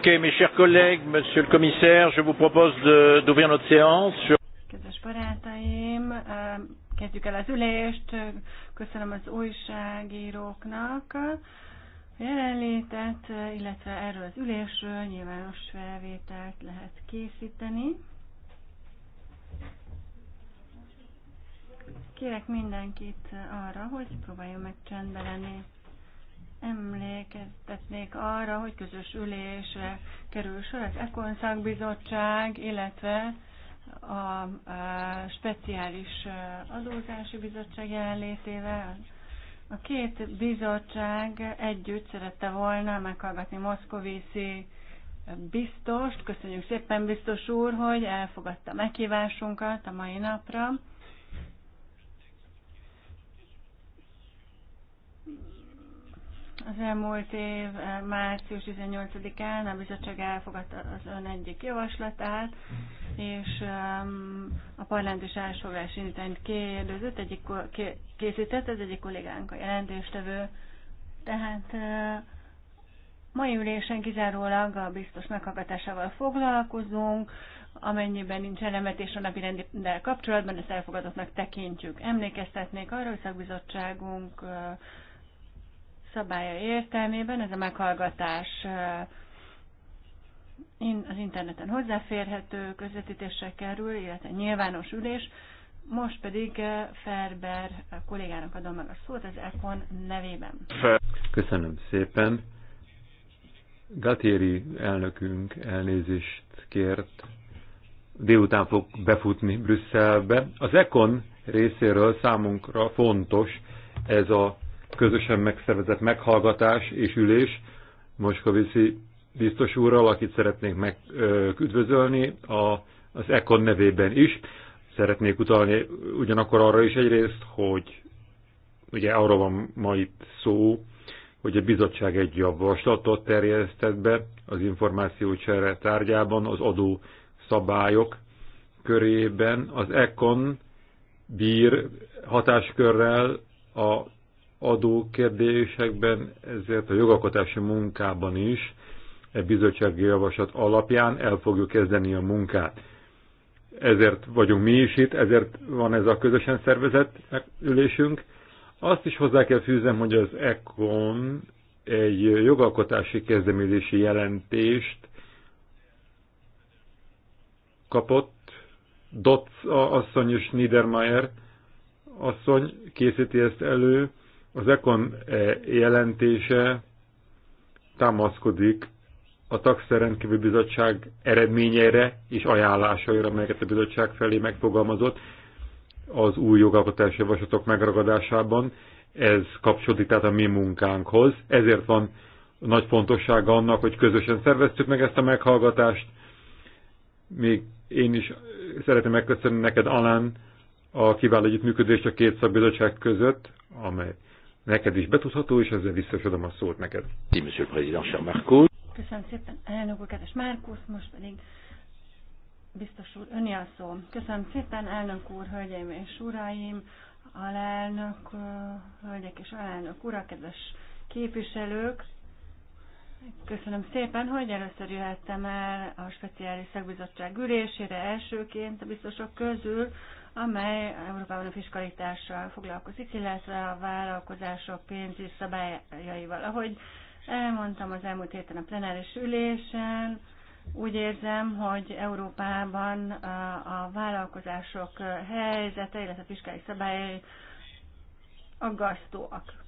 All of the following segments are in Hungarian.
Ok, mes chers collègues, monsieur le commissaire, je vous propose d'ouvrir notre séance sur... Kedves barátaim, kezdjük el az ülést. Köszönöm az újságíróknak a jelenlétet, illetve erről az ülésről nyilvános felvételt lehet készíteni. Kérek mindenkit arra, hogy próbáljon meg csendben lenni. Emlékeztetnék arra, hogy közös ülésre kerül sor az ECON szakbizottság, illetve a, speciális adózási bizottság jelenlétével. A két bizottság együtt szerette volna meghallgatni Moszkovészi biztost. Köszönjük szépen, biztos úr, hogy elfogadta meghívásunkat a mai napra. Az elmúlt év eh, március 18-án a bizottság elfogadta az ön egyik javaslatát, és a parlament is elsfogás indítani kérdezett, egyik, készített, az egyik kollégánk a jelentéstevő. Tehát eh, mai ülésen kizárólag a biztos meghallgatásával foglalkozunk, amennyiben nincs elemetés a napi rendel kapcsolatban, ezt elfogadottnak tekintjük. Emlékeztetnék arra, hogy szakbizottságunk eh, szabálya értelmében ez a meghallgatás az interneten hozzáférhető, közvetítésre kerül, illetve nyilvános ülés. Most pedig Ferber kollégának adom meg a szót az ECON nevében. Köszönöm szépen. Gatieri elnökünk elnézést kért. Délután fog befutni Brüsszelbe. Az ECON részéről számunkra fontos ez a közösen megszervezett meghallgatás és ülés Moskovici biztos úrral, akit szeretnék meg, ö, üdvözölni a, az ECON nevében is. Szeretnék utalni ugyanakkor arra is egyrészt, hogy ugye arról van ma itt szó, hogy a bizottság egy javaslatot terjesztett be az információcsere tárgyában az adó szabályok körében. Az ECON bír hatáskörrel a adó kérdésekben, ezért a jogalkotási munkában is e bizottsági javaslat alapján el fogjuk kezdeni a munkát. Ezért vagyunk mi is itt, ezért van ez a közösen szervezett ülésünk. Azt is hozzá kell fűznem, hogy az ECON egy jogalkotási kezdeményezési jelentést kapott. Dotz asszony és Niedermayer asszony készíti ezt elő, az Econ eh, jelentése támaszkodik a Taxa rendkívül bizottság eredményeire és ajánlásaira, amelyeket a bizottság felé megfogalmazott az új jogalkotási javaslatok megragadásában. Ez kapcsolódik tehát a mi munkánkhoz. Ezért van nagy fontossága annak, hogy közösen szerveztük meg ezt a meghallgatást. Még én is szeretném megköszönni neked, Alán, a kiváló együttműködést a két szakbizottság között, amely neked is betudható, és ezzel visszasodom a szót neked. Monsieur Président, cher Marco. Köszönöm szépen, elnök úr, kedves Márkusz, most pedig biztos úr, öni a szó. Köszönöm szépen, elnök úr, hölgyeim és uraim, alelnök, hölgyek és alelnök ura, kedves képviselők, Köszönöm szépen, hogy először jöhettem el a speciális szakbizottság ülésére elsőként a biztosok közül, amely Európában a fiskalitással foglalkozik, illetve a vállalkozások pénzügyi szabályaival. Ahogy elmondtam az elmúlt héten a plenáris ülésen, úgy érzem, hogy Európában a vállalkozások helyzete, illetve a fiskális szabályai aggasztóak.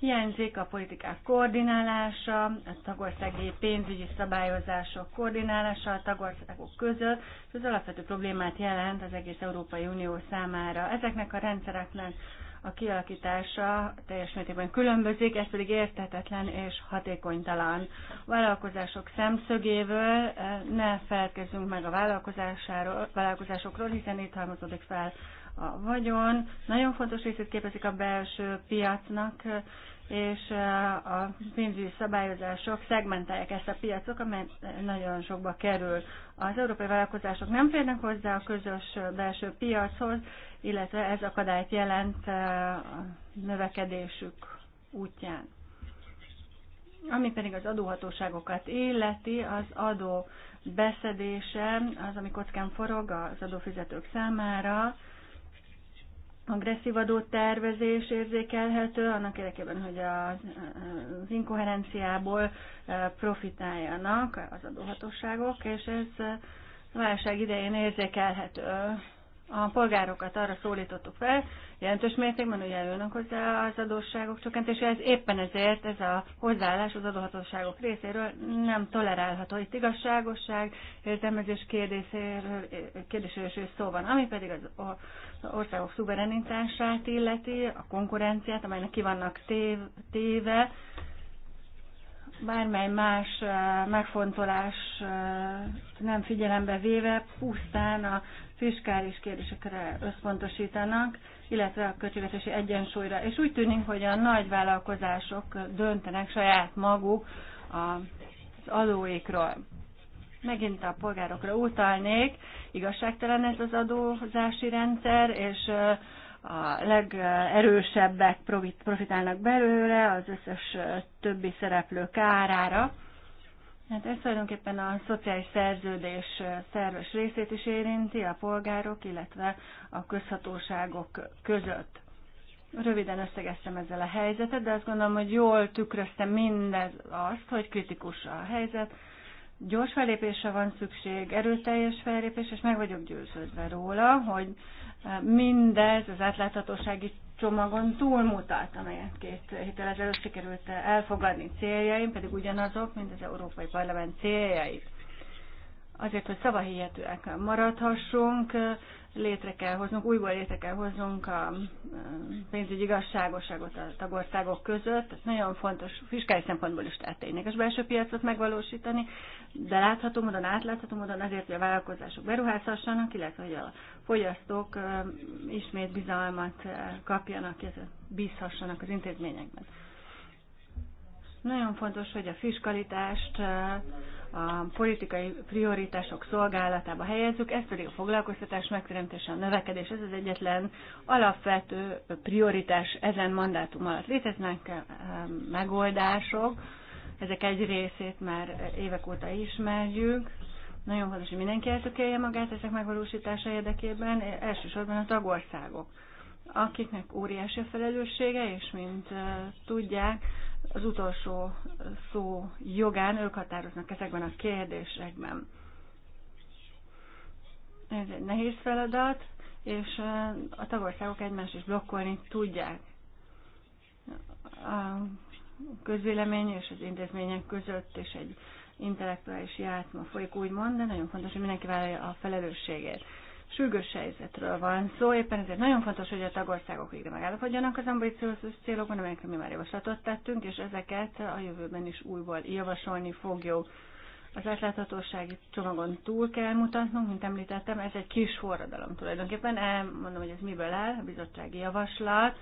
Hiányzik a politikák koordinálása, a tagországi pénzügyi szabályozások koordinálása a tagországok között, és az alapvető problémát jelent az egész Európai Unió számára. Ezeknek a rendszereknek a kialakítása teljes mértékben különbözik, ez pedig értetetlen és hatékonytalan. A vállalkozások szemszögéből eh, ne feledkezzünk meg a vállalkozásokról, hiszen itt halmozódik fel a vagyon. Nagyon fontos részét képezik a belső piacnak, és a pénzügyi szabályozások szegmentálják ezt a piacot, amely nagyon sokba kerül. Az európai vállalkozások nem férnek hozzá a közös belső piachoz, illetve ez akadályt jelent a növekedésük útján. Ami pedig az adóhatóságokat illeti, az adó beszedése az, ami kockán forog az adófizetők számára, agresszív tervezés érzékelhető, annak érdekében, hogy az, az inkoherenciából profitáljanak az adóhatóságok, és ez a válság idején érzékelhető. A polgárokat arra szólítottuk fel, jelentős mértékben, hogy járulnak hozzá az adósságok ez éppen ezért ez a hozzáállás az adóhatóságok részéről nem tolerálható. Itt igazságosság, értelmezés kérdéséről, kérdéséről is szó van, ami pedig az országok szuverenitását illeti, a konkurenciát, amelynek ki vannak tév, téve, bármely más eh, megfontolás eh, nem figyelembe véve pusztán a fiskális kérdésekre összpontosítanak, illetve a költségvetési egyensúlyra. És úgy tűnik, hogy a nagy vállalkozások döntenek saját maguk az adóikról. Megint a polgárokra utalnék, igazságtalan ez az adózási rendszer, és a legerősebbek profitálnak belőle, az összes többi szereplő kárára. Hát ez tulajdonképpen a szociális szerződés szerves részét is érinti a polgárok, illetve a közhatóságok között. Röviden összegeztem ezzel a helyzetet, de azt gondolom, hogy jól tükrözte mindez azt, hogy kritikus a helyzet, gyors felépésre van szükség, erőteljes fellépés, és meg vagyok győződve róla, hogy Mindez az átláthatósági csomagon túlmutat, amelyet két héttel ezelőtt sikerült elfogadni céljaim, pedig ugyanazok, mint az Európai Parlament céljait. Azért, hogy szavahihetőek maradhassunk, létre kell hoznunk, újból létre kell hoznunk a pénzügyi igazságoságot a tagországok között. Ez nagyon fontos fiskális szempontból is, tehát tényleges belső piacot megvalósítani, de látható módon, átlátható módon azért, hogy a vállalkozások beruházhassanak, illetve hogy a fogyasztók ismét bizalmat kapjanak, illetve bízhassanak az intézményekben. Nagyon fontos, hogy a fiskalitást a politikai prioritások szolgálatába helyezzük, ez pedig a foglalkoztatás megteremtése, a növekedés, ez az egyetlen alapvető prioritás ezen mandátum alatt. Léteznek eh, megoldások, ezek egy részét már évek óta ismerjük, nagyon fontos, hogy mindenki eltökélje magát ezek megvalósítása érdekében, elsősorban a tagországok, akiknek óriási a felelőssége, és mint eh, tudják, az utolsó szó jogán, ők határoznak ezekben a kérdésekben. Ez egy nehéz feladat, és a tagországok egymást is blokkolni tudják. A közvélemény és az intézmények között és egy intellektuális játma folyik úgymond, de nagyon fontos, hogy mindenki vállalja a felelősségét sürgős helyzetről van szó, éppen ezért nagyon fontos, hogy a tagországok végre megállapodjanak az ambiciózus célokon, amelyekre mi már javaslatot tettünk, és ezeket a jövőben is újból javasolni fogjuk. Az átláthatósági csomagon túl kell mutatnunk, mint említettem, ez egy kis forradalom tulajdonképpen. Elmondom, hogy ez miből áll, a bizottsági javaslat,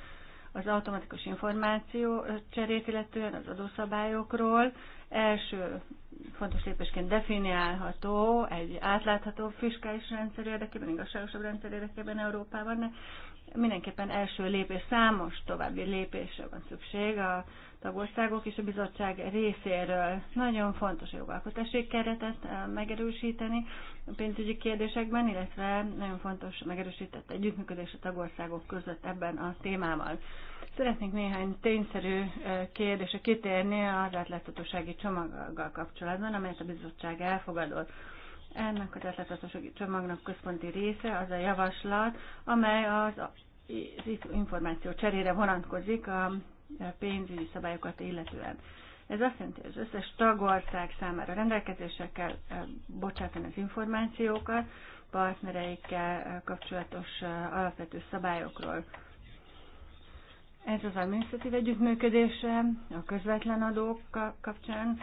az automatikus információ cserét, illetően az adószabályokról, Első fontos lépésként definiálható egy átlátható fiskális rendszer érdekében, igazságosabb rendszer érdekében Európában, de mindenképpen első lépés, számos további lépésre van szükség a tagországok és a bizottság részéről. Nagyon fontos a jogalkotási keretet eh, megerősíteni a pénzügyi kérdésekben, illetve nagyon fontos megerősített együttműködés a tagországok között ebben a témában. Szeretnék néhány tényszerű kérdésre kitérni az átláthatósági csomaggal kapcsolatban, amelyet a bizottság elfogadott. Ennek az átláthatósági csomagnak központi része az a javaslat, amely az, az információ cserére vonatkozik a pénzügyi szabályokat illetően. Ez azt jelenti, hogy az összes tagország számára rendelkezésre kell bocsátani az információkat, partnereikkel kapcsolatos alapvető szabályokról. Ez az administratív együttműködése a közvetlen adók kapcsán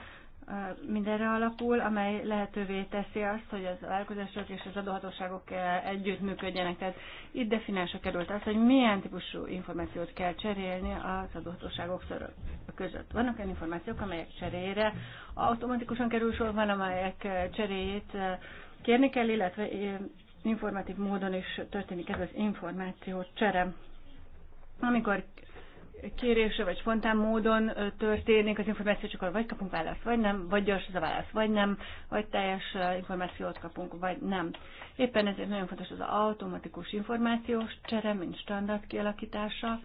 mindenre alapul, amely lehetővé teszi azt, hogy az vállalkozások és az adóhatóságok együttműködjenek. Tehát itt definálásra került az, hogy milyen típusú információt kell cserélni az adóhatóságok között. Vannak olyan információk, amelyek cserére automatikusan kerül sor, van amelyek cseréjét kérni kell, illetve informatív módon is történik ez az információ csere. Amikor kérésre, vagy spontán módon történik az információ, csak vagy kapunk választ, vagy nem, vagy gyors az a válasz, vagy nem, vagy teljes információt kapunk, vagy nem. Éppen ezért nagyon fontos az automatikus információs csere, mint standard kialakítása,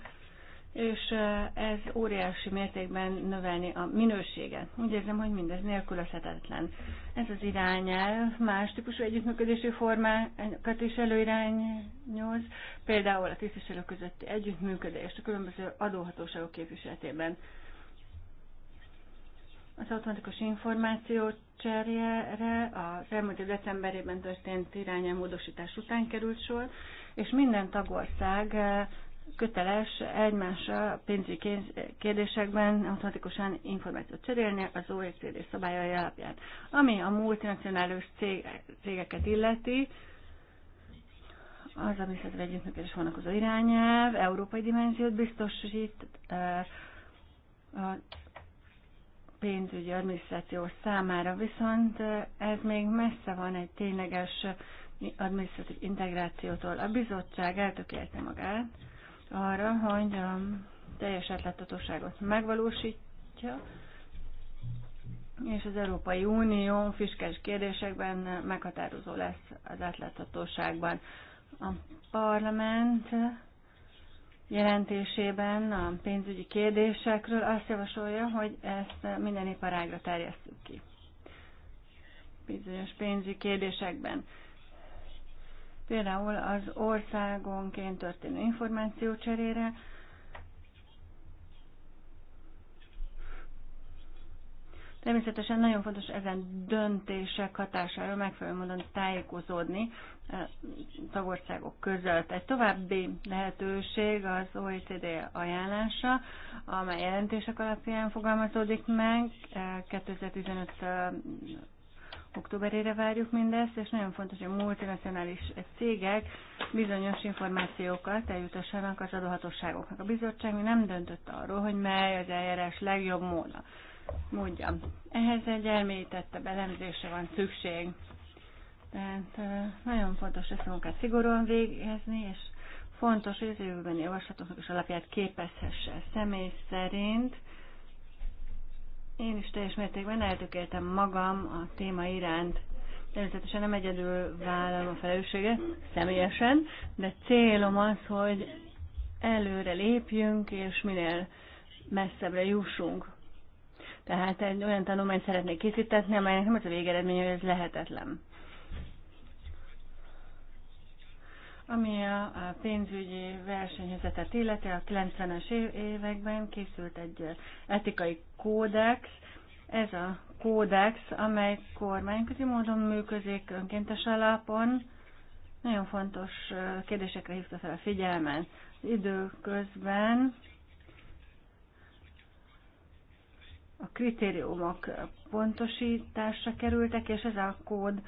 és ez óriási mértékben növelni a minőséget. Úgy érzem, hogy mindez nélkülözhetetlen. Ez az irányel más típusú együttműködési formákat is előirányoz, például a tisztviselők közötti együttműködést a különböző adóhatóságok képviseletében. Az automatikus információ cserjére az elmúlt decemberében történt irányelmódosítás után került sor, és minden tagország köteles egymásra pénzügyi kérdésekben automatikusan információt cserélni az OECD szabályai alapján. Ami a multinacionális cégeket illeti, az, ami szerzve együttműködés az irányelv, európai dimenziót biztosít e, a pénzügyi adminisztráció számára, viszont e, ez még messze van egy tényleges adminisztratív integrációtól. A bizottság eltökélte magát, arra, hogy a teljes átláthatóságot megvalósítja, és az Európai Unió fiskális kérdésekben meghatározó lesz az átláthatóságban. A parlament jelentésében a pénzügyi kérdésekről azt javasolja, hogy ezt minden iparágra terjesszük ki. Bizonyos pénzügyi kérdésekben például az országonként történő információcserére, Természetesen nagyon fontos ezen döntések hatására megfelelő módon tájékozódni tagországok között. Egy további lehetőség az OECD ajánlása, amely jelentések alapján fogalmazódik meg 2015 októberére várjuk mindezt, és nagyon fontos, hogy a multinacionális cégek bizonyos információkat eljutassanak az adóhatóságoknak. A bizottság mi nem döntött arról, hogy mely az eljárás legjobb módja. módja. Ehhez egy elmélyítettebb elemzésre van szükség. Tehát nagyon fontos ezt a munkát szigorúan végezni, és fontos, hogy az jövőben javaslatoknak is alapját képezhesse. Személy szerint én is teljes mértékben eltökéltem magam a téma iránt. Természetesen nem egyedül vállalom a felelősséget, személyesen, de célom az, hogy előre lépjünk, és minél messzebbre jussunk. Tehát egy olyan tanulmányt szeretnék készíteni, amelynek nem az a végeredmény, hogy ez lehetetlen. Ami a pénzügyi versenyhelyzetet illeti, a 90-es években készült egy etikai kódex. Ez a kódex, amely kormányközi módon működik, önkéntes alapon, nagyon fontos kérdésekre hívta fel a figyelmet Időközben a kritériumok pontosításra kerültek, és ez a kód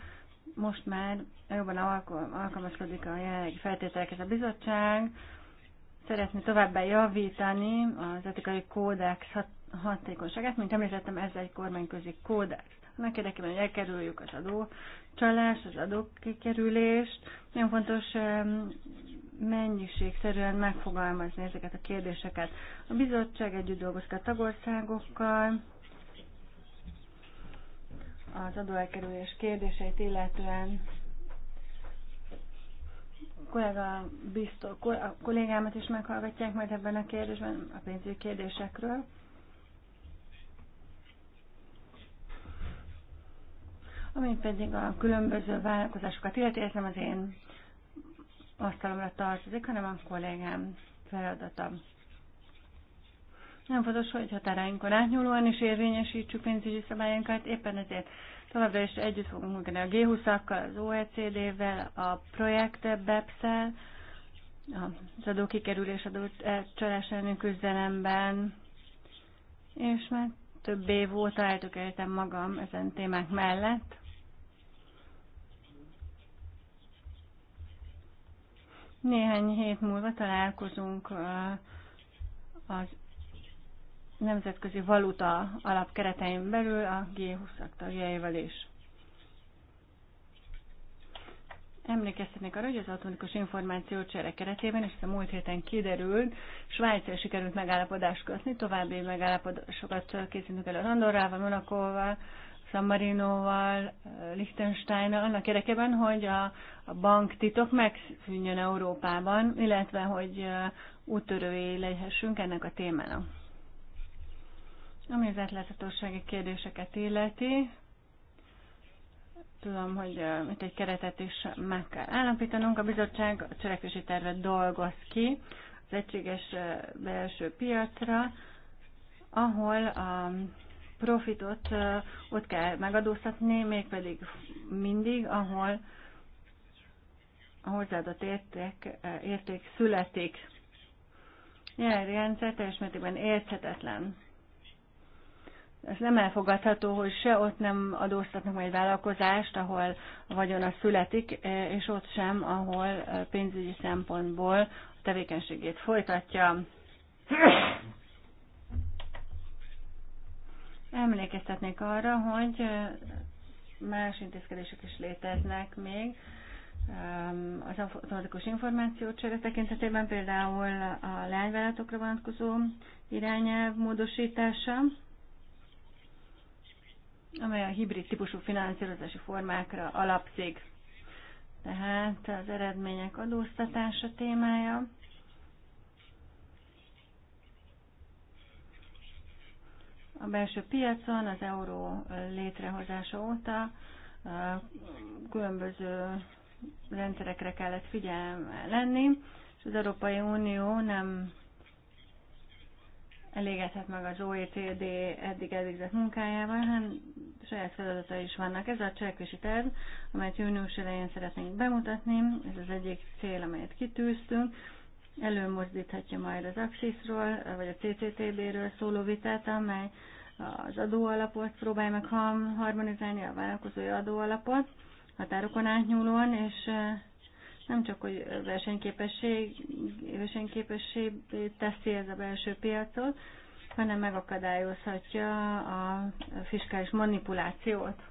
most már jobban alkalmazkodik a jelenlegi feltételekhez a bizottság, szeretné továbbá javítani az etikai kódex hatékonyságát, mint említettem, ez egy kormányközi kódex. Annak érdekében, hogy elkerüljük az adócsalást, az adókikerülést, nagyon fontos mennyiségszerűen megfogalmazni ezeket a kérdéseket. A bizottság együtt dolgozik a tagországokkal, az adóelkerülés kérdéseit illetően kollega a kollégámat is meghallgatják majd ebben a kérdésben, a pénzügyi kérdésekről. Ami pedig a különböző vállalkozásokat illeti, ez nem az én asztalomra tartozik, hanem a kollégám feladata. Nem fontos, hogy határainkon átnyúlóan is érvényesítsük pénzügyi szabályunkat, éppen ezért továbbra is együtt fogunk működni a G20-akkal, az OECD-vel, a projekt BEPS-el, az adókikerülés adócsalás eh, elleni küzdelemben, és már több év óta eltökéltem magam ezen témák mellett. Néhány hét múlva találkozunk eh, az nemzetközi valuta alapkeretein belül a G20-ak tagjaival is. Emlékeztetnék arra, hogy az információ információcsere keretében, és a múlt héten kiderült, Svájcra sikerült megállapodást kötni, további megállapodásokat készítünk elő Andorrával, Monakóval, San Marinoval, Liechtensteinnal, annak érdekében, hogy a, a titok megszűnjön Európában, illetve hogy úttörői lehessünk ennek a témának. Ami az átláthatósági kérdéseket illeti, tudom, hogy itt egy keretet is meg kell állapítanunk. A bizottság a cselekvési tervet dolgoz ki az egységes belső piacra, ahol a profitot ott kell megadóztatni, mégpedig mindig, ahol a hozzáadott érték, érték születik. Jelenlegi rendszer teljes mértékben érthetetlen. Ez nem elfogadható, hogy se ott nem adóztatnak majd vállalkozást, ahol a vagyona születik, és ott sem, ahol pénzügyi szempontból a tevékenységét folytatja. Emlékeztetnék arra, hogy más intézkedések is léteznek még az automatikus információcsere tekintetében, például a lányvállalatokra vonatkozó irányelv módosítása, amely a hibrid típusú finanszírozási formákra alapszik. Tehát az eredmények adóztatása témája. A belső piacon az euró létrehozása óta különböző rendszerekre kellett figyelme lenni, és az Európai Unió nem elégedhet meg az OECD eddig elvégzett munkájával, hanem saját feladata is vannak. Ez a cselekvési terv, amelyet június elején szeretnénk bemutatni, ez az egyik cél, amelyet kitűztünk, előmozdíthatja majd az Axisról, vagy a CCTB-ről szóló vitát, amely az adóalapot próbálja meg harmonizálni, a vállalkozói adóalapot határokon átnyúlóan, és nem csak, hogy versenyképesség, versenyképessé teszi ez a belső piacot, hanem megakadályozhatja a fiskális manipulációt.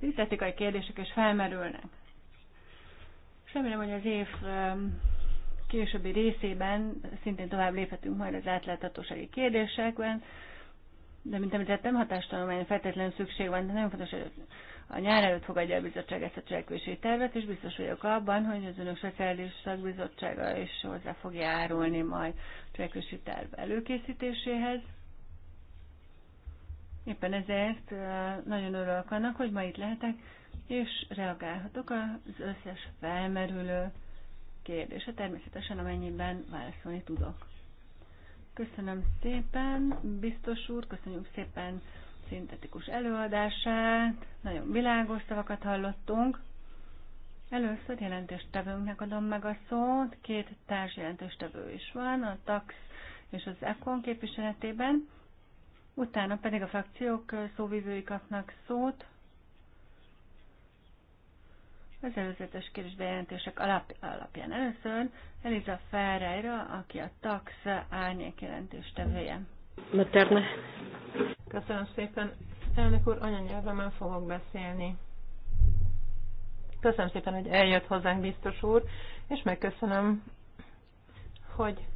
Itt etikai kérdések is felmerülnek. És remélem, hogy az év um, későbbi részében szintén tovább léphetünk majd az átláthatósági kérdésekben, de mint említettem, hatástanulmány feltétlenül szükség van, de nagyon fontos, hogy a nyár előtt fogadja a bizottság ezt a cselekvési tervet, és biztos vagyok abban, hogy az önök speciális szakbizottsága is hozzá fog árulni majd a cselekvési terv előkészítéséhez. Éppen ezért nagyon örülök annak, hogy ma itt lehetek, és reagálhatok az összes felmerülő kérdésre. természetesen amennyiben válaszolni tudok. Köszönöm szépen, biztos úr, köszönjük szépen szintetikus előadását, nagyon világos szavakat hallottunk. Először jelentéstevőnknek adom meg a szót, két társ jelentéstevő is van, a TAX és az ECON képviseletében, utána pedig a frakciók szóvívői kapnak szót, az előzetes kérdés bejelentések alap, alapján először Eliza Ferreira, aki a TAX árnyék jelentéstevője. Materne. Köszönöm szépen. Elnök úr, anyanyelvemen fogok beszélni. Köszönöm szépen, hogy eljött hozzánk, biztos úr, és megköszönöm, hogy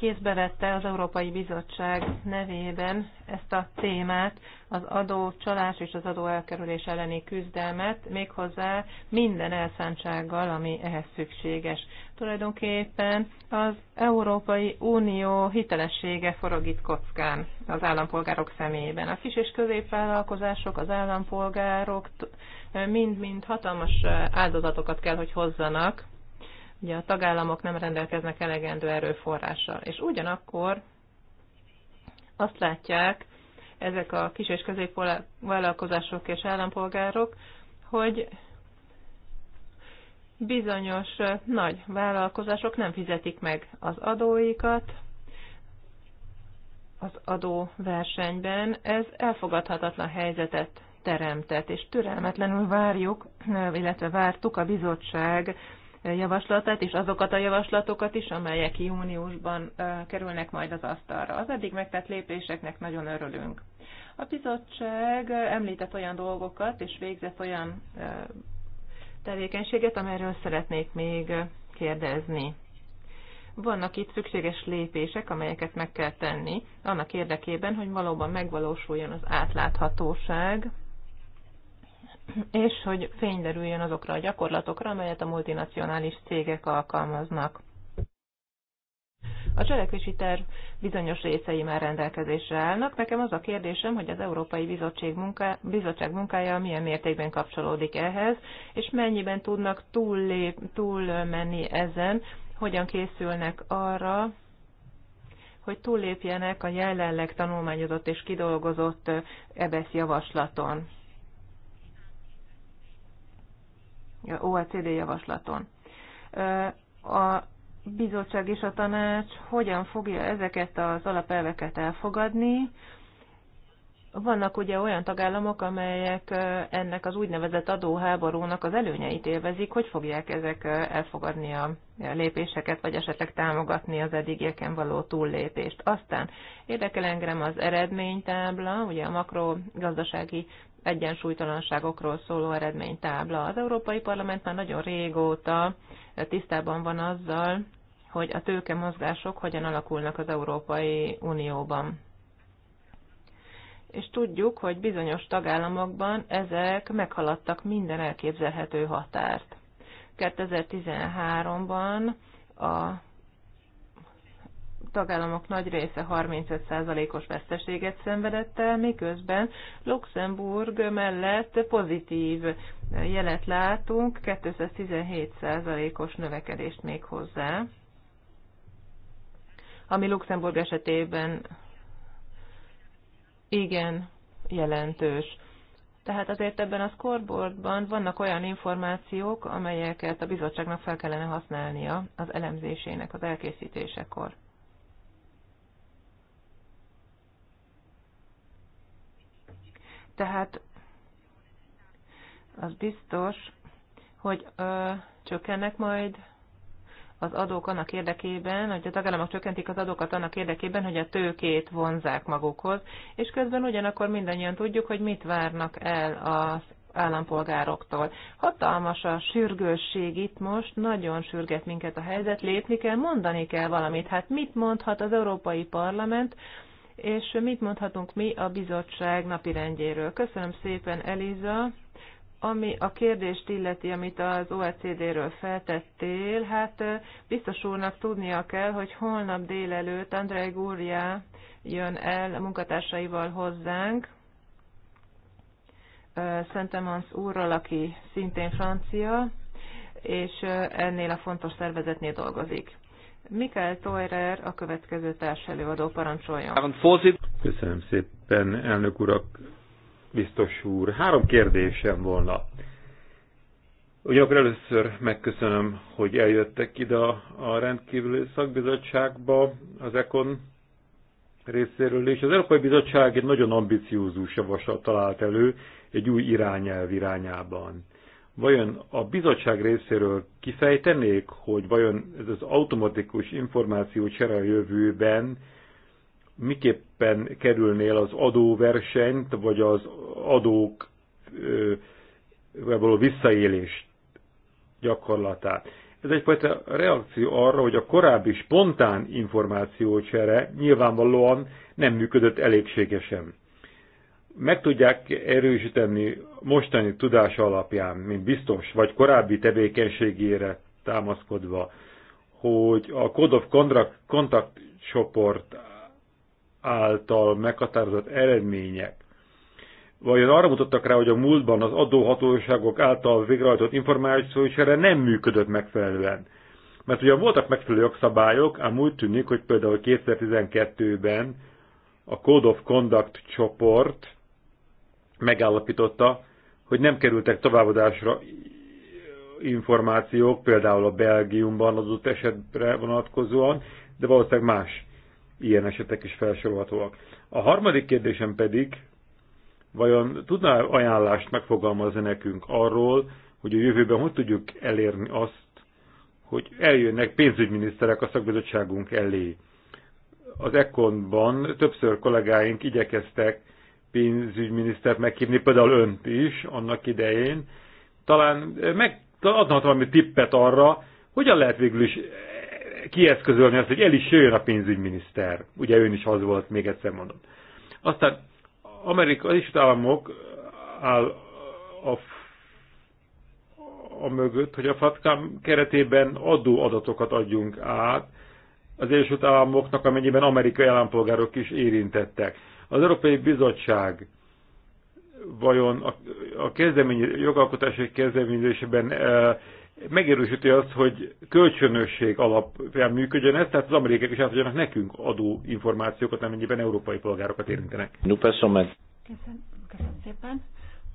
kézbe vette az Európai Bizottság nevében ezt a témát, az adó csalás és az adó elkerülés elleni küzdelmet, méghozzá minden elszántsággal, ami ehhez szükséges. Tulajdonképpen az Európai Unió hitelessége forog itt kockán az állampolgárok szemében. A kis és középvállalkozások, az állampolgárok mind-mind hatalmas áldozatokat kell, hogy hozzanak Ugye a tagállamok nem rendelkeznek elegendő erőforrással. És ugyanakkor azt látják ezek a kis és középvállalkozások és állampolgárok, hogy bizonyos nagy vállalkozások nem fizetik meg az adóikat az adóversenyben. Ez elfogadhatatlan helyzetet teremtett, és türelmetlenül várjuk, illetve vártuk a bizottság javaslatát, és azokat a javaslatokat is, amelyek júniusban kerülnek majd az asztalra. Az eddig megtett lépéseknek nagyon örülünk. A bizottság említett olyan dolgokat, és végzett olyan tevékenységet, amelyről szeretnék még kérdezni. Vannak itt szükséges lépések, amelyeket meg kell tenni annak érdekében, hogy valóban megvalósuljon az átláthatóság és hogy fény derüljön azokra a gyakorlatokra, amelyet a multinacionális cégek alkalmaznak. A cselekvési terv bizonyos részei már rendelkezésre állnak. Nekem az a kérdésem, hogy az Európai Bizottság, munká, Bizottság munkája milyen mértékben kapcsolódik ehhez, és mennyiben tudnak túlmenni túl ezen, hogyan készülnek arra, hogy túllépjenek a jelenleg tanulmányozott és kidolgozott EBESZ javaslaton. OECD javaslaton. A bizottság és a tanács hogyan fogja ezeket az alapelveket elfogadni, vannak ugye olyan tagállamok, amelyek ennek az úgynevezett adóháborúnak az előnyeit élvezik, hogy fogják ezek elfogadni a lépéseket, vagy esetleg támogatni az eddigieken való túllépést. Aztán érdekel engem az eredménytábla, ugye a makrogazdasági egyensúlytalanságokról szóló eredménytábla. Az Európai Parlament már nagyon régóta tisztában van azzal, hogy a tőkemozgások hogyan alakulnak az Európai Unióban. És tudjuk, hogy bizonyos tagállamokban ezek meghaladtak minden elképzelhető határt. 2013-ban a tagállamok nagy része 35%-os veszteséget szenvedett el, miközben Luxemburg mellett pozitív jelet látunk, 217%-os növekedést még hozzá, ami Luxemburg esetében igen jelentős. Tehát azért ebben a scoreboardban vannak olyan információk, amelyeket a bizottságnak fel kellene használnia az elemzésének, az elkészítésekor. Tehát az biztos, hogy ö, csökkennek majd az adók annak érdekében, hogy a tagállamok csökkentik az adókat annak érdekében, hogy a tőkét vonzák magukhoz, és közben ugyanakkor mindannyian tudjuk, hogy mit várnak el az állampolgároktól. Hatalmas a sürgősség itt most, nagyon sürget minket a helyzet, lépni kell, mondani kell valamit. Hát mit mondhat az Európai Parlament, és mit mondhatunk mi a bizottság napirendjéről. Köszönöm szépen, Eliza. Ami a kérdést illeti, amit az OECD-ről feltettél, hát biztos úrnak tudnia kell, hogy holnap délelőtt Andrei Gúrjá jön el a munkatársaival hozzánk, Szentemans úrral, aki szintén francia, és ennél a fontos szervezetnél dolgozik. Mikael Toerer a következő társelőadó parancsoljon. Köszönöm szépen, elnök urak, biztos úr. Három kérdésem volna. Ugyanakkor először megköszönöm, hogy eljöttek ide a, a rendkívüli szakbizottságba az ECON részéről, és az Európai Bizottság egy nagyon ambiciózus javaslat talált elő egy új irányelv irányában vajon a bizottság részéről kifejtenék, hogy vajon ez az automatikus információcsere a jövőben miképpen kerülnél az adóversenyt, vagy az adók való visszaélést gyakorlatát. Ez egyfajta reakció arra, hogy a korábbi spontán információcsere nyilvánvalóan nem működött elégségesen meg tudják erősíteni mostani tudás alapján, mint biztos, vagy korábbi tevékenységére támaszkodva, hogy a Code of Contact csoport által meghatározott eredmények vajon arra mutattak rá, hogy a múltban az adóhatóságok által végrehajtott erre nem működött megfelelően. Mert ugye voltak megfelelő jogszabályok, ám úgy tűnik, hogy például 2012-ben a Code of Conduct csoport megállapította, hogy nem kerültek továbbadásra információk, például a Belgiumban adott esetre vonatkozóan, de valószínűleg más ilyen esetek is felsorolhatóak. A harmadik kérdésem pedig, vajon tudná ajánlást megfogalmazni nekünk arról, hogy a jövőben hogy tudjuk elérni azt, hogy eljönnek pénzügyminiszterek a szakbizottságunk elé. Az Econban többször kollégáink igyekeztek pénzügyminisztert meghívni, például önt is annak idején, talán eh, meg adnak valami tippet arra, hogyan lehet végül is eh, kieszközölni azt, hogy el is jöjjön a pénzügyminiszter. Ugye ön is az volt, még egyszer mondom. Aztán Amerika, az Egyesült Államok áll a, a mögött, hogy a FATCAM keretében adó adatokat adjunk át az Egyesült Államoknak, amennyiben amerikai állampolgárok is érintettek. Az Európai Bizottság vajon a, a kezdeményi, jogalkotási kezdeményezésében e, megerősíti azt, hogy kölcsönösség alapján működjön ez, tehát az amerikák is átadjanak nekünk adó információkat, nem ennyiben európai polgárokat érintenek. Köszönöm, köszönöm szépen.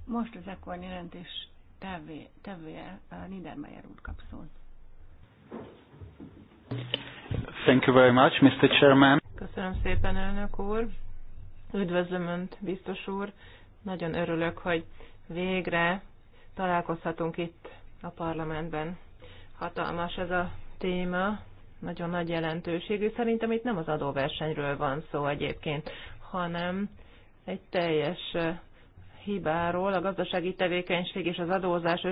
Most az ekkor jelentés tevője, tevője Niedermeyer úr kap szót. Thank you very much, Mr. Chairman. Köszönöm szépen, elnök úr. Üdvözlöm Önt, biztos úr. Nagyon örülök, hogy végre találkozhatunk itt a parlamentben. Hatalmas ez a téma, nagyon nagy jelentőségű. Szerintem itt nem az adóversenyről van szó egyébként, hanem egy teljes hibáról. A gazdasági tevékenység és az adózás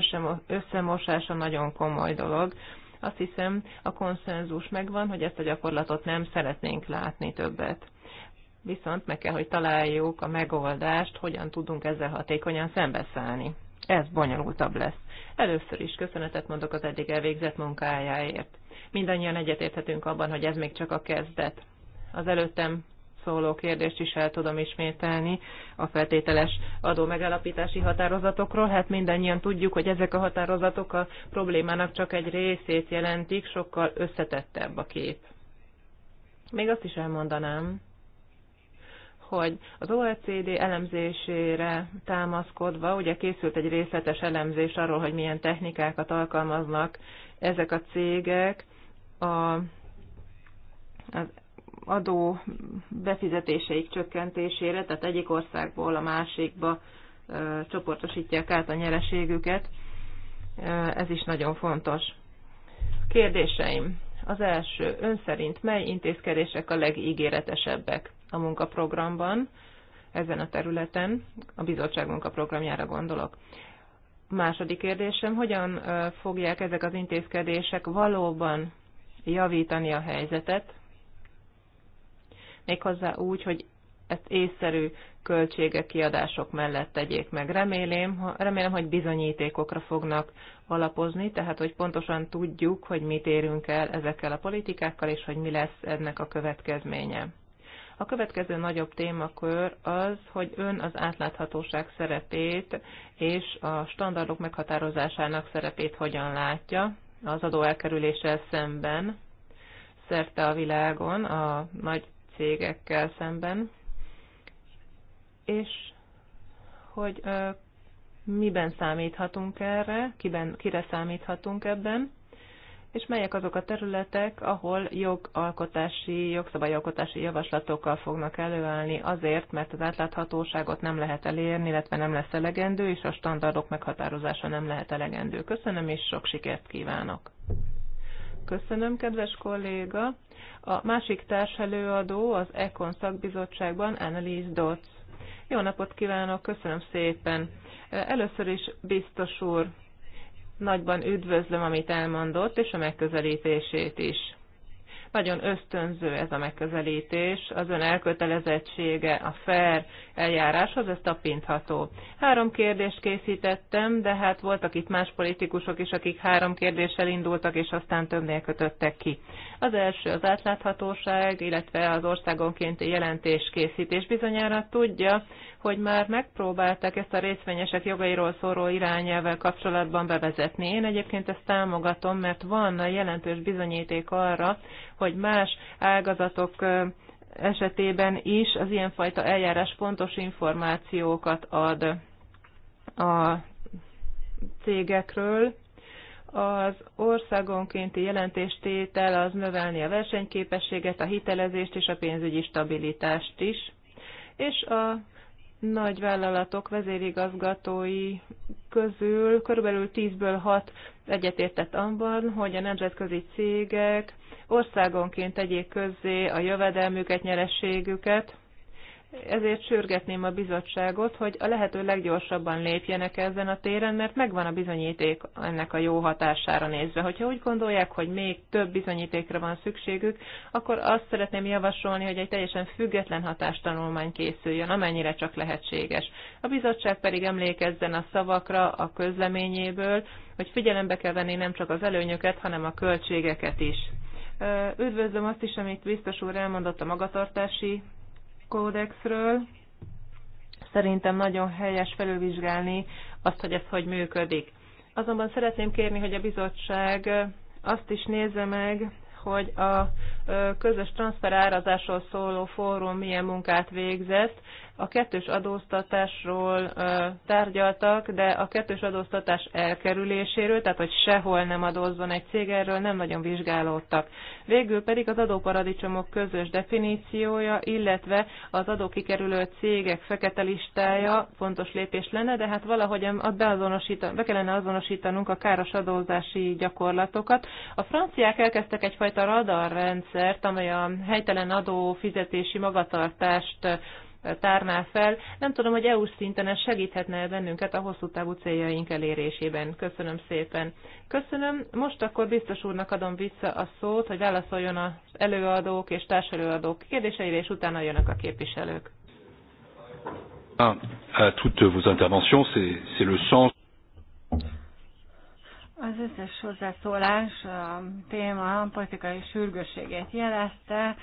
összemosása nagyon komoly dolog. Azt hiszem, a konszenzus megvan, hogy ezt a gyakorlatot nem szeretnénk látni többet viszont meg kell, hogy találjuk a megoldást, hogyan tudunk ezzel hatékonyan szembeszállni. Ez bonyolultabb lesz. Először is köszönetet mondok az eddig elvégzett munkájáért. Mindannyian egyetérthetünk abban, hogy ez még csak a kezdet. Az előttem szóló kérdést is el tudom ismételni a feltételes adó megállapítási határozatokról. Hát mindannyian tudjuk, hogy ezek a határozatok a problémának csak egy részét jelentik, sokkal összetettebb a kép. Még azt is elmondanám, hogy az OECD elemzésére támaszkodva, ugye készült egy részletes elemzés arról, hogy milyen technikákat alkalmaznak ezek a cégek a, az adó befizetéseik csökkentésére, tehát egyik országból a másikba ö, csoportosítják át a nyereségüket. Ez is nagyon fontos. Kérdéseim az első, ön szerint mely intézkedések a legígéretesebbek a munkaprogramban, ezen a területen, a bizottság munkaprogramjára gondolok. Második kérdésem, hogyan fogják ezek az intézkedések valóban javítani a helyzetet, méghozzá úgy, hogy ezt észszerű költségek, kiadások mellett tegyék meg. Remélem, remélem, hogy bizonyítékokra fognak alapozni, tehát hogy pontosan tudjuk, hogy mit érünk el ezekkel a politikákkal, és hogy mi lesz ennek a következménye. A következő nagyobb témakör az, hogy ön az átláthatóság szerepét és a standardok meghatározásának szerepét hogyan látja az adóelkerüléssel szemben, szerte a világon, a nagy cégekkel szemben és hogy ö, miben számíthatunk erre, kiben, kire számíthatunk ebben, és melyek azok a területek, ahol jogalkotási, jogszabályalkotási javaslatokkal fognak előállni azért, mert az átláthatóságot nem lehet elérni, illetve nem lesz elegendő, és a standardok meghatározása nem lehet elegendő. Köszönöm, és sok sikert kívánok! Köszönöm, kedves kolléga! A másik társelőadó az Econ szakbizottságban Annelies Dotz. Jó napot kívánok, köszönöm szépen. Először is biztos úr, nagyban üdvözlöm, amit elmondott, és a megközelítését is. Nagyon ösztönző ez a megközelítés, az ön elkötelezettsége a fair eljáráshoz, ez tapintható. Három kérdést készítettem, de hát voltak itt más politikusok is, akik három kérdéssel indultak, és aztán többnél kötöttek ki. Az első az átláthatóság, illetve az országonkénti jelentés készítés. Bizonyára tudja, hogy már megpróbálták ezt a részvényesek jogairól szóró irányelvvel kapcsolatban bevezetni. Én egyébként ezt támogatom, mert van a jelentős bizonyíték arra, hogy más ágazatok esetében is az ilyenfajta eljárás pontos információkat ad a cégekről, az országonkénti jelentéstétel az növelni a versenyképességet, a hitelezést és a pénzügyi stabilitást is, és a nagy vállalatok vezérigazgatói közül körülbelül 10-ből 6 egyetértett abban, hogy a nemzetközi cégek országonként tegyék közzé a jövedelmüket, nyerességüket, ezért sürgetném a bizottságot, hogy a lehető leggyorsabban lépjenek ezen a téren, mert megvan a bizonyíték ennek a jó hatására nézve. Hogyha úgy gondolják, hogy még több bizonyítékra van szükségük, akkor azt szeretném javasolni, hogy egy teljesen független hatástanulmány készüljön, amennyire csak lehetséges. A bizottság pedig emlékezzen a szavakra a közleményéből, hogy figyelembe kell venni nem csak az előnyöket, hanem a költségeket is. Üdvözlöm azt is, amit biztos úr elmondott a magatartási kódexről. Szerintem nagyon helyes felülvizsgálni azt, hogy ez hogy működik. Azonban szeretném kérni, hogy a bizottság azt is nézze meg, hogy a közös transferárazásról szóló fórum milyen munkát végzett, a kettős adóztatásról tárgyaltak, de a kettős adóztatás elkerüléséről, tehát hogy sehol nem adózzon egy cég, erről nem nagyon vizsgálódtak. Végül pedig az adóparadicsomok közös definíciója, illetve az adókikerülő cégek fekete listája fontos lépés lenne, de hát valahogy be kellene azonosítanunk a káros adózási gyakorlatokat. A franciák elkezdtek egyfajta radarrendszert, amely a helytelen adófizetési magatartást tárná fel. Nem tudom, hogy EU szinten ez segíthetne -e bennünket a hosszú távú céljaink elérésében. Köszönöm szépen. Köszönöm. Most akkor biztos úrnak adom vissza a szót, hogy válaszoljon az előadók és társelőadók kérdéseire, és utána jönnek a képviselők. À, ah, à toutes vos interventions, c'est le sens. Az összes hozzászólás a téma politikai sürgősségét jelezte,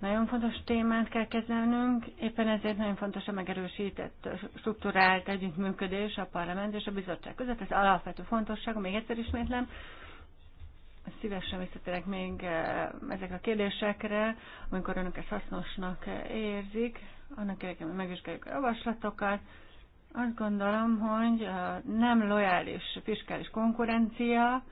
nagyon fontos témát kell kezelnünk, éppen ezért nagyon fontos a megerősített struktúrált együttműködés a parlament és a bizottság között. Ez alapvető fontosságú, még egyszer ismétlem. Szívesen visszatérek még eh, ezek a kérdésekre, amikor önök ezt hasznosnak eh, érzik. Annak érdekében, hogy megvizsgáljuk a javaslatokat. Azt gondolom, hogy eh, nem lojális fiskális konkurencia,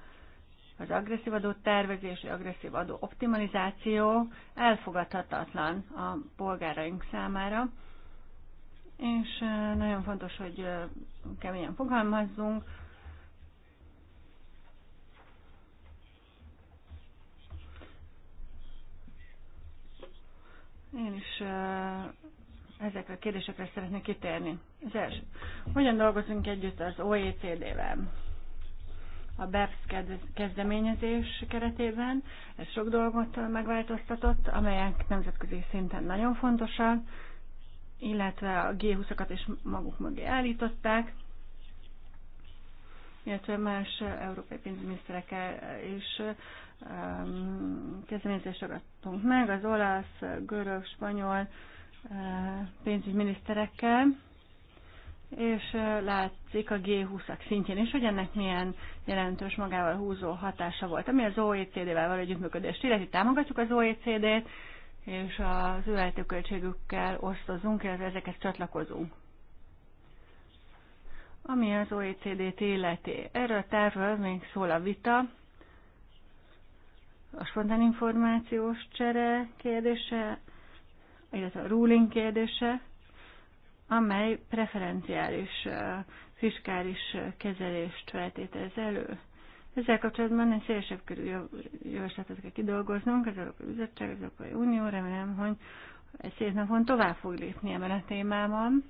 az agresszív adó tervezés, agresszív adó optimalizáció elfogadhatatlan a polgáraink számára, és nagyon fontos, hogy keményen fogalmazzunk, Én is ezekre a kérdésekre szeretnék kitérni. Az első, hogyan dolgozunk együtt az OECD-vel? a BEPS kezdeményezés keretében. Ez sok dolgot megváltoztatott, amelyek nemzetközi szinten nagyon fontosak, illetve a G20-akat is maguk mögé állították, illetve más európai pénzminiszterekkel is um, kezdeményezést adtunk meg, az olasz, görög, spanyol uh, pénzügyminiszterekkel és látszik a G20-ak szintjén is, hogy ennek milyen jelentős magával húzó hatása volt. Ami az OECD-vel való együttműködést illeti, támogatjuk az OECD-t, és az ő költségükkel osztozunk, illetve ezeket csatlakozunk. Ami az OECD-t illeti. Erről a tervről még szól a vita, a spontán információs csere kérdése, illetve a ruling kérdése, amely preferenciális fiskális kezelést feltételez elő. Ezzel kapcsolatban egy szélesebb körű javaslatot kell kidolgoznunk, az Európai Bizottság, az Európai Unió, remélem, hogy egy szép napon tovább fog lépni ebben a témában.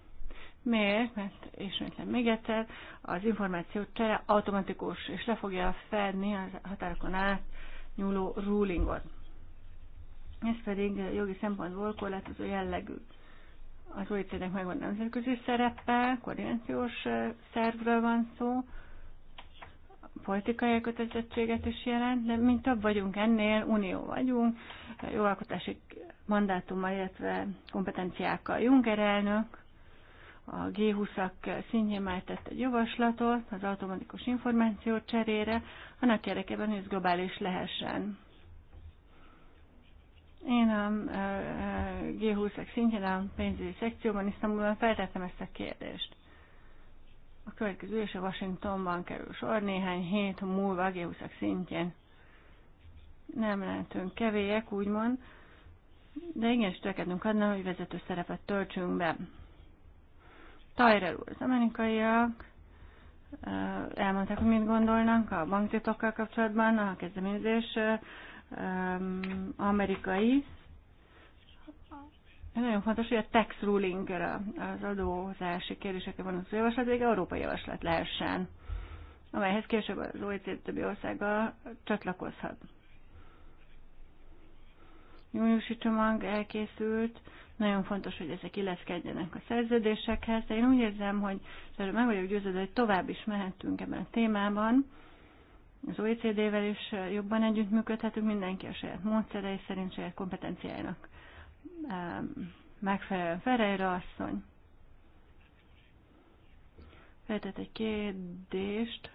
Miért? Mert ismétlem még egyszer, az információ csere automatikus, és le fogja fedni a határokon át nyúló rulingot. Ez pedig jogi szempontból korlátozó jellegű az OECD-nek megvan nemzetközi szerepe, koordinációs szervről van szó, politikai kötelezettséget is jelent, de mint több vagyunk ennél, unió vagyunk, jogalkotási mandátummal, illetve kompetenciákkal Juncker elnök, a G20-ak szintjén már tett egy javaslatot az automatikus információ cserére, annak érdekében, hogy ez globális lehessen. Én a G20-ek szintjén, a pénzügyi szekcióban, Isztambulban feltettem ezt a kérdést. A következő és a Washingtonban kerül sor néhány hét múlva a G20-ek szintjén. Nem lehetünk kevélyek, úgymond, de igenis törekednünk adna, hogy vezető szerepet töltsünk be. Tajrel úr, az amerikaiak elmondták, hogy mit gondolnak a banktitokkal kapcsolatban, a kezdeményezés um, amerikai. Nagyon fontos, hogy a tax ruling eh, az adózási kérdésekre van az javaslat, egy európai javaslat lehessen, amelyhez később az OECD többi országa csatlakozhat. Júniusi csomag elkészült, nagyon fontos, hogy ezek illeszkedjenek a szerződésekhez, de én úgy érzem, hogy meg vagyok győződve, hogy tovább is mehetünk ebben a témában az OECD-vel is jobban együttműködhetünk, mindenki a saját módszerei szerint, saját kompetenciájának megfelelően. Ferreira asszony feltett egy kérdést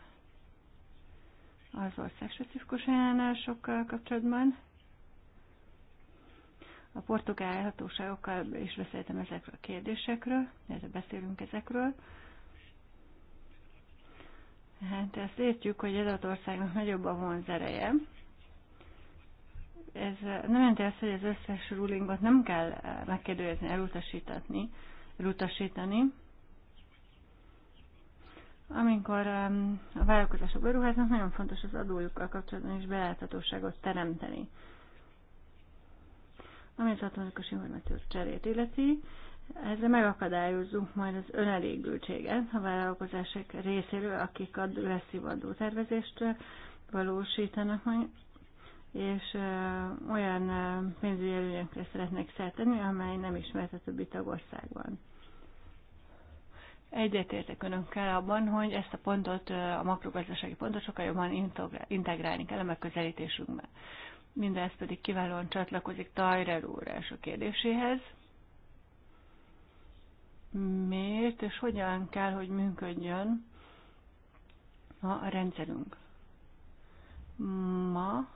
az specifikus ajánlásokkal kapcsolatban. A portugál hatóságokkal is beszéltem ezekről a kérdésekről, illetve beszélünk ezekről. Hát ezt értjük, hogy az országnak nagyobb a vonzereje. Ez nem jelenti azt, hogy az összes rulingot nem kell megkérdőjezni, elutasítani, elutasítani. Amikor a vállalkozások beruháznak, nagyon fontos az adójukkal kapcsolatban is beláthatóságot teremteni. Ami az automatikus információs cserét illeti, ezzel megakadályozzuk majd az önelégültséget a vállalkozások részéről, akik a leszivadó tervezést valósítanak majd, és olyan pénzügyi előnyökre szeretnek szertenni, amely nem ismert a többi tagországban. Egyetértek önökkel abban, hogy ezt a pontot, a makrogazdasági pontot sokkal jobban integrálni kell a megközelítésünkbe. Mindez pedig kiválóan csatlakozik Tajrel úr első kérdéséhez miért és hogyan kell, hogy működjön a rendszerünk. Ma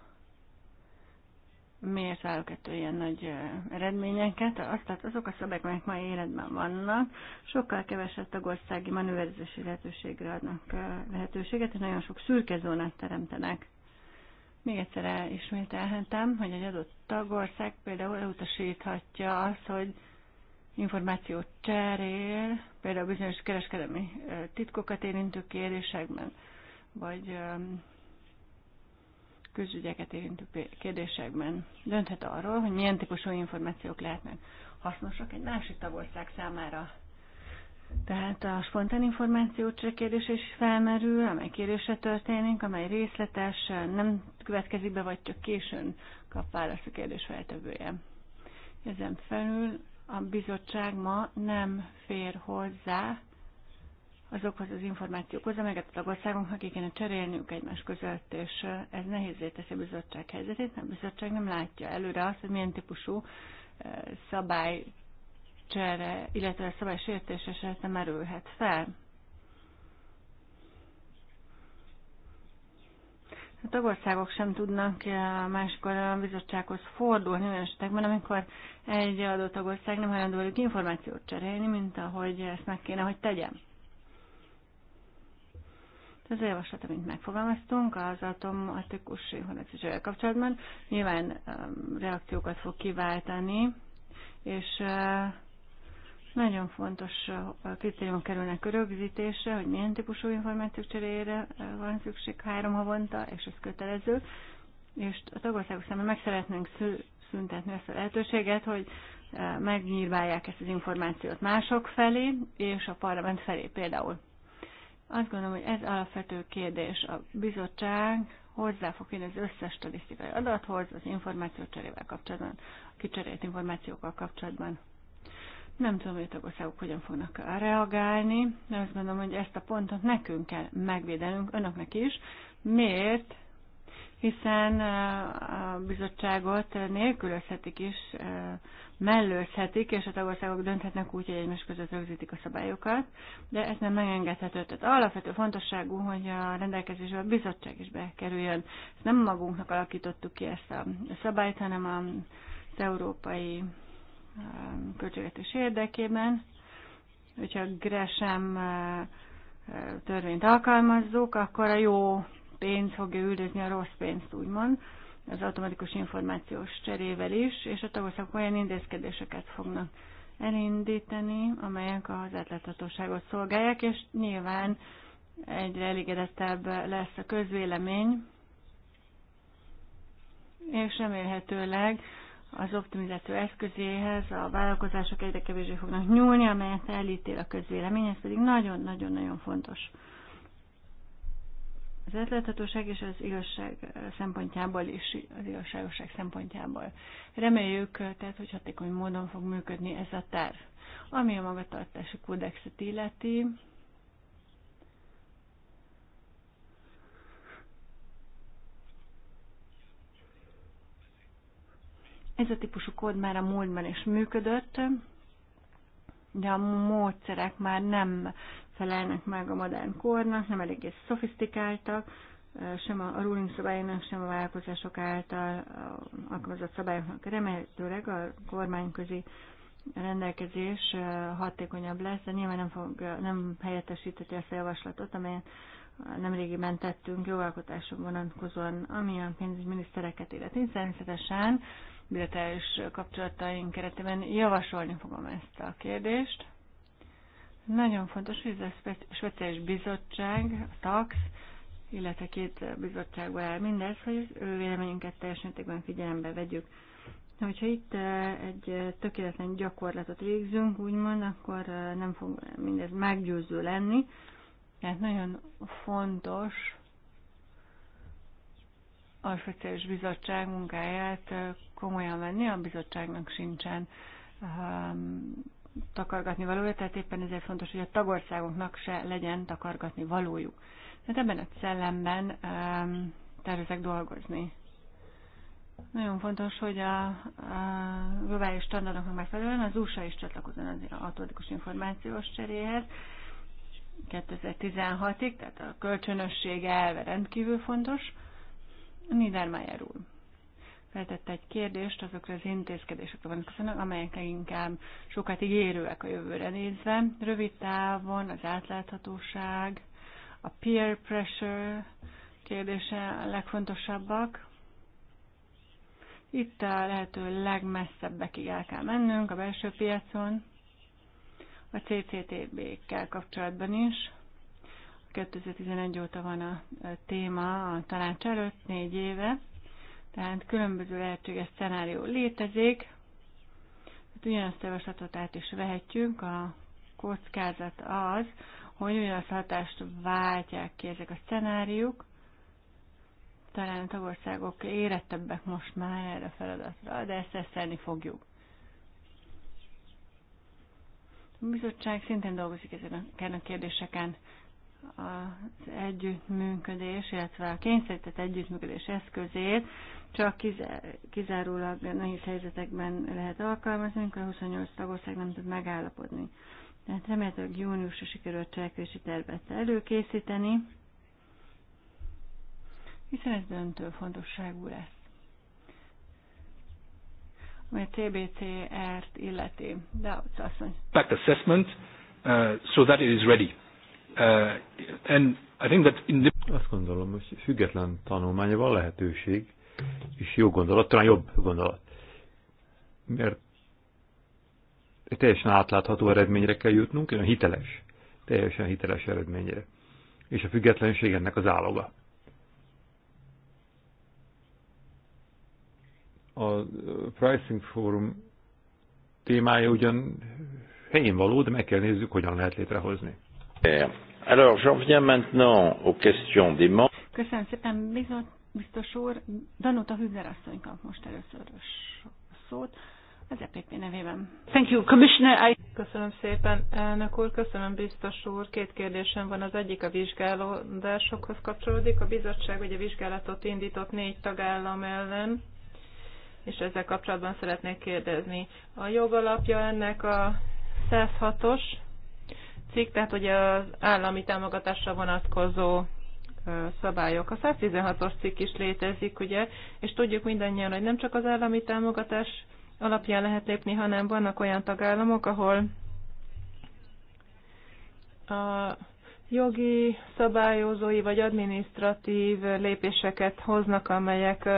miért várok ettől ilyen nagy eredményeket? Azt, tehát azok a szabályok, amelyek ma életben vannak, sokkal kevesebb tagországi manőverzési lehetőségre adnak lehetőséget, és nagyon sok szürke zónát teremtenek. Még egyszer ismételhetem, hogy egy adott tagország például elutasíthatja azt, hogy információt cserél, például bizonyos kereskedelmi titkokat érintő kérdésekben, vagy közügyeket érintő kérdésekben dönthet arról, hogy milyen típusú információk lehetnek hasznosak egy másik tagország számára. Tehát a spontán információ kérdés is felmerül, amely kérdése történik, amely részletes, nem következik be, vagy csak későn kap választ a kérdés feltevője. Ezen felül a bizottság ma nem fér hozzá azokhoz az információkhoz, amelyeket a tagországoknak ki kéne cserélniük egymás között, és ez nehézé teszi a bizottság helyzetét, mert a bizottság nem látja előre azt, hogy milyen típusú szabálycsere, illetve a szabálysértés esete merülhet fel. a tagországok sem tudnak eh, máskor a bizottsághoz fordulni olyan esetekben, amikor egy adott tagország nem hajlandó velük információt cserélni, mint ahogy ezt meg kéne, hogy tegyem. Ez a javaslat, amit megfogalmaztunk az atomatikus honexizsővel kapcsolatban, nyilván reakciókat fog kiváltani, és eh, nagyon fontos kritériumok kerülnek rögzítésre, hogy milyen típusú információk cseréjére van szükség három havonta, és ez kötelező. És a tagországok számára meg szeretnénk szüntetni ezt a lehetőséget, hogy megnyírválják ezt az információt mások felé, és a parlament felé például. Azt gondolom, hogy ez alapvető kérdés. A bizottság hozzá fog jönni az összes statisztikai adathoz, az információcserével kapcsolatban, a kicserélt információkkal kapcsolatban. Nem tudom, hogy a tagországok hogyan fognak reagálni, de azt gondolom, hogy ezt a pontot nekünk kell megvédenünk, önöknek is. Miért? Hiszen a bizottságot nélkülözhetik is, mellőzhetik, és a tagországok dönthetnek úgy, hogy egymás között rögzítik a szabályokat, de ez nem megengedhető. Tehát alapvető fontosságú, hogy a rendelkezésbe a bizottság is bekerüljön. Ezt nem magunknak alakítottuk ki ezt a szabályt, hanem az európai Um, költségvetés érdekében, hogyha Gresham uh, uh, törvényt alkalmazzuk, akkor a jó pénz fogja üldözni a rossz pénzt, úgymond, az automatikus információs cserével is, és a tagországok olyan intézkedéseket fognak elindítani, amelyek az átláthatóságot szolgálják, és nyilván egyre elégedettebb lesz a közvélemény, és remélhetőleg az optimizáció eszközéhez a vállalkozások egyre kevésbé fognak nyúlni, amelyet elítél a közvélemény, ez pedig nagyon-nagyon-nagyon fontos. Az átláthatóság és az igazság szempontjából is, az igazságosság szempontjából. Reméljük, tehát, hogy hatékony módon fog működni ez a terv. Ami a magatartási kódexet illeti, Ez a típusú kód már a múltban is működött, de a módszerek már nem felelnek meg a modern kornak, nem eléggé szofisztikáltak, sem a ruling szabályoknak, sem a vállalkozások által alkalmazott szabályoknak. Remélhetőleg a kormányközi a rendelkezés hatékonyabb lesz, de nyilván nem, fog, nem helyettesíteti ezt a javaslatot, amelyet nemrégiben tettünk jogalkotások vonatkozóan, ami a pénzügyminisztereket illeti. Természetesen bilaterális kapcsolataink keretében javasolni fogom ezt a kérdést. Nagyon fontos, hogy ez a speciális bizottság, a TAX, illetve két bizottságban áll mindez, hogy az ő véleményünket teljes mértékben figyelembe vegyük. Na, hogyha itt eh, egy eh, tökéletlen gyakorlatot végzünk, úgymond, akkor eh, nem fog mindez meggyőző lenni. Tehát nagyon fontos a speciális bizottság munkáját komolyan venni, a bizottságnak sincsen um, takargatni valója, tehát éppen ezért fontos, hogy a tagországoknak se legyen takargatni valójuk. Tehát ebben a szellemben um, tervezek dolgozni. Nagyon fontos, hogy a, a globális standardoknak megfelelően az USA is csatlakozzon az automatikus információs cseréhez 2016-ig, tehát a kölcsönösség elve rendkívül fontos. Niedermayer úr feltette egy kérdést azokra az intézkedésekre vonatkozóan, amelyek leginkább sokat ígérőek a jövőre nézve. Rövid távon az átláthatóság, a peer pressure kérdése a legfontosabbak. Itt a lehető legmesszebbekig el kell mennünk a belső piacon, a CCTB-kkel kapcsolatban is. 2011 óta van a e, téma a tanács előtt, négy éve, tehát különböző lehetséges szenárió létezik. Hát ugyanazt a javaslatot át is vehetjük, a kockázat az, hogy ugyanazt hatást váltják ki ezek a szenáriók, talán a tagországok érettebbek most már erre a feladatra, de ezt eszelni fogjuk. A bizottság szintén dolgozik ezeken a kérdéseken. Az együttműködés, illetve a kényszerített együttműködés eszközét csak kizárólag nehéz helyzetekben lehet alkalmazni, amikor a 28 tagország nem tud megállapodni. Tehát remélhetőleg júniusra sikerült cselekvési tervet előkészíteni hiszen ez döntő fontosságú lesz ami a TBCR-t illeti. De asszony. Back assessment, uh, so that it is ready. Uh, and I think that in the... Azt gondolom, hogy független tanulmánya van lehetőség, és jó gondolat, talán jobb gondolat. Mert egy teljesen átlátható eredményre kell jutnunk, olyan hiteles, teljesen hiteles eredményre. És a függetlenség ennek az áloga. a Pricing Forum témája ugyan helyén való, de meg kell nézzük, hogyan lehet létrehozni. Alors, j'en viens maintenant aux questions des membres. Köszönöm szépen, bizot, biztos úr. Danuta Hübner asszony kap most először szót az EPP nevében. Thank you, Commissioner. I... Köszönöm szépen, elnök úr, köszönöm biztos úr. Két kérdésem van, az egyik a vizsgálódásokhoz kapcsolódik. A bizottság ugye vizsgálatot indított négy tagállam ellen, és ezzel kapcsolatban szeretnék kérdezni. A jogalapja ennek a 106-os cikk, tehát ugye az állami támogatásra vonatkozó szabályok. A 116-os cikk is létezik, ugye, és tudjuk mindannyian, hogy nem csak az állami támogatás alapján lehet lépni, hanem vannak olyan tagállamok, ahol a jogi, szabályozói vagy adminisztratív lépéseket hoznak, amelyek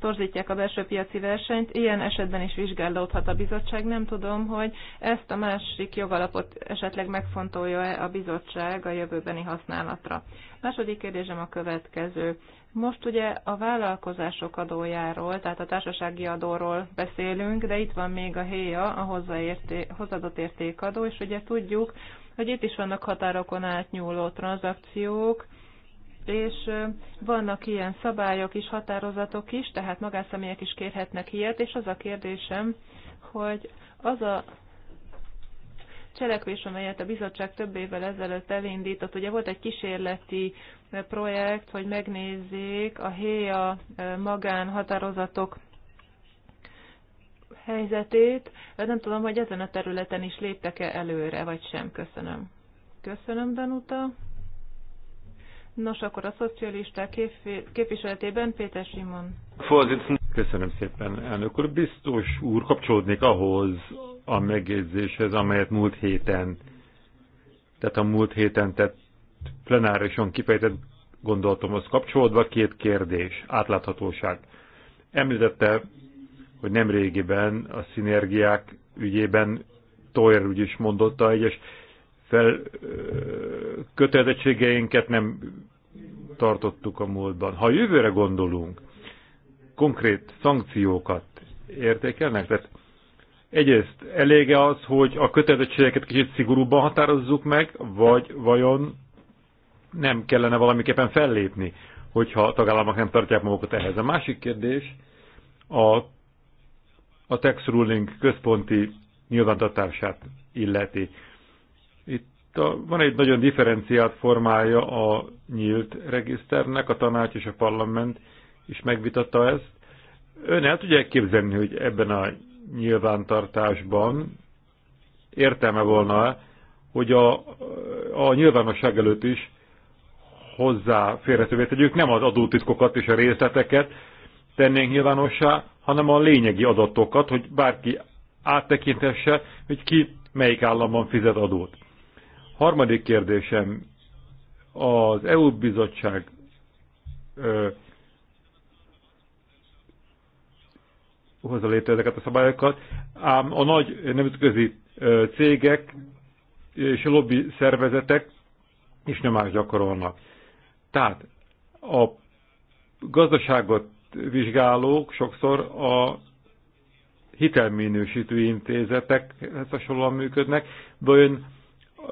torzítják a belső piaci versenyt, ilyen esetben is vizsgálódhat a bizottság. Nem tudom, hogy ezt a másik jogalapot esetleg megfontolja-e a bizottság a jövőbeni használatra. Második kérdésem a következő. Most ugye a vállalkozások adójáról, tehát a társasági adóról beszélünk, de itt van még a héja, a hozzáérté, hozzáadott értékadó, és ugye tudjuk, hogy itt is vannak határokon átnyúló tranzakciók, és vannak ilyen szabályok is, határozatok is, tehát magánszemélyek is kérhetnek ilyet, és az a kérdésem, hogy az a cselekvés, amelyet a bizottság több évvel ezelőtt elindított. Ugye volt egy kísérleti projekt, hogy megnézzék a héja magánhatározatok helyzetét. Nem tudom, hogy ezen a területen is léptek-e előre, vagy sem. Köszönöm. Köszönöm, Danuta. Nos, akkor a szocialisták képviseletében Péter Simon. Köszönöm szépen, elnök úr. Biztos úr, kapcsolódnék ahhoz a megjegyzéshez, amelyet múlt héten, tehát a múlt héten tett plenárison kifejtett gondolatomhoz kapcsolódva két kérdés. Átláthatóság. Említette hogy nem régiben a szinergiák ügyében Toyer úgy is mondotta, egyes fel, kötelezettségeinket nem tartottuk a múltban. Ha a jövőre gondolunk, konkrét szankciókat értékelnek? Tehát egyrészt elége az, hogy a kötelezettségeket kicsit szigorúbban határozzuk meg, vagy vajon nem kellene valamiképpen fellépni, hogyha a tagállamok nem tartják magukat ehhez. A másik kérdés a a tax ruling központi nyilvántartását illeti. Itt a, van egy nagyon differenciált formája a nyílt regiszternek, a tanács és a parlament is megvitatta ezt. Ön el tudja képzelni, hogy ebben a nyilvántartásban értelme volna, hogy a, a nyilvánosság előtt is hozzáférhetővé tegyük, nem az adótitkokat és a részleteket, tennénk nyilvánossá, hanem a lényegi adatokat, hogy bárki áttekintesse, hogy ki melyik államban fizet adót. Harmadik kérdésem, az EU bizottság ö, hozza létre ezeket a szabályokat, ám a nagy nemzetközi cégek és lobby szervezetek is nyomást gyakorolnak. Tehát a gazdaságot vizsgálók sokszor a hitelminősítő intézetekhez hasonlóan működnek, de ön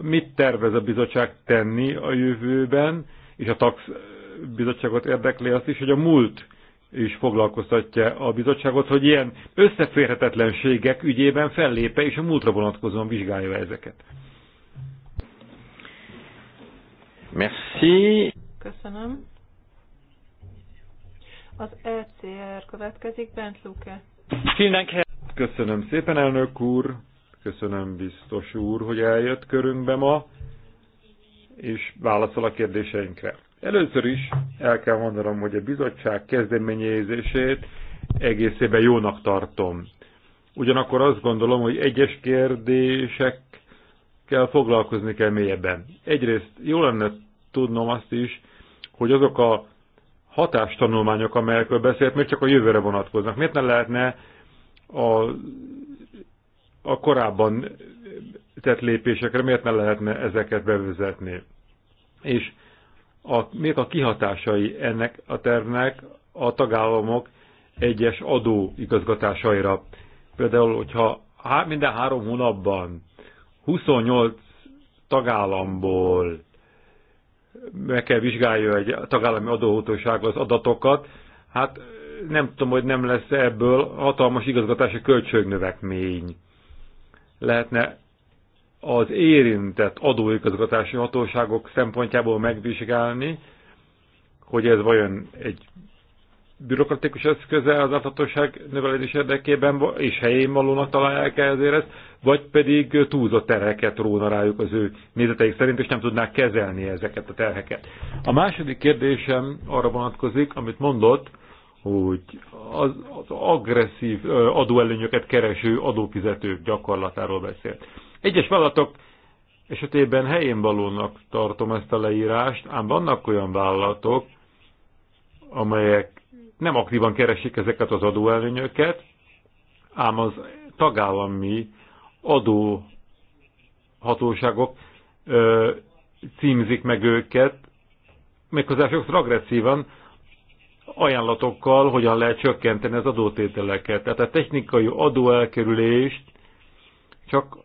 mit tervez a bizottság tenni a jövőben, és a tax bizottságot érdekli azt is, hogy a múlt is foglalkoztatja a bizottságot, hogy ilyen összeférhetetlenségek ügyében fellépe és a múltra vonatkozóan vizsgálja ezeket. Merci. Köszönöm. Az ECR következik, Bent Luke. Köszönöm szépen, elnök úr, köszönöm biztos úr, hogy eljött körünkbe ma, és válaszol a kérdéseinkre. Először is el kell mondanom, hogy a bizottság kezdeményezését egészében jónak tartom. Ugyanakkor azt gondolom, hogy egyes kérdésekkel foglalkozni kell mélyebben. Egyrészt jó lenne tudnom azt is, hogy azok a hatástanulmányok, amelyekről beszélt, miért csak a jövőre vonatkoznak. Miért ne lehetne a, a korábban tett lépésekre, miért ne lehetne ezeket bevezetni? És a, miért a kihatásai ennek a tervnek a tagállamok egyes adó igazgatásaira? Például, hogyha minden három hónapban 28 tagállamból meg kell vizsgálja egy tagállami adóhatóság az adatokat, hát nem tudom, hogy nem lesz ebből hatalmas igazgatási költségnövekmény. Lehetne az érintett adóigazgatási hatóságok szempontjából megvizsgálni, hogy ez vajon egy bürokratikus eszköze az láthatóság növelés érdekében, és helyén valónak találják el ezért ezt, vagy pedig túlzott terheket róna rájuk az ő nézeteik szerint, és nem tudnák kezelni ezeket a terheket. A második kérdésem arra vonatkozik, amit mondott, hogy az, az agresszív adóelőnyöket kereső adófizetők gyakorlatáról beszélt. Egyes vállalatok esetében helyén valónak tartom ezt a leírást, ám vannak olyan vállalatok, amelyek nem aktívan keresik ezeket az adóelőnyöket, ám az tagállami adóhatóságok ö, címzik meg őket, méghozzá sokszor agresszívan, ajánlatokkal hogyan lehet csökkenteni az adótételeket. Tehát a technikai adóelkerülést csak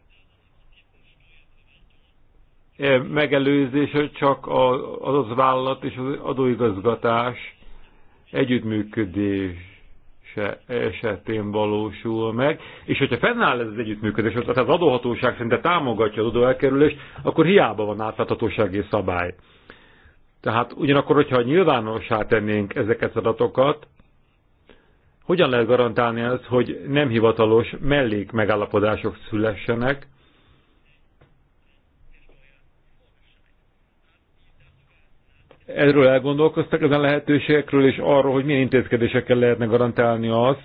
megelőzése csak az vállalat és az adóigazgatás együttműködése esetén valósul meg, és hogyha fennáll ez az együttműködés, tehát az adóhatóság szinte támogatja az adóelkerülést, akkor hiába van átláthatósági szabály. Tehát ugyanakkor, hogyha nyilvánossá tennénk ezeket az adatokat, hogyan lehet garantálni azt, hogy nem hivatalos mellék megállapodások szülessenek, erről elgondolkoztak ezen lehetőségekről, és arról, hogy milyen intézkedésekkel lehetne garantálni azt,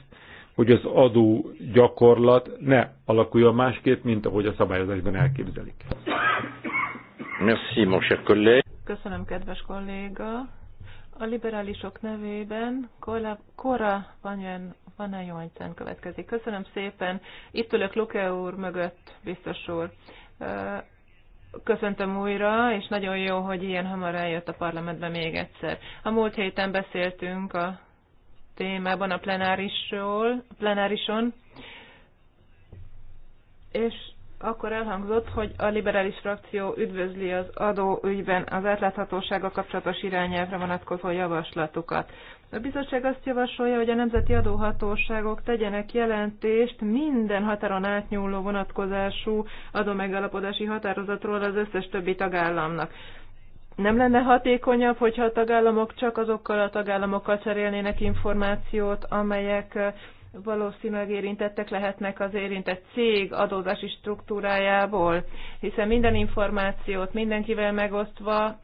hogy az adó gyakorlat ne alakuljon másképp, mint ahogy a szabályozásban elképzelik. Merci, mon cher collègue. Köszönöm, kedves kolléga. A liberálisok nevében Kora Vanyen van -e Johansen következik. Köszönöm szépen. Itt ülök Luke úr mögött, biztos úr. Köszöntöm újra, és nagyon jó, hogy ilyen hamar eljött a parlamentbe még egyszer. A múlt héten beszéltünk a témában a plenárisról, plenárison, és akkor elhangzott, hogy a liberális frakció üdvözli az adóügyben az átláthatósága kapcsolatos irányelvre vonatkozó javaslatukat. A bizottság azt javasolja, hogy a nemzeti adóhatóságok tegyenek jelentést minden határon átnyúló vonatkozású adómegalapodási határozatról az összes többi tagállamnak. Nem lenne hatékonyabb, hogyha a tagállamok csak azokkal a tagállamokkal cserélnének információt, amelyek eh, valószínűleg érintettek lehetnek az érintett cég adózási struktúrájából, hiszen minden információt mindenkivel megosztva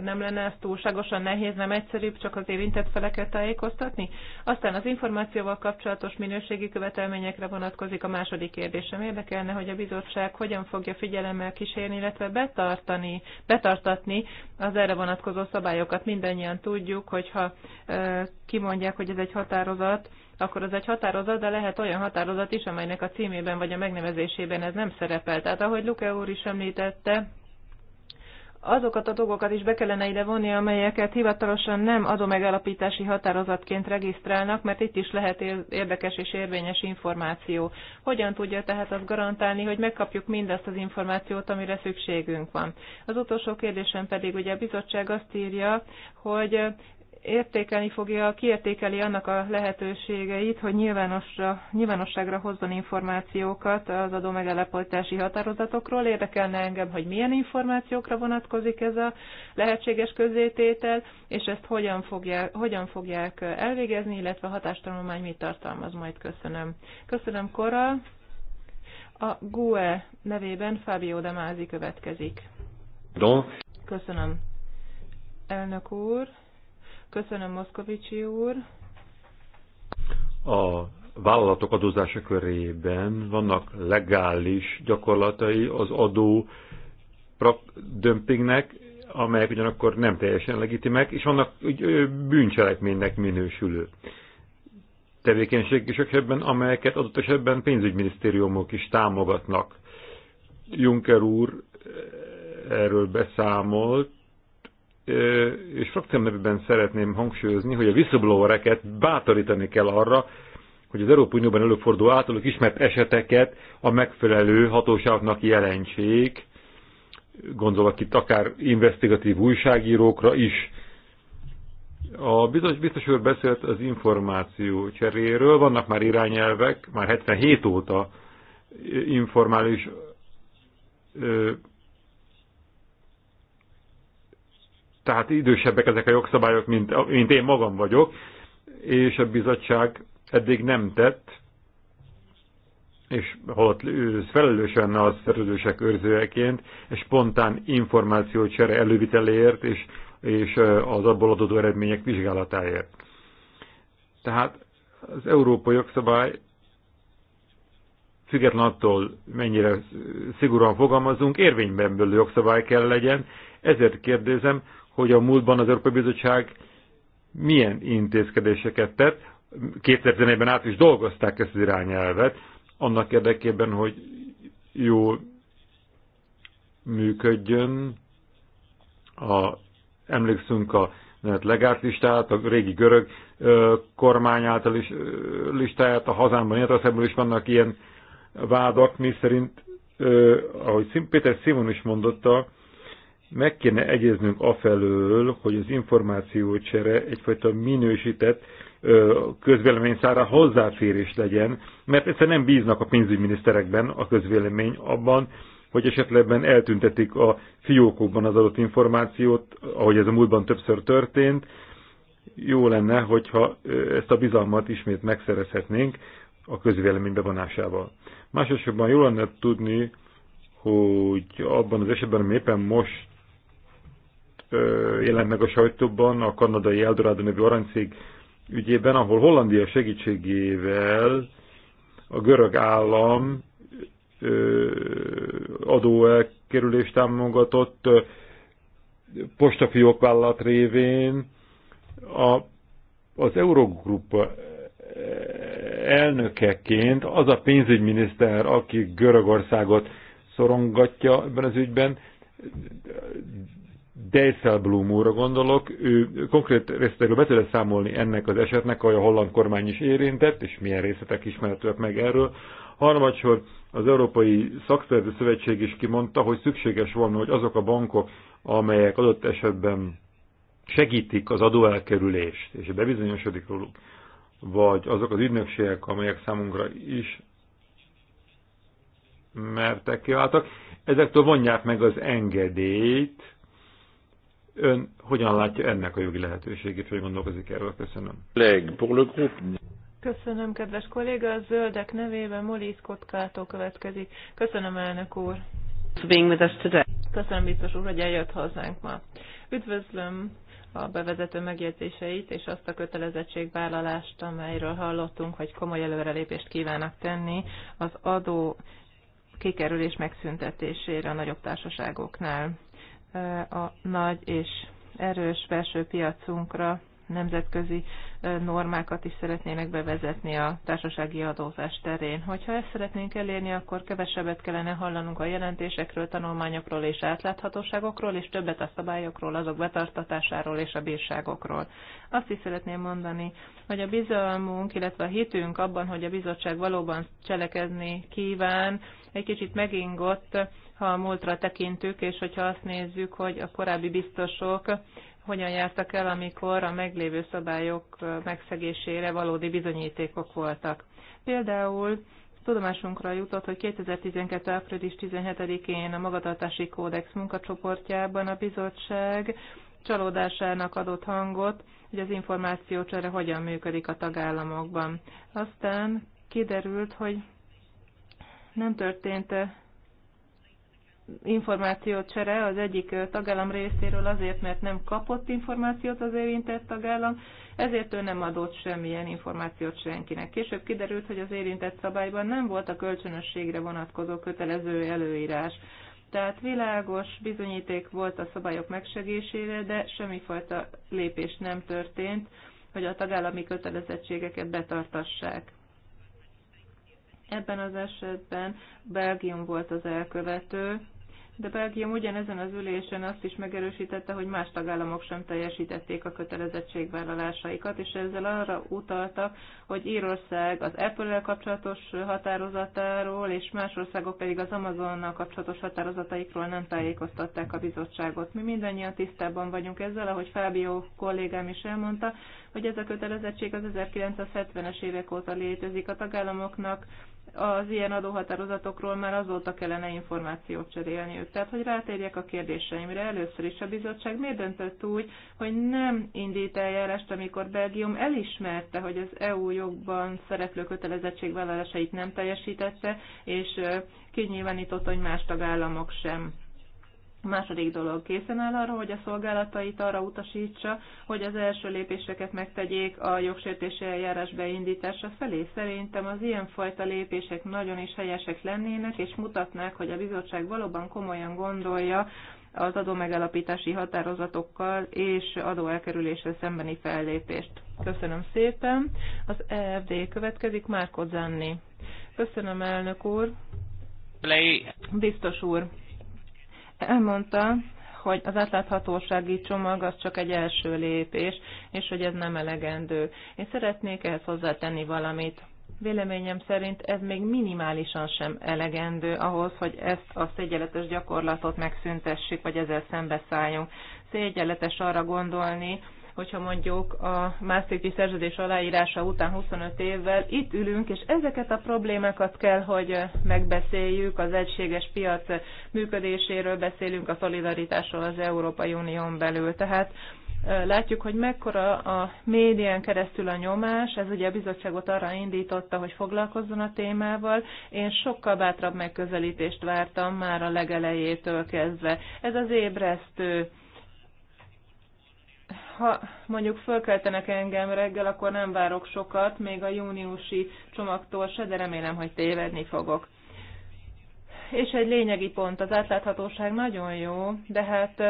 nem lenne ez túlságosan nehéz, nem egyszerűbb csak az érintett feleket tájékoztatni? Aztán az információval kapcsolatos minőségi követelményekre vonatkozik a második kérdésem. Érdekelne, hogy a bizottság hogyan fogja figyelemmel kísérni, illetve betartani, betartatni az erre vonatkozó szabályokat. Mindennyian tudjuk, hogyha kimondják, hogy ez egy határozat, akkor az egy határozat, de lehet olyan határozat is, amelynek a címében vagy a megnevezésében ez nem szerepel. Tehát ahogy Luke úr is említette, azokat a dolgokat is be kellene ide vonni, amelyeket hivatalosan nem adómegállapítási határozatként regisztrálnak, mert itt is lehet érdekes és érvényes információ. Hogyan tudja tehát azt garantálni, hogy megkapjuk mindazt az információt, amire szükségünk van? Az utolsó kérdésem pedig, ugye a bizottság azt írja, hogy értékelni fogja, kiértékeli annak a lehetőségeit, hogy nyilvánosságra hozzon információkat az adó megállapítási határozatokról. Érdekelne engem, hogy milyen információkra vonatkozik ez a lehetséges közzététel, és ezt hogyan fogják, hogyan fogják elvégezni, illetve a hatástanulmány mit tartalmaz majd. Köszönöm. Köszönöm, Kora. A GUE nevében Fábio Demázi következik. Köszönöm. Elnök úr. Köszönöm, Moszkovicsi úr. A vállalatok adózása körében vannak legális gyakorlatai az adó dömpingnek, amelyek ugyanakkor nem teljesen legitimek, és vannak bűncselekménynek minősülő tevékenység is esetben, amelyeket adott esetben pénzügyminisztériumok is támogatnak. Juncker úr erről beszámolt, és frakcióm nevében szeretném hangsúlyozni, hogy a whistleblowereket bátorítani kell arra, hogy az Európai Unióban előforduló általuk ismert eseteket a megfelelő hatóságnak jelentsék, gondolok itt akár investigatív újságírókra is. A biztos, biztos úr beszélt az információ cseréről, vannak már irányelvek, már 77 óta informális tehát idősebbek ezek a jogszabályok, mint, mint én magam vagyok, és a bizottság eddig nem tett, és holott felelős lenne a szerződések őrzőjeként, és spontán információcsere előviteléért és, és az abból adódó eredmények vizsgálatáért. Tehát az európai jogszabály független attól, mennyire szigorúan fogalmazunk, érvényben belül jogszabály kell legyen, ezért kérdezem, hogy a múltban az Európai Bizottság milyen intézkedéseket tett. 2011-ben át is dolgozták ezt az irányelvet, annak érdekében, hogy jól működjön. A, emlékszünk a legált listát, a régi görög ö, kormány által is ö, listáját, a hazámban, Németországban is vannak ilyen vádak, mi szerint, ö, ahogy Péter Simon is mondotta, meg kéne egyeznünk afelől, hogy az információcsere egyfajta minősített közvélemény szára hozzáférés legyen, mert egyszerűen nem bíznak a pénzügyminiszterekben a közvélemény abban, hogy esetlegben eltüntetik a fiókokban az adott információt, ahogy ez a múltban többször történt. Jó lenne, hogyha ezt a bizalmat ismét megszerezhetnénk a közvélemény bevonásával. Másosabban jó lenne tudni, hogy abban az esetben, ami éppen most jelent meg a sajtóban a kanadai Eldorado nevű aranycég ügyében, ahol Hollandia segítségével a görög állam adóelkerülést támogatott postafiók vállalat révén a, az Eurogrup elnökeként az a pénzügyminiszter, aki Görögországot szorongatja ebben az ügyben, Dijsselbloem úrra gondolok, ő konkrét részletekről be tudott számolni ennek az esetnek, ahogy a holland kormány is érintett, és milyen részletek ismerhetőek meg erről. Harmadsor az Európai Szakszervező Szövetség is kimondta, hogy szükséges volna, hogy azok a bankok, amelyek adott esetben segítik az adóelkerülést, és bebizonyosodik róluk, vagy azok az ügynökségek, amelyek számunkra is mertek kiváltak, ezektől vonják meg az engedélyt, Ön hogyan látja ennek a jogi lehetőségét, hogy gondolkozik erről? Köszönöm. Köszönöm, kedves kolléga. A zöldek nevében Molis Kotkától következik. Köszönöm, elnök úr. Köszönöm, biztos úr, hogy eljött hozzánk ma. Üdvözlöm a bevezető megjegyzéseit és azt a kötelezettségvállalást, amelyről hallottunk, hogy komoly előrelépést kívánnak tenni az adó kikerülés megszüntetésére a nagyobb társaságoknál a nagy és erős belső piacunkra nemzetközi normákat is szeretnének bevezetni a társasági adózás terén. Hogyha ezt szeretnénk elérni, akkor kevesebbet kellene hallanunk a jelentésekről, tanulmányokról és átláthatóságokról, és többet a szabályokról, azok betartatásáról és a bírságokról. Azt is szeretném mondani, hogy a bizalmunk, illetve a hitünk abban, hogy a bizottság valóban cselekedni kíván, egy kicsit megingott, ha a múltra tekintük, és hogyha azt nézzük, hogy a korábbi biztosok hogyan jártak el, amikor a meglévő szabályok megszegésére valódi bizonyítékok voltak. Például tudomásunkra jutott, hogy 2012. április 17-én a Magatartási Kódex munkacsoportjában a bizottság csalódásának adott hangot, hogy az információcsere hogyan működik a tagállamokban. Aztán kiderült, hogy nem történt információcsere az egyik tagállam részéről azért, mert nem kapott információt az érintett tagállam, ezért ő nem adott semmilyen információt senkinek. Később kiderült, hogy az érintett szabályban nem volt a kölcsönösségre vonatkozó kötelező előírás. Tehát világos bizonyíték volt a szabályok megsegésére, de semmifajta lépés nem történt, hogy a tagállami kötelezettségeket betartassák. Ebben az esetben Belgium volt az elkövető, de Belgium ugyanezen az ülésen azt is megerősítette, hogy más tagállamok sem teljesítették a kötelezettségvállalásaikat, és ezzel arra utaltak, hogy Írország az Apple-el kapcsolatos határozatáról, és más országok pedig az Amazonnal kapcsolatos határozataikról nem tájékoztatták a bizottságot. Mi mindannyian tisztában vagyunk ezzel, ahogy Fábio kollégám is elmondta, hogy ez a kötelezettség az 1970-es évek óta létezik a tagállamoknak, az ilyen adóhatározatokról már azóta kellene információt cserélniük. Tehát, hogy rátérjek a kérdéseimre, először is a bizottság miért döntött úgy, hogy nem indít eljárást, amikor Belgium elismerte, hogy az EU jogban szereplő kötelezettségvállalásait nem teljesítette, és kinyilvánította, hogy más tagállamok sem a második dolog készen áll arra, hogy a szolgálatait arra utasítsa, hogy az első lépéseket megtegyék a jogsértési eljárás beindítása felé. Szerintem az ilyenfajta lépések nagyon is helyesek lennének, és mutatnák, hogy a bizottság valóban komolyan gondolja az adómegállapítási határozatokkal és adóelkerüléssel szembeni fellépést. Köszönöm szépen. Az EFD következik, Márko Zanni. Köszönöm, elnök úr. Play. Biztos úr elmondta, hogy az átláthatósági csomag az csak egy első lépés, és hogy ez nem elegendő. Én szeretnék ehhez hozzátenni valamit. Véleményem szerint ez még minimálisan sem elegendő ahhoz, hogy ezt a szégyenletes gyakorlatot megszüntessük, vagy ezzel szembeszálljunk. Szégyenletes arra gondolni, hogyha mondjuk a Maastrichti szerződés aláírása után 25 évvel itt ülünk, és ezeket a problémákat kell, hogy megbeszéljük, az egységes piac működéséről beszélünk, a szolidaritásról az Európai Unión belül. Tehát látjuk, hogy mekkora a médián keresztül a nyomás, ez ugye a bizottságot arra indította, hogy foglalkozzon a témával. Én sokkal bátrabb megközelítést vártam már a legelejétől kezdve. Ez az ébresztő ha mondjuk fölkeltenek engem reggel, akkor nem várok sokat, még a júniusi csomagtól se, de remélem, hogy tévedni fogok. És egy lényegi pont, az átláthatóság nagyon jó, de hát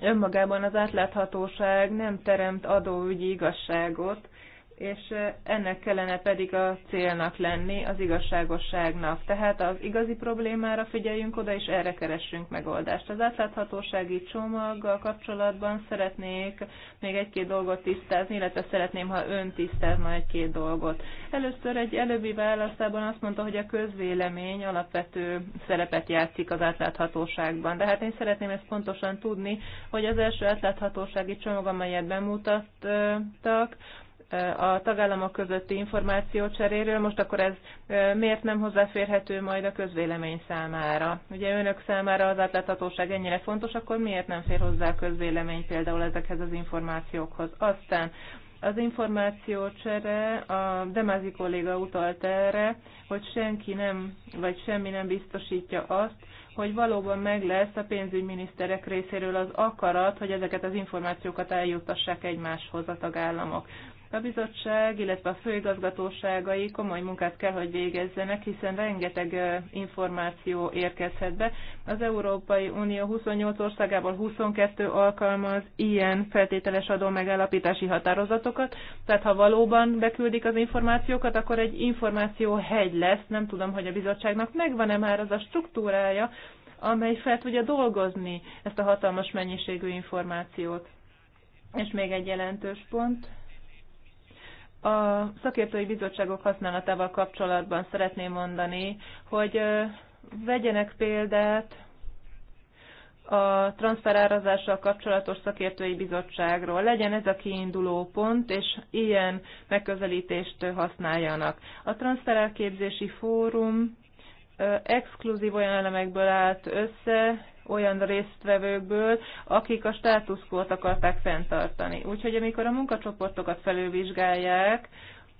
önmagában az átláthatóság nem teremt adóügyi igazságot, és ennek kellene pedig a célnak lenni, az igazságosságnak. Tehát az igazi problémára figyeljünk oda, és erre keressünk megoldást. Az átláthatósági csomaggal kapcsolatban szeretnék még egy-két dolgot tisztázni, illetve szeretném, ha ön tisztázna egy-két dolgot. Először egy előbbi válaszában azt mondta, hogy a közvélemény alapvető szerepet játszik az átláthatóságban. De hát én szeretném ezt pontosan tudni, hogy az első átláthatósági csomag, amelyet bemutattak, a tagállamok közötti információcseréről, most akkor ez miért nem hozzáférhető majd a közvélemény számára? Ugye önök számára az átláthatóság ennyire fontos, akkor miért nem fér hozzá a közvélemény például ezekhez az információkhoz? Aztán az információcsere, a Demázi kolléga utalt erre, hogy senki nem, vagy semmi nem biztosítja azt, hogy valóban meg lesz a pénzügyminiszterek részéről az akarat, hogy ezeket az információkat eljuttassák egymáshoz a tagállamok. A bizottság, illetve a főigazgatóságai komoly munkát kell, hogy végezzenek, hiszen rengeteg információ érkezhet be. Az Európai Unió 28 országából 22 alkalmaz ilyen feltételes adó megállapítási határozatokat, tehát ha valóban beküldik az információkat, akkor egy információ hegy lesz. Nem tudom, hogy a bizottságnak megvan-e már az a struktúrája, amely fel tudja dolgozni ezt a hatalmas mennyiségű információt. És még egy jelentős pont, a szakértői bizottságok használatával kapcsolatban szeretném mondani, hogy vegyenek példát a transferárazással kapcsolatos szakértői bizottságról. Legyen ez a kiinduló pont, és ilyen megközelítést használjanak. A transferárképzési fórum exkluzív olyan elemekből állt össze, olyan résztvevőkből, akik a státuszkót akarták fenntartani. Úgyhogy amikor a munkacsoportokat felülvizsgálják,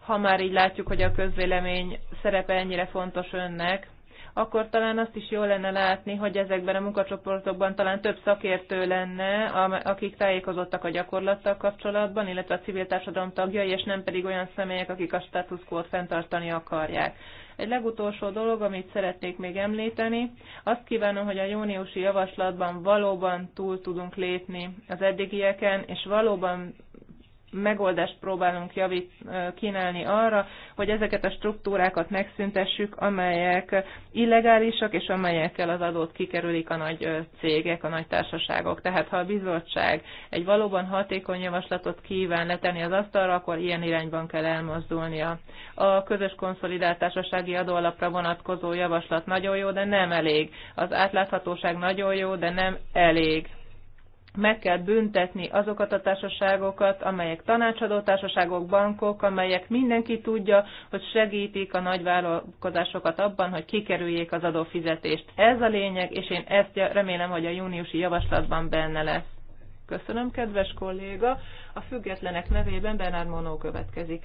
ha már így látjuk, hogy a közvélemény szerepe ennyire fontos önnek, akkor talán azt is jó lenne látni, hogy ezekben a munkacsoportokban talán több szakértő lenne, akik tájékozottak a gyakorlattal kapcsolatban, illetve a civil társadalom tagjai, és nem pedig olyan személyek, akik a status quo-t fenntartani akarják. Egy legutolsó dolog, amit szeretnék még említeni, azt kívánom, hogy a júniusi javaslatban valóban túl tudunk lépni az eddigieken, és valóban megoldást próbálunk javít, kínálni arra, hogy ezeket a struktúrákat megszüntessük, amelyek illegálisak, és amelyekkel az adót kikerülik a nagy cégek, a nagy társaságok. Tehát ha a bizottság egy valóban hatékony javaslatot kíván letenni az asztalra, akkor ilyen irányban kell elmozdulnia. A közös konszolidált társasági adóalapra vonatkozó javaslat nagyon jó, de nem elég. Az átláthatóság nagyon jó, de nem elég meg kell büntetni azokat a társaságokat, amelyek tanácsadó társaságok, bankok, amelyek mindenki tudja, hogy segítik a nagyvállalkozásokat abban, hogy kikerüljék az adófizetést. Ez a lényeg, és én ezt remélem, hogy a júniusi javaslatban benne lesz. Köszönöm, kedves kolléga. A függetlenek nevében Bernard Monó következik.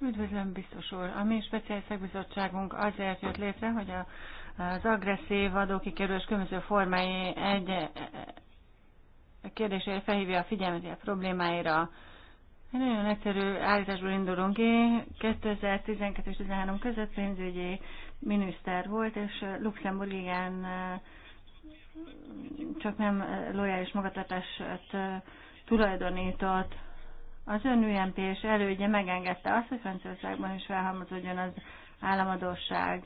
Üdvözlöm, biztos úr. A mi speciális szakbizottságunk azért jött létre, hogy a az agresszív adókikerülés különböző formái egy kérdésére felhívja a figyelmet a problémáira. Egy nagyon egyszerű állításból indulunk ki. 2012 és 2013 között pénzügyi miniszter volt, és Luxemburg igen csak nem lojális magatartást tulajdonított. Az ön UMP és elődje megengedte azt, hogy Franciaországban is felhalmozódjon az államadóság.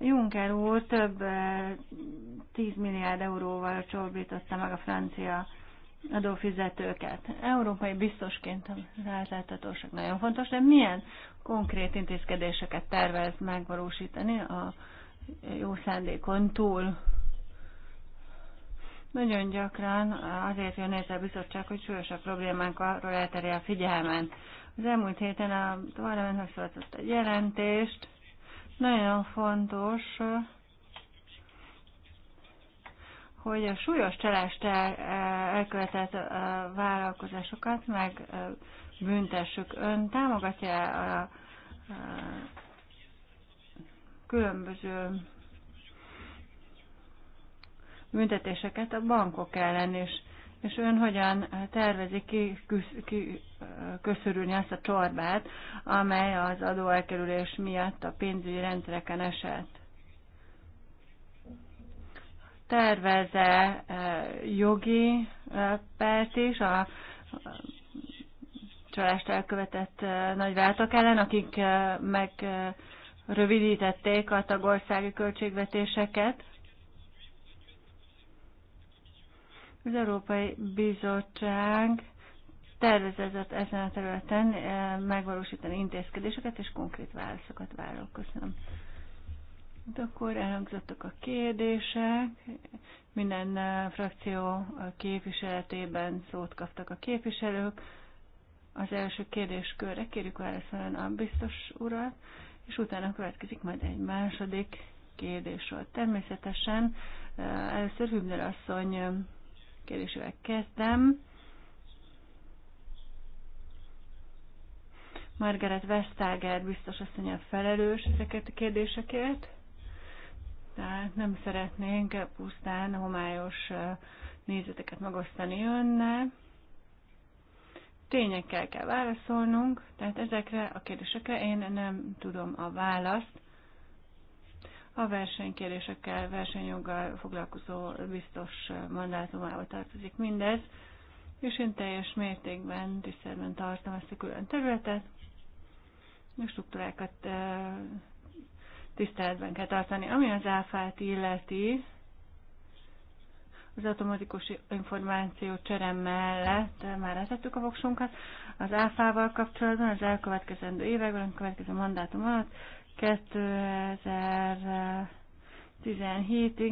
Juncker úr több 10 eh, milliárd euróval csorbította meg a francia adófizetőket. Európai biztosként az átláthatóság nagyon fontos, de milyen konkrét intézkedéseket tervez megvalósítani a jó szándékon túl? Nagyon gyakran azért jön ez a bizottság, hogy súlyosabb arról elterje a figyelmen. Az elmúlt héten a parlament megszavazott egy jelentést, nagyon fontos, hogy a súlyos csalást elkövetett vállalkozásokat meg büntessük. Ön támogatja a, a különböző büntetéseket a bankok ellen is és ön hogyan tervezi ki, ki köszörülni azt a csorbát, amely az adóelkerülés miatt a pénzügyi rendszereken esett? Terveze jogi pert is a csalást elkövetett nagyváltak ellen, akik meg rövidítették a tagországi költségvetéseket? Az Európai Bizottság tervezett ezen a területen eh, megvalósítani intézkedéseket, és konkrét válaszokat várok. Köszönöm. De hát akkor elhangzottak a kérdések, minden eh, frakció képviseletében szót kaptak a képviselők. Az első kérdéskörre kérjük válaszolni a biztos urat, és utána következik majd egy második volt. Természetesen eh, először Hübner asszony kérdésével kezdem. Margaret Vestager biztos azt mondja, felelős ezeket a kérdéseket. Tehát nem szeretnénk pusztán homályos nézeteket megosztani önnel. Tényekkel kell válaszolnunk, tehát ezekre a kérdésekre én nem tudom a választ a versenykérésekkel, versenyjoggal foglalkozó biztos mandátumába tartozik mindez, és én teljes mértékben tisztelben tartom ezt a külön területet, és struktúrákat tiszteletben kell tartani. Ami az áfát illeti, az automatikus információ cserem mellett már letettük a voksunkat. Az áfával kapcsolatban az elkövetkezendő években, a következő mandátum alatt 2017-ig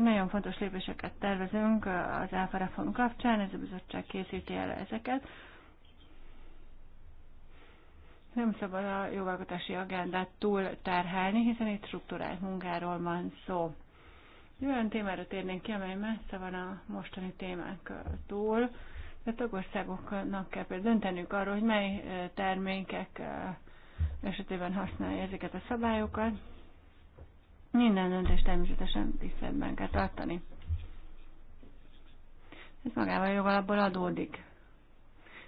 nagyon fontos lépéseket tervezünk az ÁFA reform kapcsán, ez a bizottság készíti el ezeket. Nem szabad a jogalkotási agendát túl terhelni, hiszen itt struktúrált munkáról van szó. olyan témára térnénk ki, amely messze van a mostani túl, de tagországoknak kell például dönteniük arról, hogy mely termékek esetében használja ezeket a szabályokat. Minden döntést természetesen tiszteletben kell tartani. Ez magával jogalapból adódik.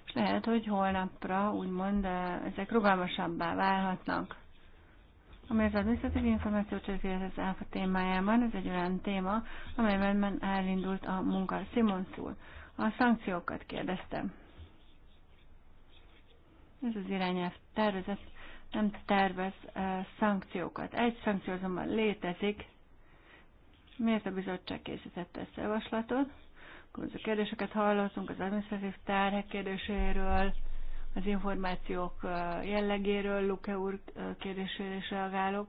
És lehet, hogy holnapra úgymond eh, ezek rugalmasabbá válhatnak. Ami az adminisztratív információcsőzés az ÁFA témájában, ez egy olyan téma, amelyben elindult a munka. Simon Szúl a szankciókat kérdeztem. Ez az irányelv tervezet nem tervez szankciókat. Egy szankció azonban létezik. Miért a bizottság készítette ezt a javaslatot? Különböző kérdéseket hallottunk az administratív tárhek kérdéséről, az információk jellegéről, Luke úr kérdésére is reagálok.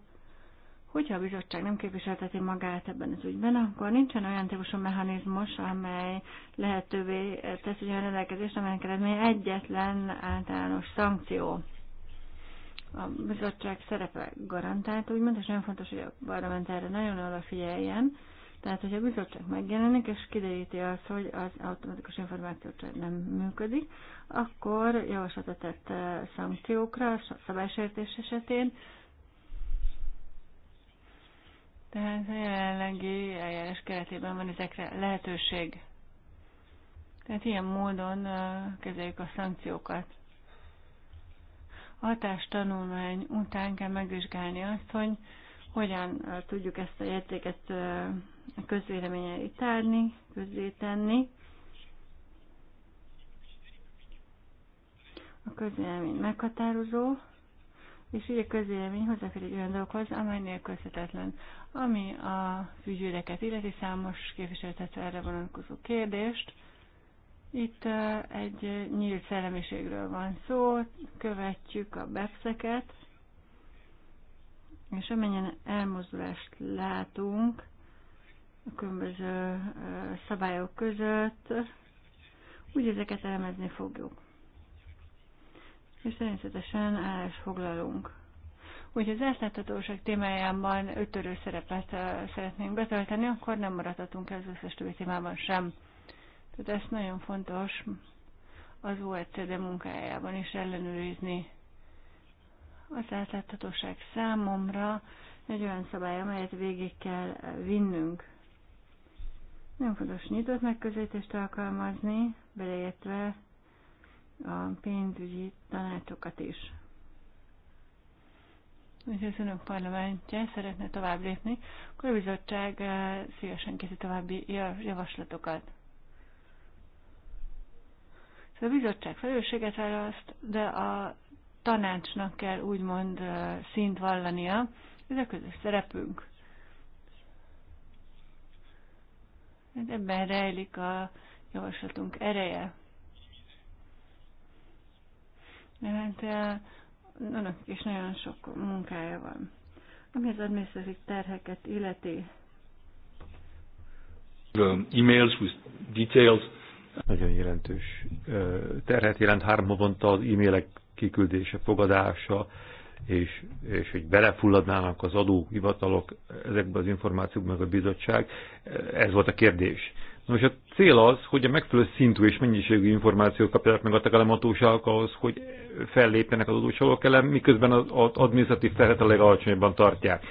Hogyha a bizottság nem képviselteti magát ebben az ügyben, akkor nincsen olyan típusú mechanizmus, amely lehetővé tesz egy olyan rendelkezést, amelynek egyetlen általános szankció a bizottság szerepe garantált, úgymond, és nagyon fontos, hogy a parlament erre nagyon odafigyeljen, tehát, hogy a bizottság megjelenik, és kideríti azt, hogy az automatikus információcsere nem működik, akkor javaslatot tett szankciókra, szabálysértés esetén. Tehát a jelenlegi eljárás keretében van ezekre lehetőség. Tehát ilyen módon kezeljük a szankciókat tanulmány után kell megvizsgálni azt, hogy hogyan tudjuk ezt a értéket a tárni, közzé tenni. A közvélemény meghatározó, és a közvélemény hozzáfér egy olyan dologhoz, amely nélkülözhetetlen. Ami a ügyvédeket illeti számos képviseltet erre vonatkozó kérdést, itt egy nyílt szellemiségről van szó, követjük a bepszeket, és amennyien elmozdulást látunk a különböző szabályok között, úgy ezeket elemezni fogjuk. És természetesen állást foglalunk. Úgyhogy az átláthatóság témájában ötörő szerepet szeretnénk betölteni, akkor nem maradhatunk el az összes többi témában sem. Tehát ez nagyon fontos az OECD munkájában is ellenőrizni. Az átláthatóság számomra egy olyan szabály, amelyet végig kell vinnünk. Nem fontos nyitott megközelítést alkalmazni, beleértve a pénzügyi tanácsokat is. Úgyhogy az önök parlamentje szeretne tovább lépni, akkor a bizottság eh, szívesen készít további javaslatokat. Ez a bizottság felelősséget választ, de a tanácsnak kell úgymond szint vallania, ez a közös szerepünk. Hát ebben rejlik a javaslatunk ereje. Mert hát, önök is nagyon sok munkája van. Ami az adminisztratív terheket illeti. The emails with details nagyon jelentős terhet jelent három havonta az e-mailek kiküldése, fogadása, és, és hogy belefulladnának az adó hivatalok ezekbe az információk meg a bizottság. Ez volt a kérdés. Na most a cél az, hogy a megfelelő szintű és mennyiségű információt kapják meg a tagállamatóságok ahhoz, hogy fellépjenek az adócsalók ellen, miközben az administratív terhet a legalacsonyabban tartják.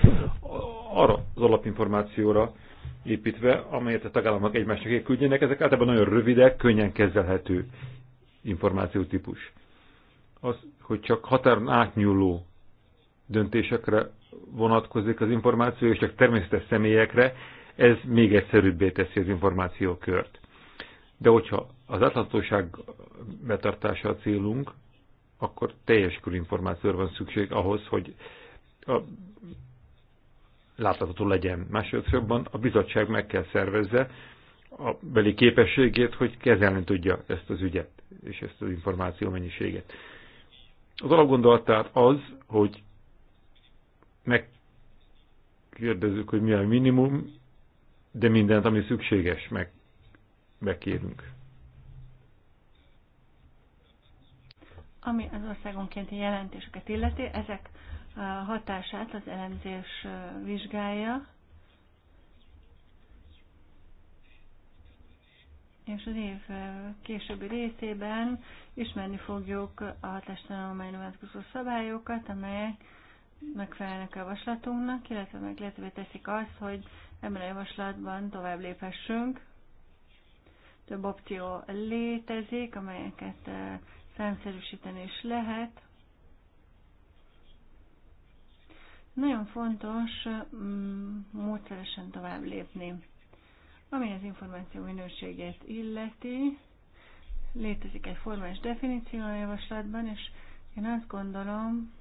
Arra az alapinformációra építve, amelyet a tagállamok egymásnak küldjenek. Ezek általában nagyon rövidek, könnyen kezelhető információtípus. Az, hogy csak határon átnyúló döntésekre vonatkozik az információ, és csak természetes személyekre, ez még egyszerűbbé teszi az információkört. De hogyha az átláthatóság betartása a célunk, akkor teljes körű információra van szükség ahhoz, hogy a látható legyen. Másodszorban a bizottság meg kell szervezze a beli képességét, hogy kezelni tudja ezt az ügyet és ezt az információ mennyiséget. Az alapgondolat tehát az, hogy megkérdezzük, hogy mi a minimum, de mindent, ami szükséges, meg bekérünk. Ami az országonkénti jelentéseket illeti, ezek hatását az elemzés vizsgálja, és az év későbbi részében ismerni fogjuk a hatástanulmányra vonatkozó szabályokat, amelyek megfelelnek a javaslatunknak, illetve meg lehetővé teszik azt, hogy ebben a javaslatban tovább léphessünk. Több opció létezik, amelyeket számszerűsíteni is lehet. Nagyon fontos mm, módszeresen tovább lépni. Ami az információ minőségét illeti, létezik egy formális definíció a javaslatban, és én azt gondolom,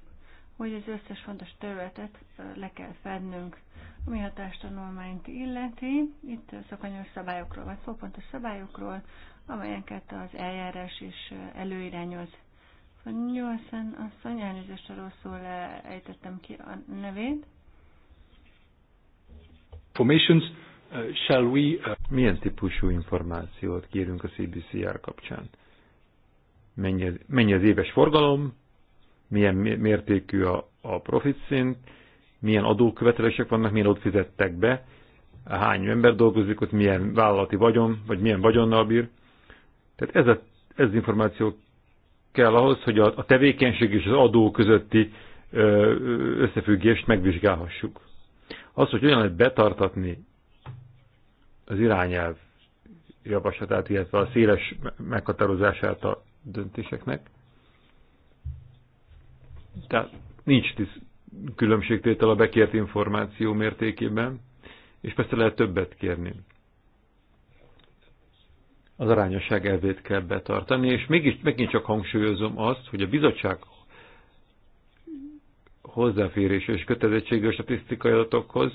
hogy az összes fontos területet le kell fednünk, ami hatástanulmányt illeti. Itt szakanyos szabályokról vagy szó, pontos szabályokról, amelyeket az eljárás is előirányoz. Nyolcán asszony, elnézést, rosszul eh, ejtettem ki a nevét. Formations, uh, shall we, uh... Milyen típusú információt kérünk a CBCR kapcsán? Mennyi az, mennyi az éves forgalom, milyen mértékű a, a profit szint, milyen adókövetelések vannak, milyen ott fizettek be, hány ember dolgozik ott, milyen vállalati vagyon, vagy milyen vagyonnal bír. Tehát ez, a, ez az információ kell ahhoz, hogy a tevékenység és az adó közötti összefüggést megvizsgálhassuk. Az, hogy olyan lehet betartatni az irányelv javaslatát, illetve a széles meghatározását a döntéseknek, tehát nincs tiszt különbségtétel a bekért információ mértékében, és persze lehet többet kérni az arányosság elvét kell betartani, és mégis megint csak hangsúlyozom azt, hogy a bizottság hozzáférés és kötelezettsége a statisztikai adatokhoz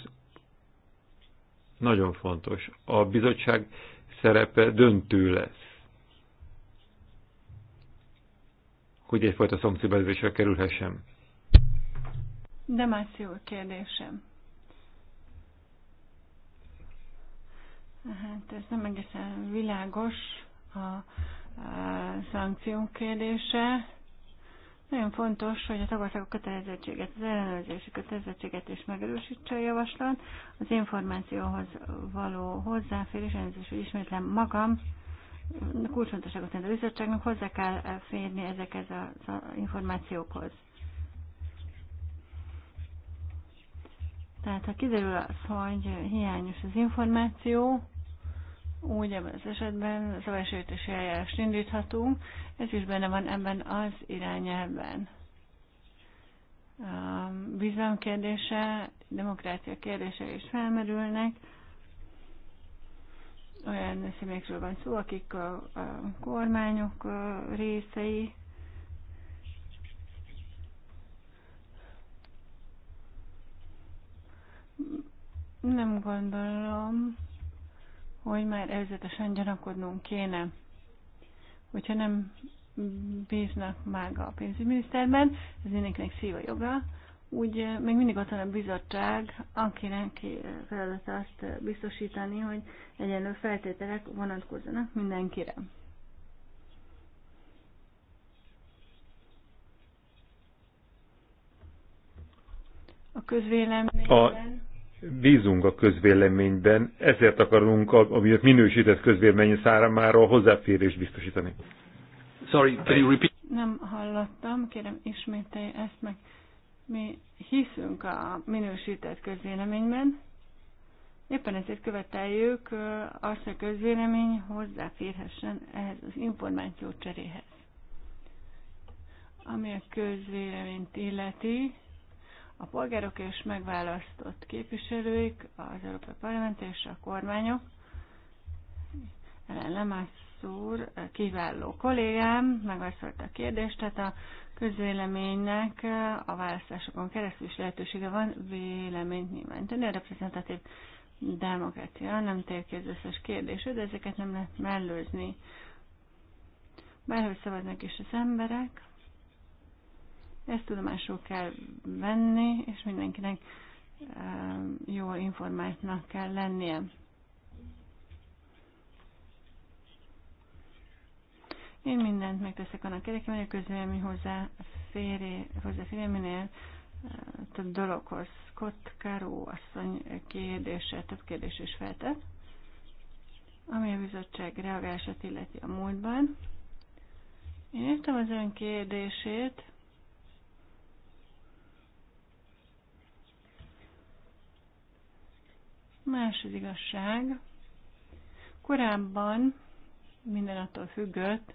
nagyon fontos. A bizottság szerepe döntő lesz. Hogy egyfajta szankcióbezésre kerülhessem. jó kérdésem. Hát ez nem egészen világos a, a szankciónk kérdése. Nagyon fontos, hogy a tagországok kötelezettséget, az ellenőrzési kötelezettséget is megerősítse a javaslat. Az információhoz való hozzáférés, elnézést, hogy ismétlem magam, kulcsfontosságot tett a bizottságnak, hozzá kell férni ezekhez az információkhoz. Tehát ha kiderül az, hogy hiányos az információ, úgy ebben az esetben szabálysértési eljárást indíthatunk, ez is benne van ebben az irányelben. A bizalom kérdése, demokrácia kérdése is felmerülnek. Olyan személyekről van szó, akik a, a kormányok részei, nem gondolom, hogy már előzetesen gyanakodnunk kéne. Hogyha nem bíznak már a pénzügyminiszterben, ez mindenkinek szíva joga, úgy eh, még mindig ott van a bizottság, akinek eh, feladata azt eh, biztosítani, hogy egyenlő feltételek vonatkozzanak mindenkire. A közvéleményben... A bízunk a közvéleményben, ezért akarunk a, a minősített közvélemény a hozzáférést biztosítani. Sorry, can you repeat? Nem hallottam, kérem ismételj ezt meg. Mi hiszünk a minősített közvéleményben, éppen ezért követeljük azt, hogy a közvélemény hozzáférhessen ehhez az információ cseréhez. Ami a közvéleményt illeti, a polgárok és megválasztott képviselőik, az Európai Parlament és a kormányok. Ellen Lemász úr, kiváló kollégám, megválaszolta a kérdést, tehát a közvéleménynek a választásokon keresztül is lehetősége van véleményt nyilvánítani A reprezentatív demokrácia nem térkéz összes kérdésre, de ezeket nem lehet mellőzni. Bárhogy szavaznak is az emberek, ezt tudomásul kell venni, és mindenkinek jól informáltnak kell lennie. Én mindent megteszek annak érdekében, hogy a közvélemény hozzáférje minél több dologhoz. Scott Caro asszony kérdése, több kérdés is feltett, ami a bizottság reagálását illeti a múltban. Én értem az ön kérdését, Más az igazság. Korábban minden attól függött,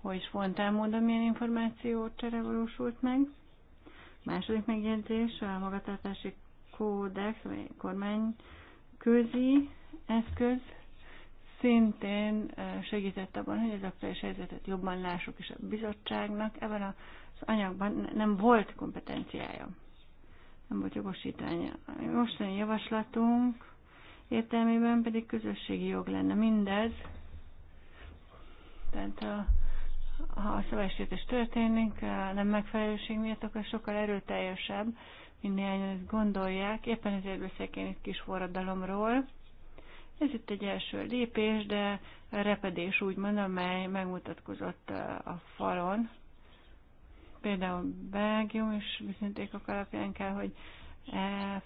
hogy spontán módon milyen csere valósult meg. Második megjegyzés, a magatartási kódex, vagy kormány közi eszköz szintén segített abban, hogy az aktuális helyzetet jobban lássuk, és a bizottságnak ebben az anyagban nem volt kompetenciája, nem volt jogosítványa. A mostani javaslatunk értelmében pedig közösségi jog lenne mindez. Tehát a, ha a szabálysértés történik, a nem megfelelőség miatt, akkor sokkal erőteljesebb, mint néhányan ezt gondolják. Éppen ezért beszélek én itt kis forradalomról. Ez itt egy első lépés, de repedés úgymond, amely megmutatkozott a falon. Például Belgium is bizonyítékok alapján kell, hogy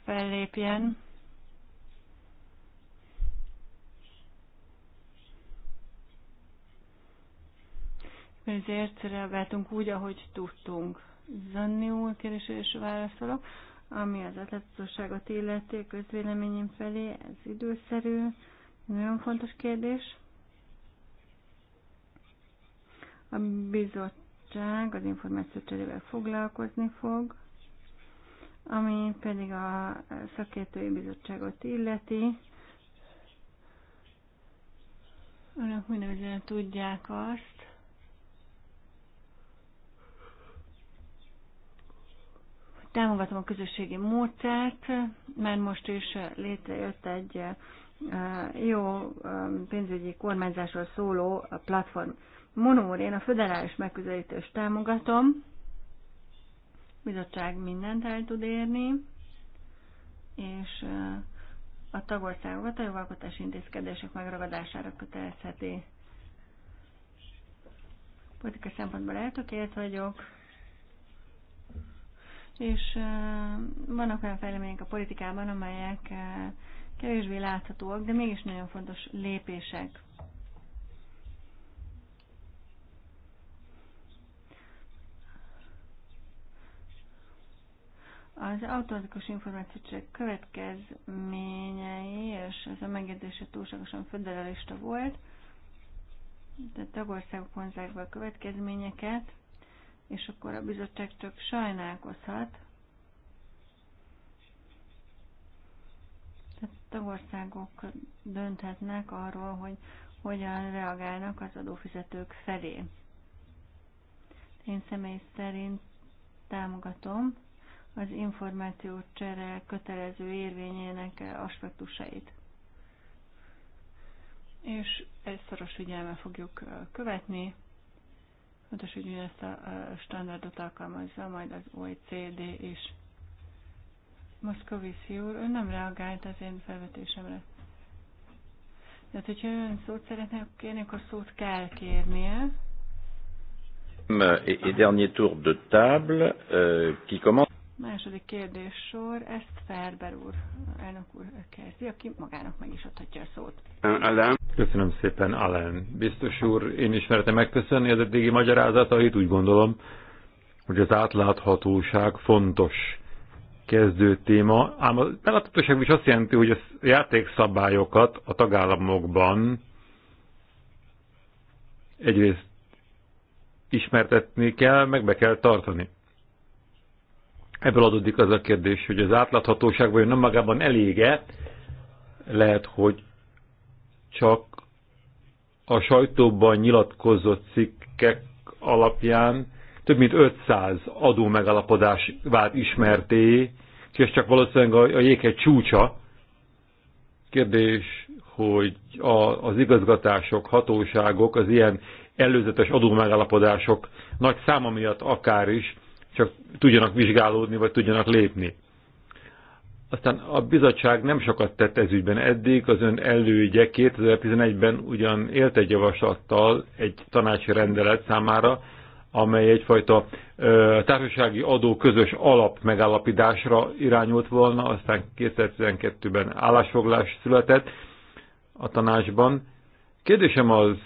fellépjen. Ezért reagáltunk úgy, ahogy tudtunk. Zanni úr kérdésre is válaszolok, ami az átláthatóságot illeti közvéleményem felé, ez időszerű, nagyon fontos kérdés. A bizottság az információ cserével foglalkozni fog, ami pedig a szakértői bizottságot illeti. Önök mindenügyre tudják azt, Támogatom a közösségi módszert, mert most is létrejött egy jó pénzügyi kormányzásról szóló platform. Monór, én a föderális megközelítést támogatom, bizottság mindent el tud érni, és a tagországokat a jogalkotási intézkedések megragadására kötelezheti. Politikai szempontból eltökélt vagyok, és vannak olyan fejlemények a politikában, amelyek kevésbé láthatóak, de mégis nagyon fontos lépések. Az automatikus információcsek következményei, és ez a megjegyzése túlságosan föderalista volt, de tagországok vonzák be a következményeket, és akkor a bizottság csak sajnálkozhat. Tehát tagországok dönthetnek arról, hogy hogyan reagálnak az adófizetők felé. Én személy szerint támogatom az információcsere kötelező érvényének aspektusait. És ezt szoros figyelme fogjuk követni, Fontos, hogy ezt a standardot alkalmazza majd az OECD is. Moszkovici úr, ön nem reagált az én felvetésemre. Tehát, hogyha ön szót szeretne kérni, akkor szót kell kérnie. Et, et dernier tour de table euh, qui commence. Második kérdés sor, ezt Ferber úr, elnök úr kezdi, aki magának meg is adhatja a szót. Alem. Köszönöm szépen, Alem. Biztos úr, én is szeretném megköszönni az eddigi magyarázatait, úgy gondolom, hogy az átláthatóság fontos kezdő téma, ám a beláthatóság is azt jelenti, hogy a játékszabályokat a tagállamokban egyrészt ismertetni kell, meg be kell tartani. Ebből adódik az a kérdés, hogy az átláthatóság vagy nem magában elége, lehet, hogy csak a sajtóban nyilatkozott cikkek alapján több mint 500 adó megalapodás vált ismerté, és csak valószínűleg a, a jéghegy csúcsa. Kérdés, hogy a, az igazgatások, hatóságok, az ilyen előzetes adó megalapodások nagy száma miatt akár is csak tudjanak vizsgálódni, vagy tudjanak lépni. Aztán a bizottság nem sokat tett ez ügyben eddig, az ön elődje 2011-ben ugyan élt egy javaslattal egy tanácsi rendelet számára, amely egyfajta ö, társasági adó közös alap megállapításra irányult volna, aztán 2012-ben állásfoglás született a tanácsban. Kérdésem az,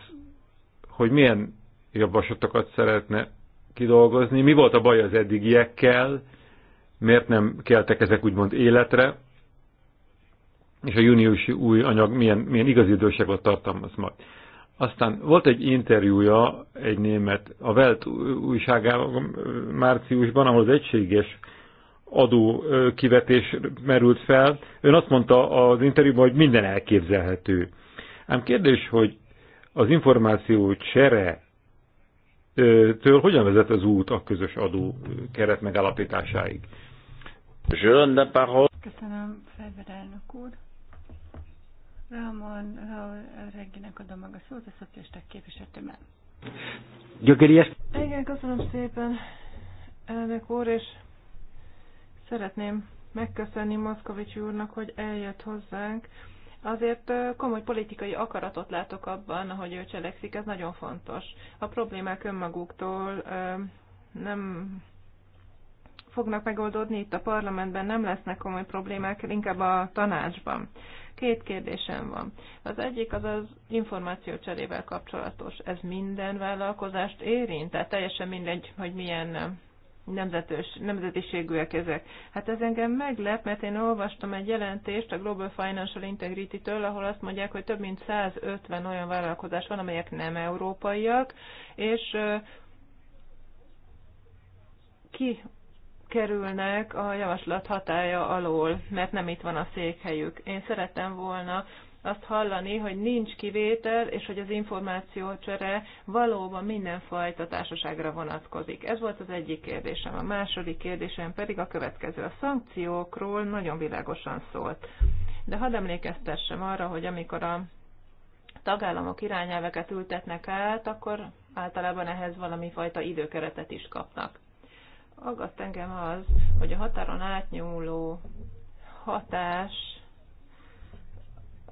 hogy milyen javaslatokat szeretne kidolgozni. Mi volt a baj az eddigiekkel? Miért nem keltek ezek úgymond életre? És a júniusi új anyag milyen, milyen igazi időságot tartalmaz majd. Aztán volt egy interjúja egy német, a Welt újságában márciusban, ahol az egységes adó kivetés merült fel. Ön azt mondta az interjúban, hogy minden elképzelhető. Ám kérdés, hogy az információ csere től hogyan vezet az út a közös adó keret megállapításáig? Köszönöm, Fejber elnök úr. Ramon Raul Reginek adom meg a szót, a szocialisták képviselőtőben. Gyökeries. Igen, köszönöm szépen, elnök úr, és szeretném megköszönni Moszkovics úrnak, hogy eljött hozzánk azért komoly politikai akaratot látok abban, ahogy ő cselekszik, ez nagyon fontos. A problémák önmaguktól nem fognak megoldódni itt a parlamentben, nem lesznek komoly problémák, inkább a tanácsban. Két kérdésem van. Az egyik az az információ cserével kapcsolatos. Ez minden vállalkozást érint? Tehát teljesen mindegy, hogy milyen nemzetős, nemzetiségűek ezek. Hát ez engem meglep, mert én olvastam egy jelentést a Global Financial Integrity-től, ahol azt mondják, hogy több mint 150 olyan vállalkozás van, amelyek nem európaiak, és ki kerülnek a javaslat hatája alól, mert nem itt van a székhelyük. Én szerettem volna azt hallani, hogy nincs kivétel, és hogy az információcsere valóban mindenfajta társaságra vonatkozik. Ez volt az egyik kérdésem. A második kérdésem pedig a következő. A szankciókról nagyon világosan szólt. De hadd emlékeztessem arra, hogy amikor a tagállamok irányelveket ültetnek át, akkor általában ehhez valami fajta időkeretet is kapnak. Aggaszt engem az, hogy a határon átnyúló hatás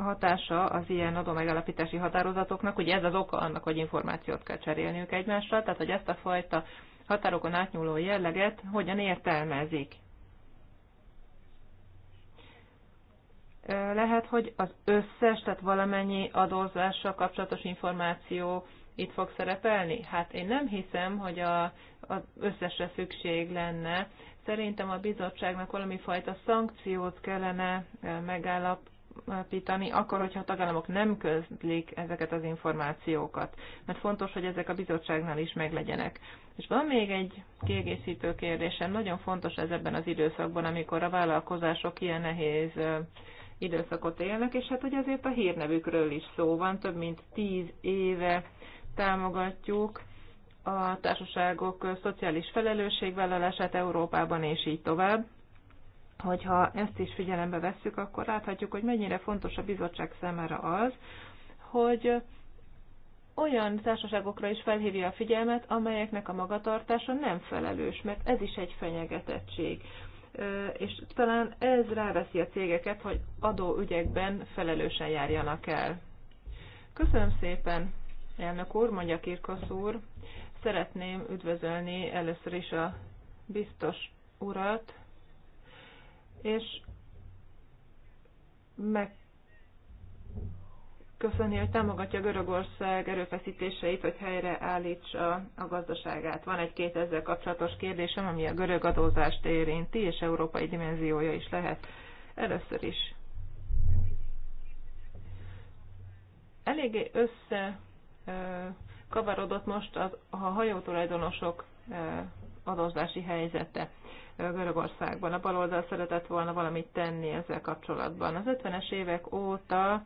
hatása az ilyen adómegalapítási határozatoknak, ugye ez az oka annak, hogy információt kell cserélniük egymással, tehát hogy ezt a fajta határokon átnyúló jelleget hogyan értelmezik. Lehet, hogy az összes, tehát valamennyi adózással kapcsolatos információ itt fog szerepelni? Hát én nem hiszem, hogy a, az összesre szükség lenne. Szerintem a bizottságnak valami fajta szankciót kellene megállapítani, megállapítani, akkor, hogyha a tagállamok nem közlik ezeket az információkat. Mert fontos, hogy ezek a bizottságnál is meglegyenek. És van még egy kiegészítő kérdésem, nagyon fontos ez ebben az időszakban, amikor a vállalkozások ilyen nehéz időszakot élnek, és hát ugye azért a hírnevükről is szó van, több mint tíz éve támogatjuk a társaságok szociális felelősségvállalását Európában, és így tovább hogyha ezt is figyelembe vesszük, akkor láthatjuk, hogy mennyire fontos a bizottság számára az, hogy olyan társaságokra is felhívja a figyelmet, amelyeknek a magatartása nem felelős, mert ez is egy fenyegetettség. És talán ez ráveszi a cégeket, hogy adóügyekben felelősen járjanak el. Köszönöm szépen, elnök úr, mondja Kirkosz úr. Szeretném üdvözölni először is a biztos urat, és megköszöni, hogy támogatja Görögország erőfeszítéseit, hogy helyreállítsa a gazdaságát. Van egy-két ezzel kapcsolatos kérdésem, ami a görög adózást érinti, és európai dimenziója is lehet. Először is. Eléggé össze kavarodott most az, a hajótulajdonosok adózási helyzete. Görögországban. A baloldal szeretett volna valamit tenni ezzel kapcsolatban. Az 50-es évek óta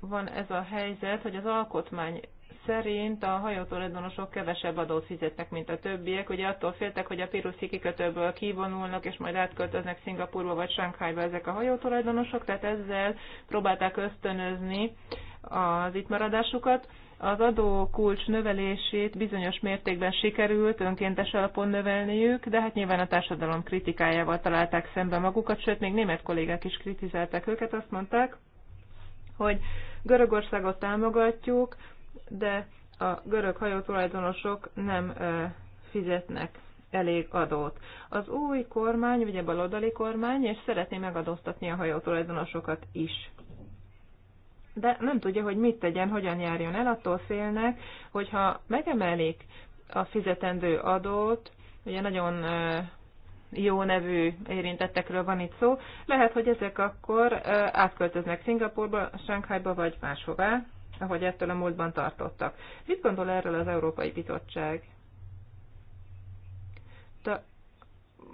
van ez a helyzet, hogy az alkotmány szerint a hajótulajdonosok kevesebb adót fizetnek, mint a többiek. Ugye attól féltek, hogy a piruszi kikötőből kivonulnak, és majd átköltöznek Szingapurba vagy Sánkhájba ezek a hajótulajdonosok, tehát ezzel próbálták ösztönözni az itt maradásukat. Az adókulcs növelését bizonyos mértékben sikerült önkéntes alapon növelniük, de hát nyilván a társadalom kritikájával találták szembe magukat, sőt, még német kollégák is kritizálták őket, azt mondták, hogy Görögországot támogatjuk, de a görög hajótulajdonosok nem fizetnek elég adót. Az új kormány, ugye baloldali kormány, és szeretné megadóztatni a hajótulajdonosokat is de nem tudja, hogy mit tegyen, hogyan járjon el, attól félnek, hogyha megemelik a fizetendő adót, ugye nagyon jó nevű érintettekről van itt szó, lehet, hogy ezek akkor átköltöznek Szingapurba, Sánkhájba vagy máshová, ahogy ettől a múltban tartottak. Mit gondol erről az Európai Bizottság?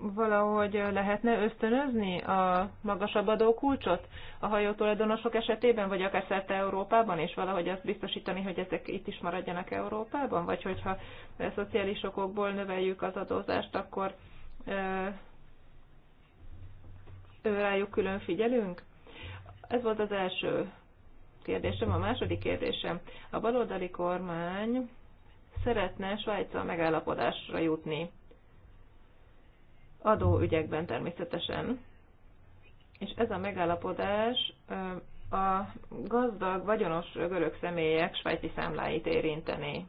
valahogy lehetne ösztönözni a magasabb adókulcsot a hajótulajdonosok esetében, vagy akár szerte Európában, és valahogy azt biztosítani, hogy ezek itt is maradjanak Európában? Vagy hogyha szociális okokból növeljük az adózást, akkor ö, rájuk külön figyelünk? Ez volt az első kérdésem. A második kérdésem. A baloldali kormány szeretne Svájccal megállapodásra jutni adóügyekben természetesen. És ez a megállapodás a gazdag, vagyonos görög személyek svájci számláit érinteni.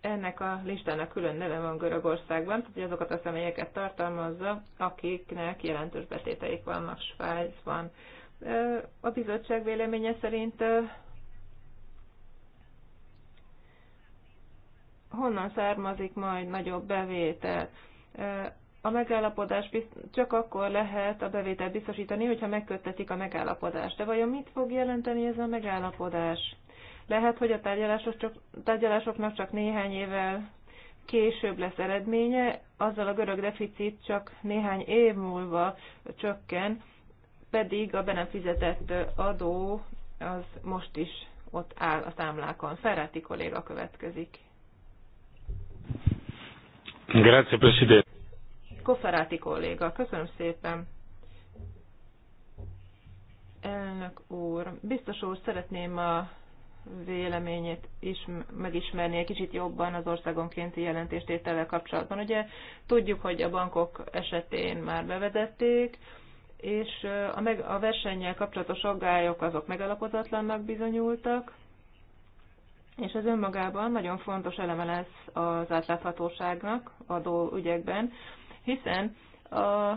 Ennek a listának külön neve van Görögországban, tehát azokat a személyeket tartalmazza, akiknek jelentős betéteik vannak Svájcban. A bizottság véleménye szerint honnan származik majd nagyobb bevétel. A megállapodás csak akkor lehet a bevételt biztosítani, hogyha megköttetik a megállapodást. De vajon mit fog jelenteni ez a megállapodás? Lehet, hogy a tárgyalások csak, tárgyalásoknak csak néhány évvel később lesz eredménye, azzal a görög deficit csak néhány év múlva csökken, pedig a be fizetett adó az most is ott áll a számlákon. Ferrati kolléga következik. Grazie, Presidente. Koferáti kolléga, köszönöm szépen. Elnök úr, biztos úr, szeretném a véleményét is megismerni egy kicsit jobban az országonkénti jelentéstétellel kapcsolatban. Ugye tudjuk, hogy a bankok esetén már bevezették, és a, meg, a versennyel kapcsolatos aggályok azok megalapozatlannak bizonyultak, és ez önmagában nagyon fontos eleme lesz az átláthatóságnak ügyekben, hiszen a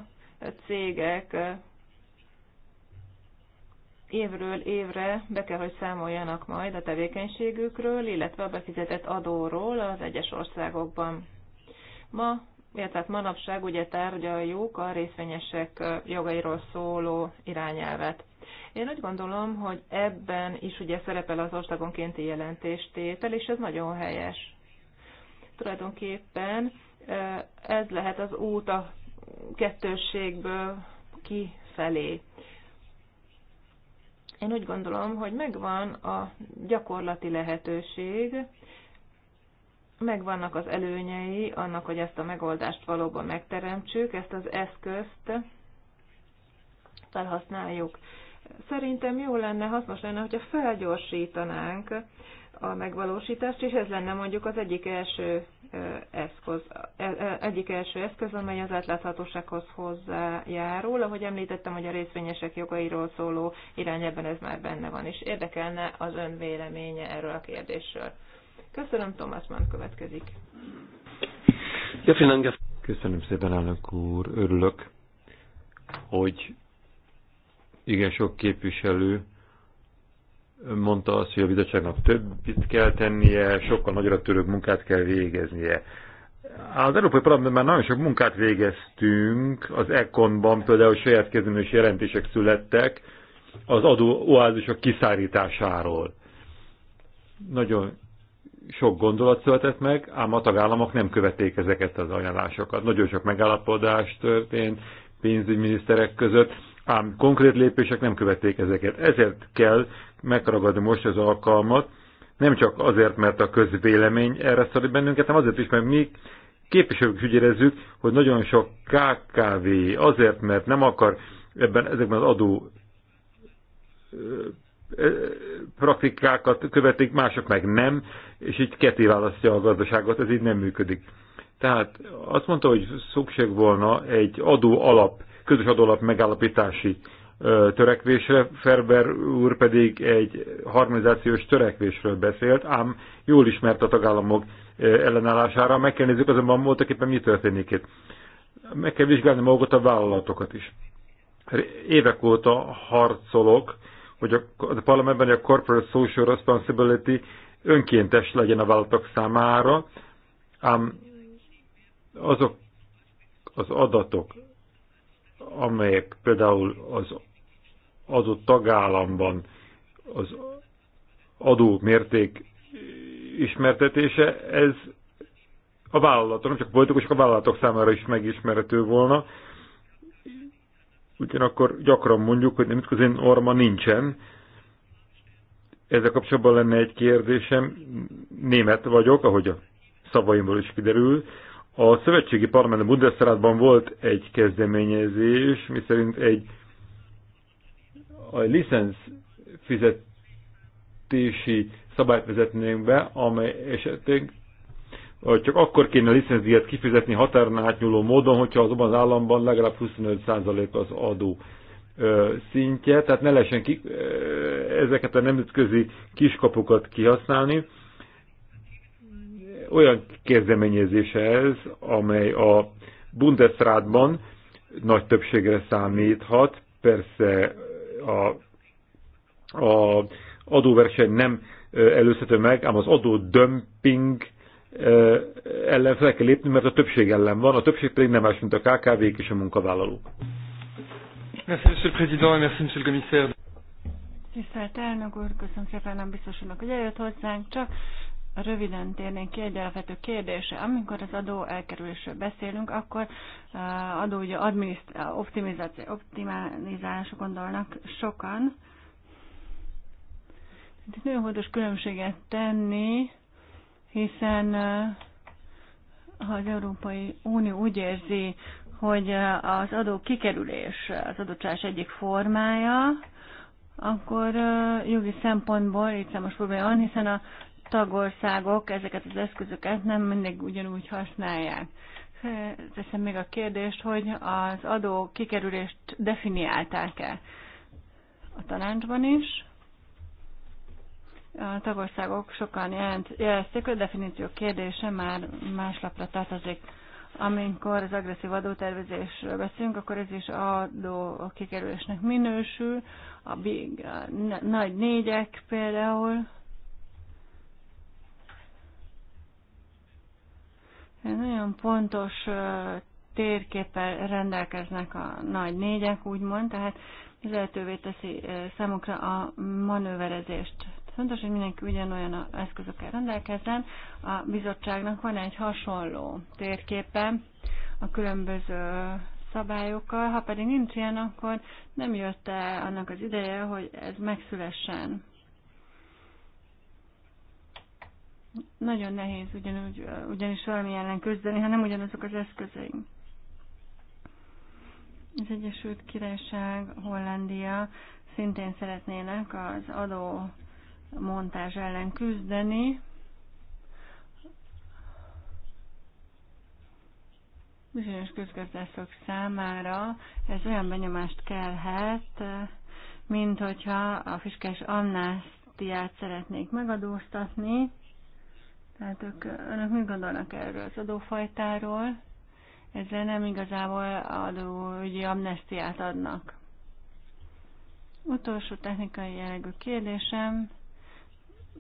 cégek évről évre be kell, hogy számoljanak majd a tevékenységükről, illetve a befizetett adóról az egyes országokban. Ma, illetve manapság ugye tárgyaljuk a részvényesek jogairól szóló irányelvet. Én úgy gondolom, hogy ebben is ugye szerepel az országonkénti jelentéstétel, és ez nagyon helyes. Tulajdonképpen ez lehet az út a kettősségből kifelé. Én úgy gondolom, hogy megvan a gyakorlati lehetőség, megvannak az előnyei annak, hogy ezt a megoldást valóban megteremtsük, ezt az eszközt felhasználjuk. Szerintem jó lenne, hasznos lenne, hogyha felgyorsítanánk a megvalósítást, és ez lenne mondjuk az egyik első eszköz, egyik első eszköz, amely az átláthatósághoz hozzájárul. Ahogy említettem, hogy a részvényesek jogairól szóló irányában ez már benne van, és érdekelne az ön véleménye erről a kérdésről. Köszönöm, Thomas Mann következik. Köszönöm szépen, elnök úr. Örülök, hogy igen sok képviselő mondta azt, hogy a bizottságnak többit kell tennie, sokkal nagyra törőbb munkát kell végeznie. Az Európai Parlamentben már nagyon sok munkát végeztünk, az Econban például saját kezdeményes jelentések születtek az adó oázisok kiszárításáról. Nagyon sok gondolat született meg, ám a tagállamok nem követték ezeket az ajánlásokat. Nagyon sok megállapodást történt pénzügyminiszterek között ám konkrét lépések nem követték ezeket. Ezért kell megragadni most az alkalmat, nem csak azért, mert a közvélemény erre szorít bennünket, hanem azért is, mert mi képviselők is érezzük, hogy nagyon sok KKV azért, mert nem akar ebben, ezekben az adó praktikákat követik, mások meg nem, és így ketté választja a gazdaságot, ez így nem működik. Tehát azt mondta, hogy szükség volna egy adó alap közös adólap megállapítási törekvésre, Ferber úr pedig egy harmonizációs törekvésről beszélt, ám jól ismert a tagállamok ellenállására. Meg kell nézzük azonban voltak éppen mi történik itt. Meg kell vizsgálni magukat a vállalatokat is. Évek óta harcolok, hogy a parlamentben a Corporate Social Responsibility önkéntes legyen a vállalatok számára, ám azok az adatok, amelyek például az adott tagállamban az adó mérték ismertetése, ez a vállalatok, nem csak a politikusok, a vállalatok számára is megismerhető volna. Ugyanakkor gyakran mondjuk, hogy nemzetközi norma nincsen. Ezzel kapcsolatban lenne egy kérdésem, német vagyok, ahogy a szavaimból is kiderül, a szövetségi parlament Bundesrátban volt egy kezdeményezés, miszerint egy a licensz fizetési szabályt vezetnénk be, amely esetén csak akkor kéne a licenszdíjat kifizetni határon átnyúló módon, hogyha azonban az államban legalább 25% az adó szintje, tehát ne lehessen ki, ezeket a nemzetközi kiskapukat kihasználni, olyan kezdeményezése ez, amely a Bundesrátban nagy többségre számíthat, persze a, a adóverseny nem előzhető meg, ám az adó dömping ellen fel kell lépni, mert a többség ellen van, a többség pedig nem más, mint a KKV-k és a munkavállalók. Merci, monsieur le président, merci, monsieur le commissaire. Tisztelt elnök úr, köszönöm szépen, nem biztos hogy eljött hozzánk, csak röviden térnénk ki egy alapvető kérdése. Amikor az adó elkerülésről beszélünk, akkor adóügyi optimizáció, optimalizálásra gondolnak sokan. Itt nagyon fontos különbséget tenni, hiszen ha az Európai Unió úgy érzi, hogy az adó kikerülés az adócsás egyik formája, akkor jogi szempontból itt számos probléma van, hiszen a tagországok ezeket az eszközöket nem mindig ugyanúgy használják. Teszem még a kérdést, hogy az adó kikerülést definiálták-e a tanácsban is. A tagországok sokan jelent, jelezték, hogy a definíció kérdése már más lapra tartozik. Amikor az agresszív adótervezésről beszélünk, akkor ez is adó kikerülésnek minősül. A, big, a nagy négyek például, Nagyon pontos térképpel rendelkeznek a nagy négyek, úgymond, tehát lehetővé teszi számukra a manőverezést. Fontos, hogy mindenki ugyanolyan eszközökkel rendelkezzen. A bizottságnak van egy hasonló térképe a különböző szabályokkal, ha pedig nincs ilyen, akkor nem jött el annak az ideje, hogy ez megszülessen. Nagyon nehéz ugyanúgy, ugyanis valami ellen küzdeni, ha nem ugyanazok az eszközeink. Az Egyesült Királyság, Hollandia szintén szeretnének az adó montázs ellen küzdeni. Bizonyos közgazdászok számára ez olyan benyomást kelhet, mint hogyha a fiskális amnáztiát szeretnék megadóztatni, tehát ők, önök mit gondolnak erről az adófajtáról? Ezzel nem igazából adóügyi amnestiát adnak. Utolsó technikai jellegű kérdésem.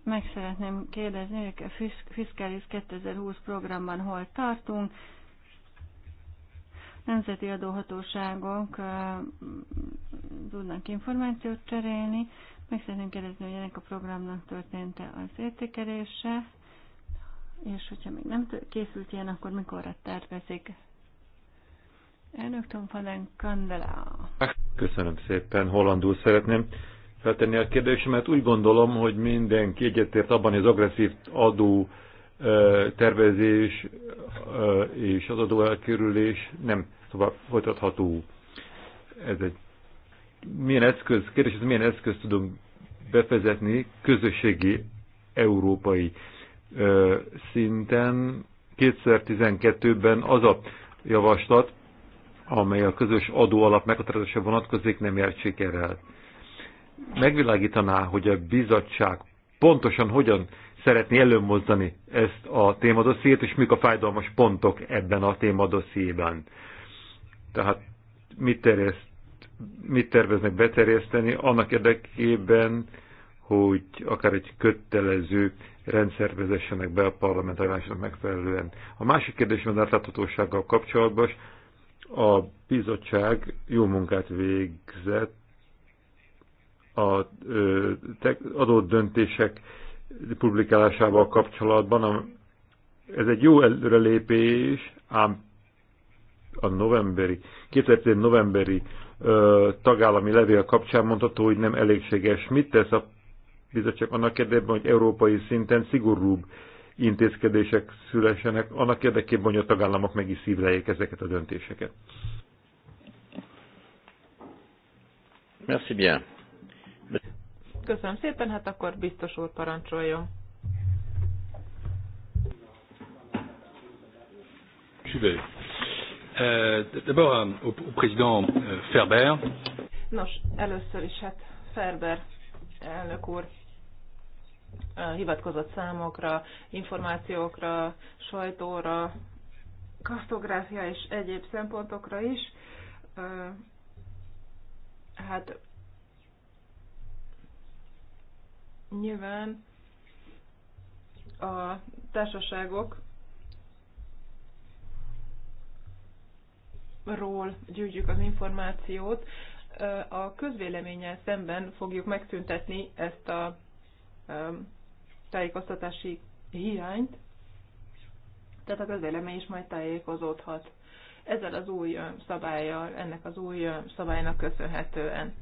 Meg szeretném kérdezni, hogy a Fiscalis 2020 programban hol tartunk. Nemzeti adóhatóságok tudnak információt cserélni. Meg szeretném kérdezni, hogy ennek a programnak történt-e az értékelése és hogyha még nem készült ilyen, akkor mikorra tervezik? Elnök Tom van Kandela. Köszönöm szépen, hollandul szeretném feltenni a kérdésemet. Úgy gondolom, hogy mindenki egyetért abban, hogy az agresszív adó tervezés és az adó elkerülés nem szóval folytatható. Ez egy milyen eszköz, kérdés, ez milyen eszköz tudunk befezetni közösségi európai szinten 2012-ben az a javaslat, amely a közös adóalap meghatározása vonatkozik, nem járt sikerrel. Megvilágítaná, hogy a bizottság pontosan hogyan szeretné előmozdani ezt a témadossziét, és mik a fájdalmas pontok ebben a témadossziében. Tehát mit, terjeszt, mit terveznek beterjeszteni annak érdekében, hogy akár egy kötelező rendszert vezessenek be a parlamentálásnak megfelelően. A másik kérdés az átláthatósággal kapcsolatban a bizottság jó munkát végzett a ö, adott döntések publikálásával kapcsolatban. Ez egy jó előrelépés, ám a novemberi, 2010 novemberi ö, tagállami levél kapcsán mondható, hogy nem elégséges. Mit tesz a bizottság annak érdekében, hogy európai szinten szigorúbb intézkedések szülessenek, annak érdekében, hogy a tagállamok meg is szívlejék ezeket a döntéseket. Merci bien. Köszönöm szépen, hát akkor biztos úr parancsoljon. Euh, euh, euh, Ferber. Nos, először is hát Ferber elnök úr hivatkozott számokra, információkra, sajtóra, kartográfia és egyéb szempontokra is. Hát nyilván a társaságok ról gyűjtjük az információt, a közvéleménnyel szemben fogjuk megszüntetni ezt a tájékoztatási hiányt, tehát a közvélemény is majd tájékozódhat. Ezzel az új szabályjal, ennek az új szabálynak köszönhetően.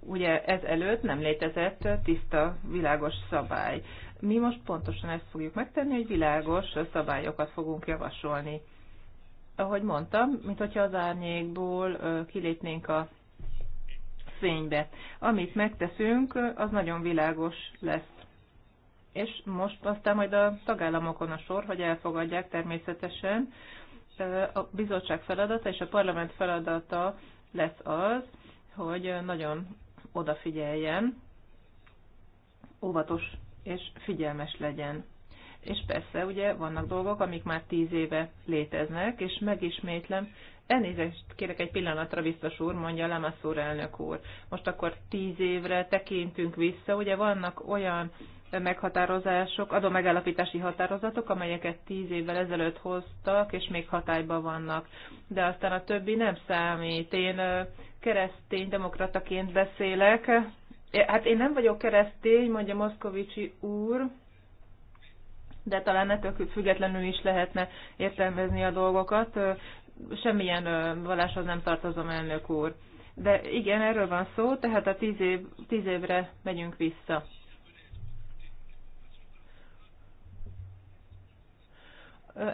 Ugye ez előtt nem létezett tiszta, világos szabály. Mi most pontosan ezt fogjuk megtenni, hogy világos szabályokat fogunk javasolni. Ahogy mondtam, mintha az árnyékból kilépnénk a fénybe. Amit megteszünk, az nagyon világos lesz. És most aztán majd a tagállamokon a sor, hogy elfogadják természetesen. A bizottság feladata és a parlament feladata lesz az, hogy nagyon odafigyeljen, óvatos és figyelmes legyen. És persze, ugye vannak dolgok, amik már tíz éve léteznek, és megismétlem, Elnézést kérek egy pillanatra, biztos úr, mondja Lemaszúr elnök úr. Most akkor tíz évre tekintünk vissza, ugye vannak olyan meghatározások, megállapítási határozatok, amelyeket tíz évvel ezelőtt hoztak, és még hatályban vannak. De aztán a többi nem számít. Én keresztény demokrataként beszélek. Hát én nem vagyok keresztény, mondja Moszkovicsi úr, de talán ettől függetlenül is lehetne értelmezni a dolgokat semmilyen valláshoz nem tartozom, elnök úr. De igen, erről van szó, tehát a tíz, év, tíz évre megyünk vissza.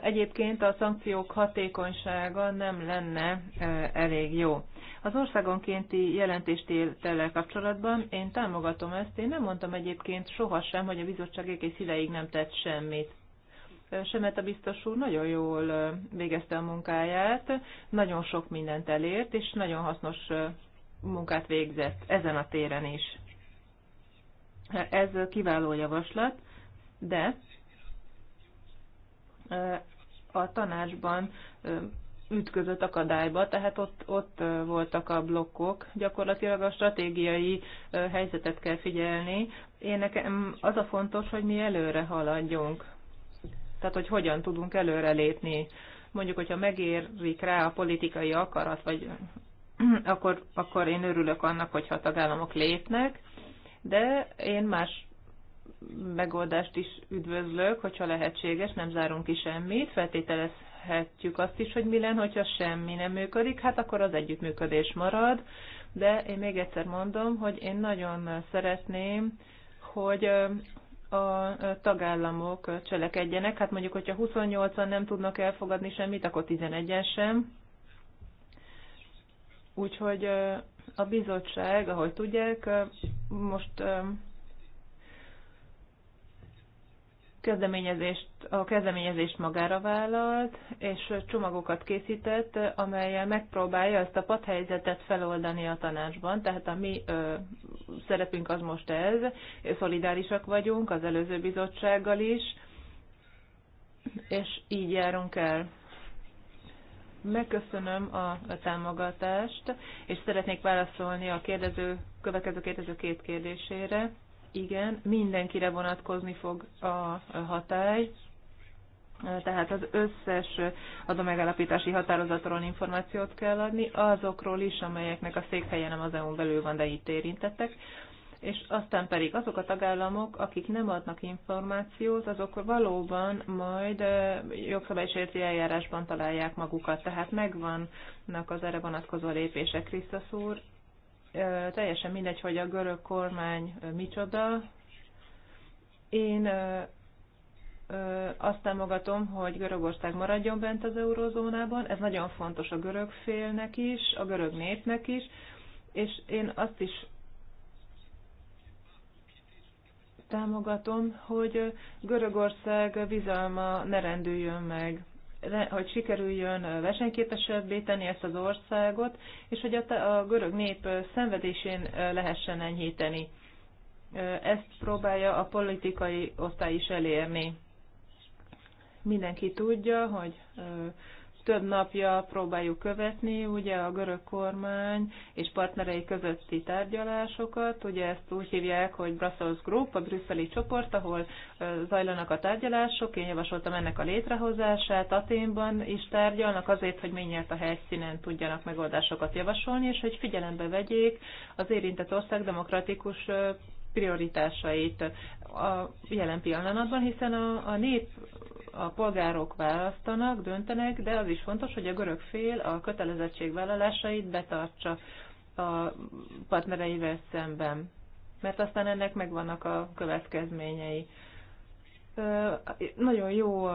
Egyébként a szankciók hatékonysága nem lenne elég jó. Az országonkénti jelentéstétellel kapcsolatban én támogatom ezt, én nem mondtam egyébként sohasem, hogy a bizottság egész ideig nem tett semmit. Semet a biztos úr nagyon jól végezte a munkáját, nagyon sok mindent elért, és nagyon hasznos munkát végzett ezen a téren is. Ez kiváló javaslat, de a tanácsban ütközött akadályba, tehát ott, ott voltak a blokkok. Gyakorlatilag a stratégiai helyzetet kell figyelni. Én nekem az a fontos, hogy mi előre haladjunk. Tehát, hogy hogyan tudunk előrelépni. Mondjuk, hogyha megérik rá a politikai akarat, vagy akkor, akkor én örülök annak, hogyha a tagállamok lépnek, de én más megoldást is üdvözlök, hogyha lehetséges, nem zárunk ki semmit, feltételezhetjük azt is, hogy mi lenne, hogyha semmi nem működik, hát akkor az együttműködés marad, de én még egyszer mondom, hogy én nagyon szeretném, hogy a tagállamok cselekedjenek. Hát mondjuk, hogyha 28-an nem tudnak elfogadni semmit, akkor 11-en sem. Úgyhogy a bizottság, ahogy tudják, most kezdeményezést, a kezdeményezést magára vállalt, és csomagokat készített, amelyel megpróbálja ezt a padhelyzetet feloldani a tanácsban. Tehát a mi ö, szerepünk az most ez, szolidárisak vagyunk az előző bizottsággal is, és így járunk el. Megköszönöm a, a támogatást, és szeretnék válaszolni a kérdező, következő kérdező két kérdésére igen, mindenkire vonatkozni fog a hatály, tehát az összes adómegállapítási határozatról információt kell adni, azokról is, amelyeknek a székhelye nem az EU-n belül van, de itt érintettek, és aztán pedig azok a tagállamok, akik nem adnak információt, azok valóban majd jogszabálysérti eljárásban találják magukat. Tehát megvannak az erre vonatkozó lépések. Krisztus úr teljesen mindegy, hogy a görög kormány micsoda. Én azt támogatom, hogy Görögország maradjon bent az eurozónában. Ez nagyon fontos a görög félnek is, a görög népnek is, és én azt is támogatom, hogy Görögország bizalma ne rendüljön meg hogy sikerüljön versenyképesebbé tenni ezt az országot, és hogy a, a görög nép szenvedésén lehessen enyhíteni. Ezt próbálja a politikai osztály is elérni. Mindenki tudja, hogy több napja próbáljuk követni ugye a görög kormány és partnerei közötti tárgyalásokat. Ugye ezt úgy hívják, hogy Brussels Group, a brüsszeli csoport, ahol zajlanak a tárgyalások. Én javasoltam ennek a létrehozását. Aténban is tárgyalnak azért, hogy mindjárt a helyszínen tudjanak megoldásokat javasolni, és hogy figyelembe vegyék az érintett ország demokratikus prioritásait a jelen pillanatban, hiszen a, a nép a polgárok választanak, döntenek, de az is fontos, hogy a görög fél a kötelezettségvállalásait betartsa a partnereivel szemben, mert aztán ennek megvannak a következményei. Nagyon jó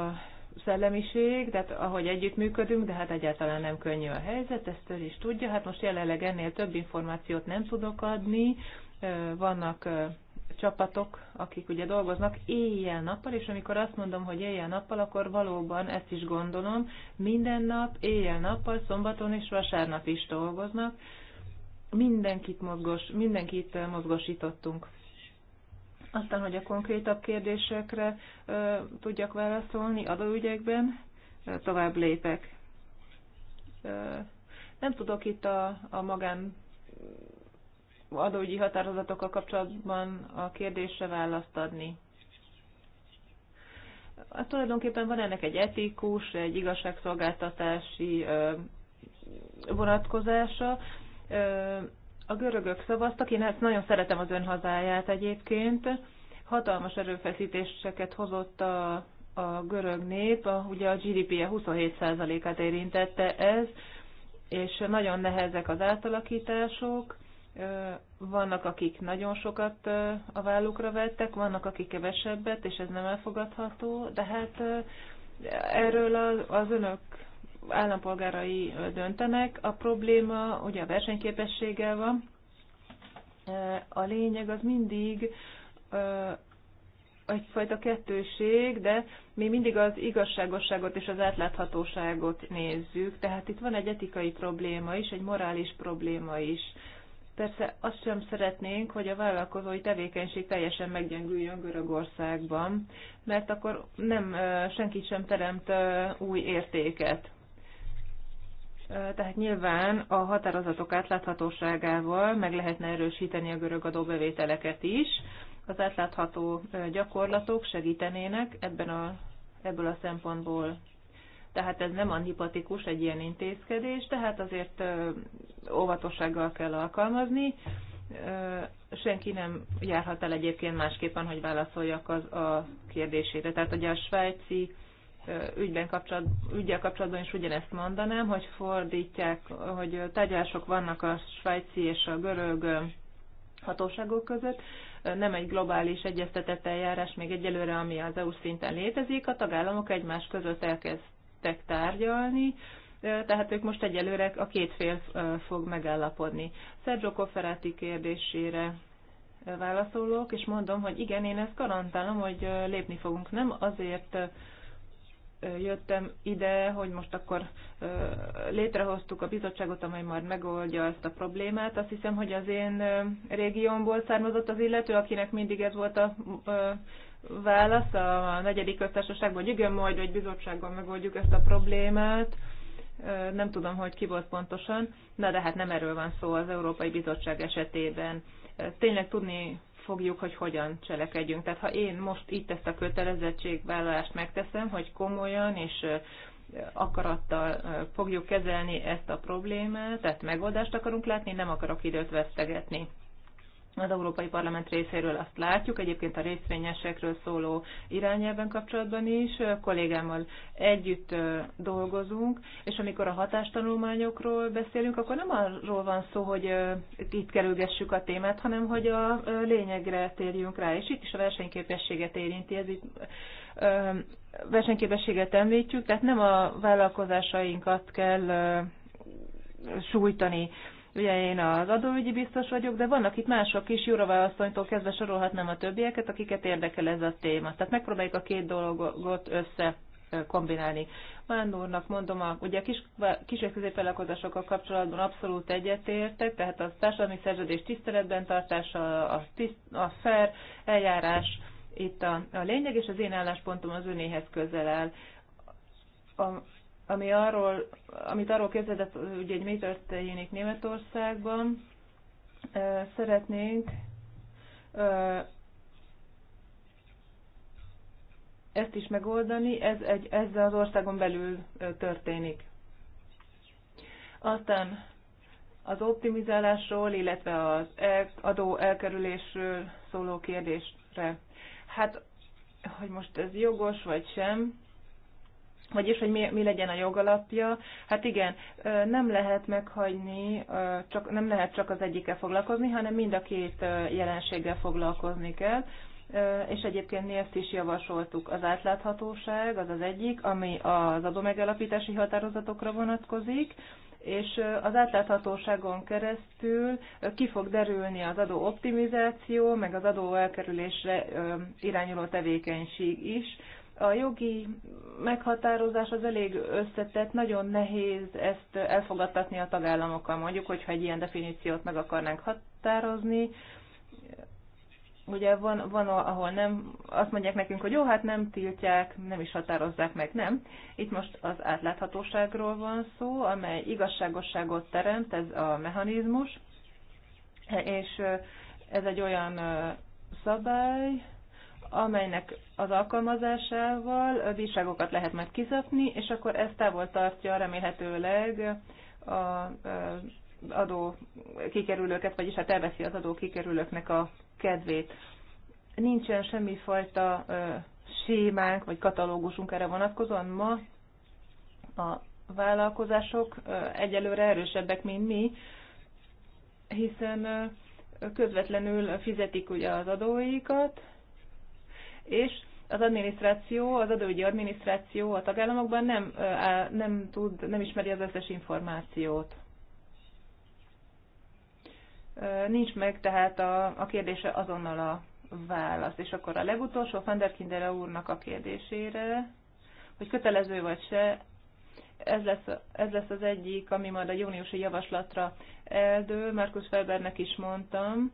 szellemiség, tehát ahogy együttműködünk, de hát egyáltalán nem könnyű a helyzet, ezt ő is tudja. Hát most jelenleg ennél több információt nem tudok adni, vannak csapatok, akik ugye dolgoznak éjjel-nappal, és amikor azt mondom, hogy éjjel-nappal, akkor valóban ezt is gondolom, minden nap, éjjel-nappal, szombaton és vasárnap is dolgoznak, mindenkit, mozgos, mindenkit eh, mozgosítottunk. Aztán, hogy a konkrétabb kérdésekre ö, eh, tudjak válaszolni adóügyekben, ö, eh, tovább lépek. Ö, nem tudok itt a, a magán adóügyi határozatokkal kapcsolatban a kérdésre választ adni. Hát tulajdonképpen van ennek egy etikus, egy igazságszolgáltatási vonatkozása. A görögök szavaztak, én ezt nagyon szeretem az ön hazáját egyébként. Hatalmas erőfeszítéseket hozott a, a görög nép, a, ugye a GDP-je 27%-át érintette ez, és nagyon nehezek az átalakítások vannak, akik nagyon sokat a vállukra vettek, vannak, akik kevesebbet, és ez nem elfogadható, de hát erről az önök állampolgárai döntenek. A probléma ugye a versenyképességgel van. A lényeg az mindig egyfajta kettőség, de mi mindig az igazságosságot és az átláthatóságot nézzük. Tehát itt van egy etikai probléma is, egy morális probléma is. Persze azt sem szeretnénk, hogy a vállalkozói tevékenység teljesen meggyengüljön Görögországban, mert akkor nem, senki sem teremt új értéket. Tehát nyilván a határozatok átláthatóságával meg lehetne erősíteni a görög adóbevételeket is. Az átlátható gyakorlatok segítenének ebben a, ebből a szempontból tehát ez nem antipatikus egy ilyen intézkedés, tehát azért óvatossággal kell alkalmazni. Senki nem járhat el egyébként másképpen, hogy válaszoljak az a kérdésére. Tehát ugye a svájci ügyben kapcsolat, ügyel kapcsolatban is ugyanezt mondanám, hogy fordítják, hogy tárgyalások vannak a svájci és a görög hatóságok között. Nem egy globális egyeztetett eljárás még egyelőre, ami az EU szinten létezik. A tagállamok egymás között elkezd, kezdtek tárgyalni, tehát ők most egyelőre a két fél fog megállapodni. Sergio Cofferati kérdésére válaszolok, és mondom, hogy igen, én ezt garantálom, hogy lépni fogunk. Nem azért jöttem ide, hogy most akkor létrehoztuk a bizottságot, amely majd megoldja ezt a problémát. Azt hiszem, hogy az én régiómból származott az illető, akinek mindig ez volt a válasz a negyedik köztársaságban, hogy igen, majd egy bizottságban megoldjuk ezt a problémát. Nem tudom, hogy ki volt pontosan, na de hát nem erről van szó az Európai Bizottság esetében. Tényleg tudni fogjuk, hogy hogyan cselekedjünk. Tehát ha én most itt ezt a kötelezettségvállalást megteszem, hogy komolyan és akarattal fogjuk kezelni ezt a problémát, tehát megoldást akarunk látni, nem akarok időt vesztegetni az Európai Parlament részéről azt látjuk, egyébként a részvényesekről szóló irányelven kapcsolatban is, kollégámmal együtt dolgozunk, és amikor a hatástanulmányokról beszélünk, akkor nem arról van szó, hogy itt kerülgessük a témát, hanem hogy a lényegre térjünk rá, és itt is a versenyképességet érinti, ez itt versenyképességet említjük, tehát nem a vállalkozásainkat kell sújtani Ugye én az adóügyi biztos vagyok, de vannak itt mások is, Jurova asszonytól kezdve sorolhatnám a többieket, akiket érdekel ez a téma. Tehát megpróbáljuk a két dolgot össze kombinálni. Mándornak mondom, a, ugye a kis, kis és középvállalkozásokkal kapcsolatban abszolút egyetértek, tehát a társadalmi szerződés tiszteletben tartása, a, tiszt, a fair eljárás itt a, a lényeg, és az én álláspontom az önéhez közel áll. A, ami arról, amit arról képzett, ugye, egy mi történik Németországban, szeretnénk ezt is megoldani, ez, egy, ez az országon belül történik. Aztán az optimizálásról, illetve az adó elkerülésről szóló kérdésre. Hát, hogy most ez jogos vagy sem, vagyis, hogy mi, mi legyen a jogalapja? Hát igen, nem lehet meghagyni, csak, nem lehet csak az egyikkel foglalkozni, hanem mind a két jelenséggel foglalkozni kell és egyébként mi ezt is javasoltuk. Az átláthatóság az az egyik, ami az adómegalapítási határozatokra vonatkozik, és az átláthatóságon keresztül ki fog derülni az adó optimizáció, meg az adó elkerülésre irányuló tevékenység is, a jogi meghatározás az elég összetett, nagyon nehéz ezt elfogadtatni a tagállamokkal, mondjuk, hogyha egy ilyen definíciót meg akarnánk határozni. Ugye van, van, ahol nem, azt mondják nekünk, hogy jó, hát nem tiltják, nem is határozzák meg, nem. Itt most az átláthatóságról van szó, amely igazságosságot teremt, ez a mechanizmus, és ez egy olyan szabály, amelynek az alkalmazásával bírságokat lehet majd kizapni, és akkor ez távol tartja remélhetőleg a adó kikerülőket, vagyis hát elveszi az adó kikerülőknek a kedvét. Nincsen semmifajta sémánk vagy katalógusunk erre vonatkozóan. Ma a vállalkozások egyelőre erősebbek, mint mi, hiszen közvetlenül fizetik ugye az adóikat, és az adminisztráció, az adóügyi adminisztráció a tagállamokban nem, nem tud, nem ismeri az összes információt. Nincs meg tehát a, a kérdése azonnal a válasz. És akkor a legutolsó Fenderkindere úrnak a kérdésére, hogy kötelező vagy se, ez lesz, ez lesz az egyik, ami majd a júniusi javaslatra eldől, Markus Felbernek is mondtam,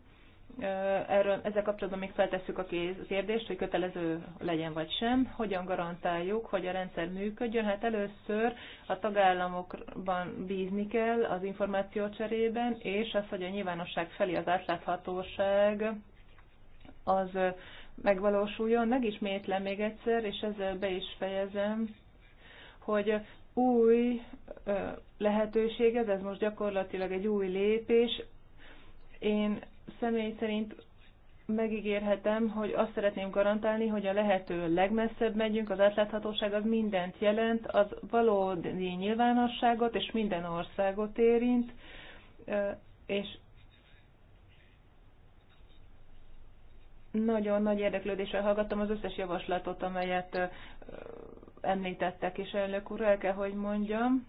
erről, ezzel kapcsolatban még feltesszük a kérdést, hogy kötelező legyen vagy sem. Hogyan garantáljuk, hogy a rendszer működjön? Hát először a tagállamokban bízni kell az információ cserében, és az, hogy a nyilvánosság felé az átláthatóság az megvalósuljon. Megismétlem még egyszer, és ezzel be is fejezem, hogy új lehetőség, ez, ez most gyakorlatilag egy új lépés. Én Személy szerint megígérhetem, hogy azt szeretném garantálni, hogy a lehető legmesszebb megyünk, az átláthatóság az mindent jelent, az valódi nyilvánosságot és minden országot érint, és nagyon nagy érdeklődéssel hallgattam az összes javaslatot, amelyet említettek, és elnök úr, el kell, hogy mondjam,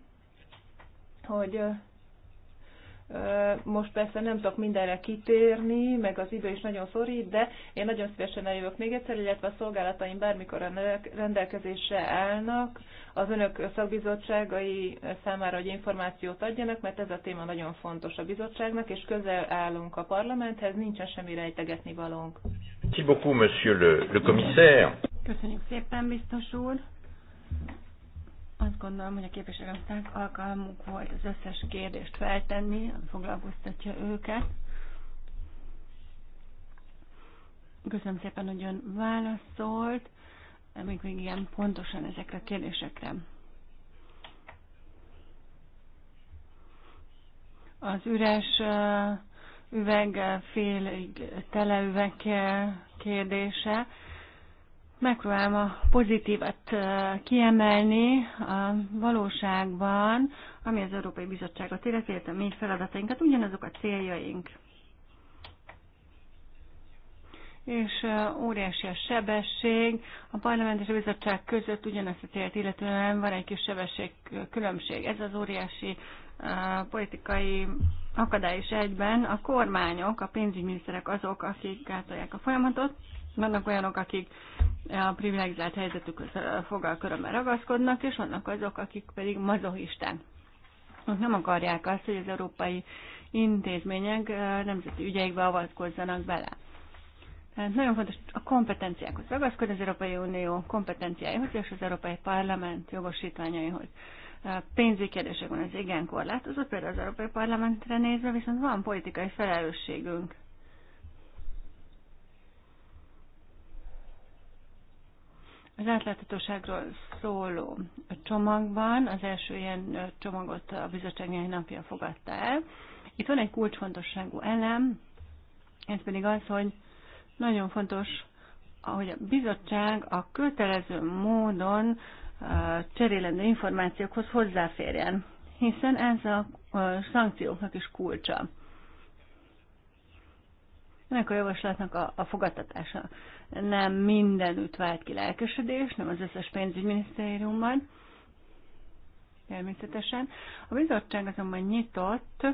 hogy most persze nem tudok mindenre kitérni, meg az idő is nagyon szorít, de én nagyon szívesen eljövök még egyszer, illetve a szolgálataim bármikor a rendelkezésre állnak az önök szakbizottságai számára, hogy információt adjanak, mert ez a téma nagyon fontos a bizottságnak, és közel állunk a parlamenthez, nincsen semmi rejtegetni valónk. Merci monsieur le, le commissaire. Köszönjük szépen, biztos úr. Azt gondolom, hogy a képviselőknek alkalmuk volt az összes kérdést feltenni, foglalkoztatja őket. Köszönöm szépen, hogy ön válaszolt, még még igen pontosan ezekre a kérdésekre. Az üres üveg, félig tele üveg kérdése. Megpróbálom a pozitívat kiemelni a valóságban, ami az Európai Bizottságot illeti, illetve mi feladatainkat, ugyanazok a céljaink. És óriási a sebesség. A parlament és a bizottság között ugyanazt a célt illetően van egy kis sebesség különbség. Ez az óriási politikai akadály is egyben. A kormányok, a pénzügyminiszterek azok, akik gátolják a folyamatot, vannak olyanok, akik a privilegizált helyzetük fogal körömmel ragaszkodnak, és vannak azok, akik pedig mazohisten. Ők nem akarják azt, hogy az európai intézmények nemzeti ügyeikbe avatkozzanak bele. Tehát nagyon fontos a kompetenciákhoz ragaszkodni, az Európai Unió kompetenciáihoz és az Európai Parlament jogosítványaihoz. Pénzügyi kérdések van, ez igen korlátozott, például az Európai Parlamentre nézve, viszont van politikai felelősségünk Az átláthatóságról szóló csomagban, az első ilyen csomagot a bizottság néhány napja fogadta el. Itt van egy kulcsfontosságú elem, ez pedig az, hogy nagyon fontos, hogy a bizottság a kötelező módon cserélendő információkhoz hozzáférjen, hiszen ez a szankcióknak is kulcsa. Ennek a javaslatnak a, a fogadtatása nem mindenütt vált ki lelkesedés, nem az összes pénzügyminisztériumban, természetesen. A bizottság azonban nyitott,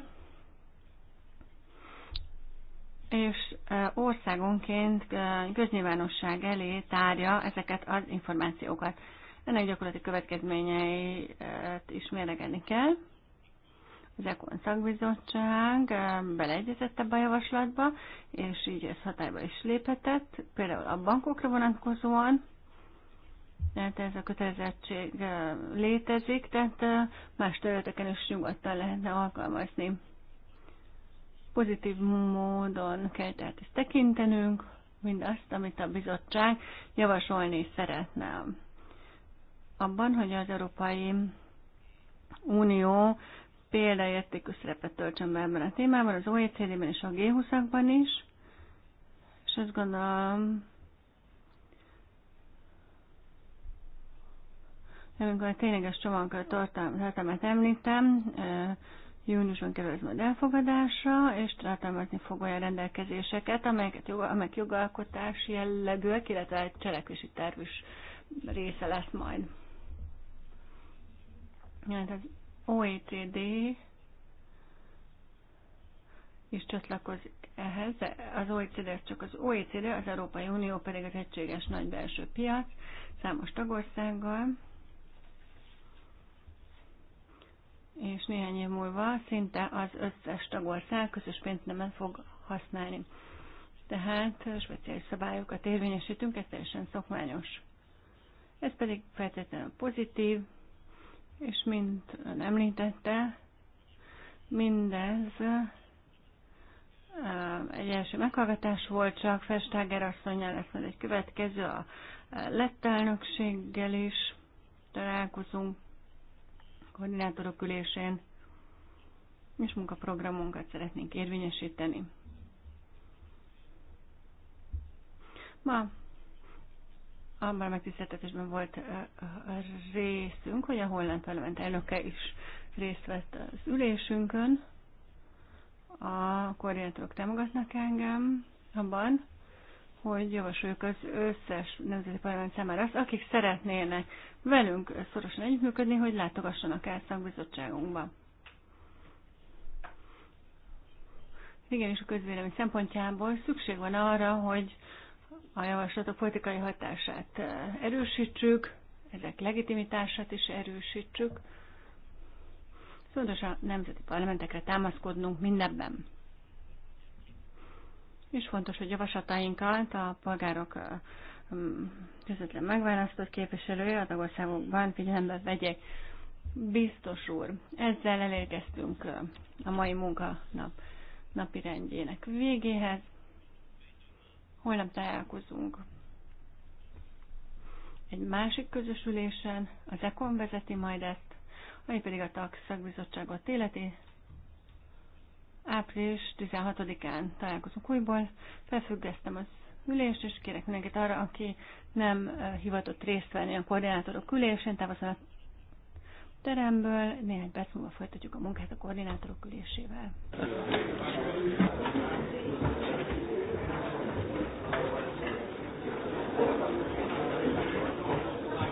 és e, országonként e, köznyilvánosság elé tárja ezeket az információkat. Ennek gyakorlati következményeit e, is mérlegelni kell az EKON szakbizottság beleegyezett ebbe a javaslatba, és így ez hatályba is léphetett, például a bankokra vonatkozóan, tehát ez a kötelezettség létezik, tehát más területeken is nyugodtan lehetne alkalmazni. Pozitív módon kell tehát ezt tekintenünk, mindazt, amit a bizottság javasolni szeretne. Abban, hogy az Európai Unió példaértékű szerepet töltsön be ebben a témában, az OECD-ben és a g 20 is, és azt gondolom, amikor a tényleges csomagkör tartalmát említem, júniusban kerül ez majd elfogadásra, és tartalmazni fog olyan rendelkezéseket, amelyeket joga, amelyek jogalkotási jellegűek, illetve egy cselekvési terv is része lesz majd. Ja, tehát, OECD is csatlakozik ehhez. Az OECD az csak az OECD, az Európai Unió pedig az egységes nagy belső piac számos tagországgal. És néhány év múlva szinte az összes tagország közös nem fog használni. Tehát speciális szabályokat érvényesítünk, ez teljesen szokványos. Ez pedig feltétlenül pozitív, és mint ön említette, mindez egy első meghallgatás volt, csak Festáger asszonyjal lesz majd egy következő, a lett elnökséggel is találkozunk koordinátorok ülésén, és munkaprogramunkat szeretnénk érvényesíteni. Ma abban a megtiszteltetésben volt részünk, hogy a holland parlament elnöke is részt vett az ülésünkön. A koordinátorok támogatnak engem abban, hogy javasoljuk az összes nemzeti parlament számára azt, akik szeretnének velünk szorosan együttműködni, hogy látogassanak el szakbizottságunkba. és a közvélemény szempontjából szükség van arra, hogy a javaslatok politikai hatását erősítsük, ezek legitimitását is erősítsük. Fontos a nemzeti parlamentekre támaszkodnunk mindebben. És fontos, hogy javaslatainkat a polgárok közvetlen megválasztott képviselője a tagországokban figyelembe vegyék. Biztos úr, ezzel elérkeztünk a mai munkanap napirendjének végéhez. Holnap találkozunk egy másik közösülésen, az EKON vezeti majd ezt, ami pedig a TAX szakbizottságot életi. Április 16-án találkozunk újból, felfüggesztem az ülést, és kérek mindenkit arra, aki nem hivatott részt venni a koordinátorok ülésén, távozom a teremből, néhány perc múlva folytatjuk a munkát a koordinátorok ülésével.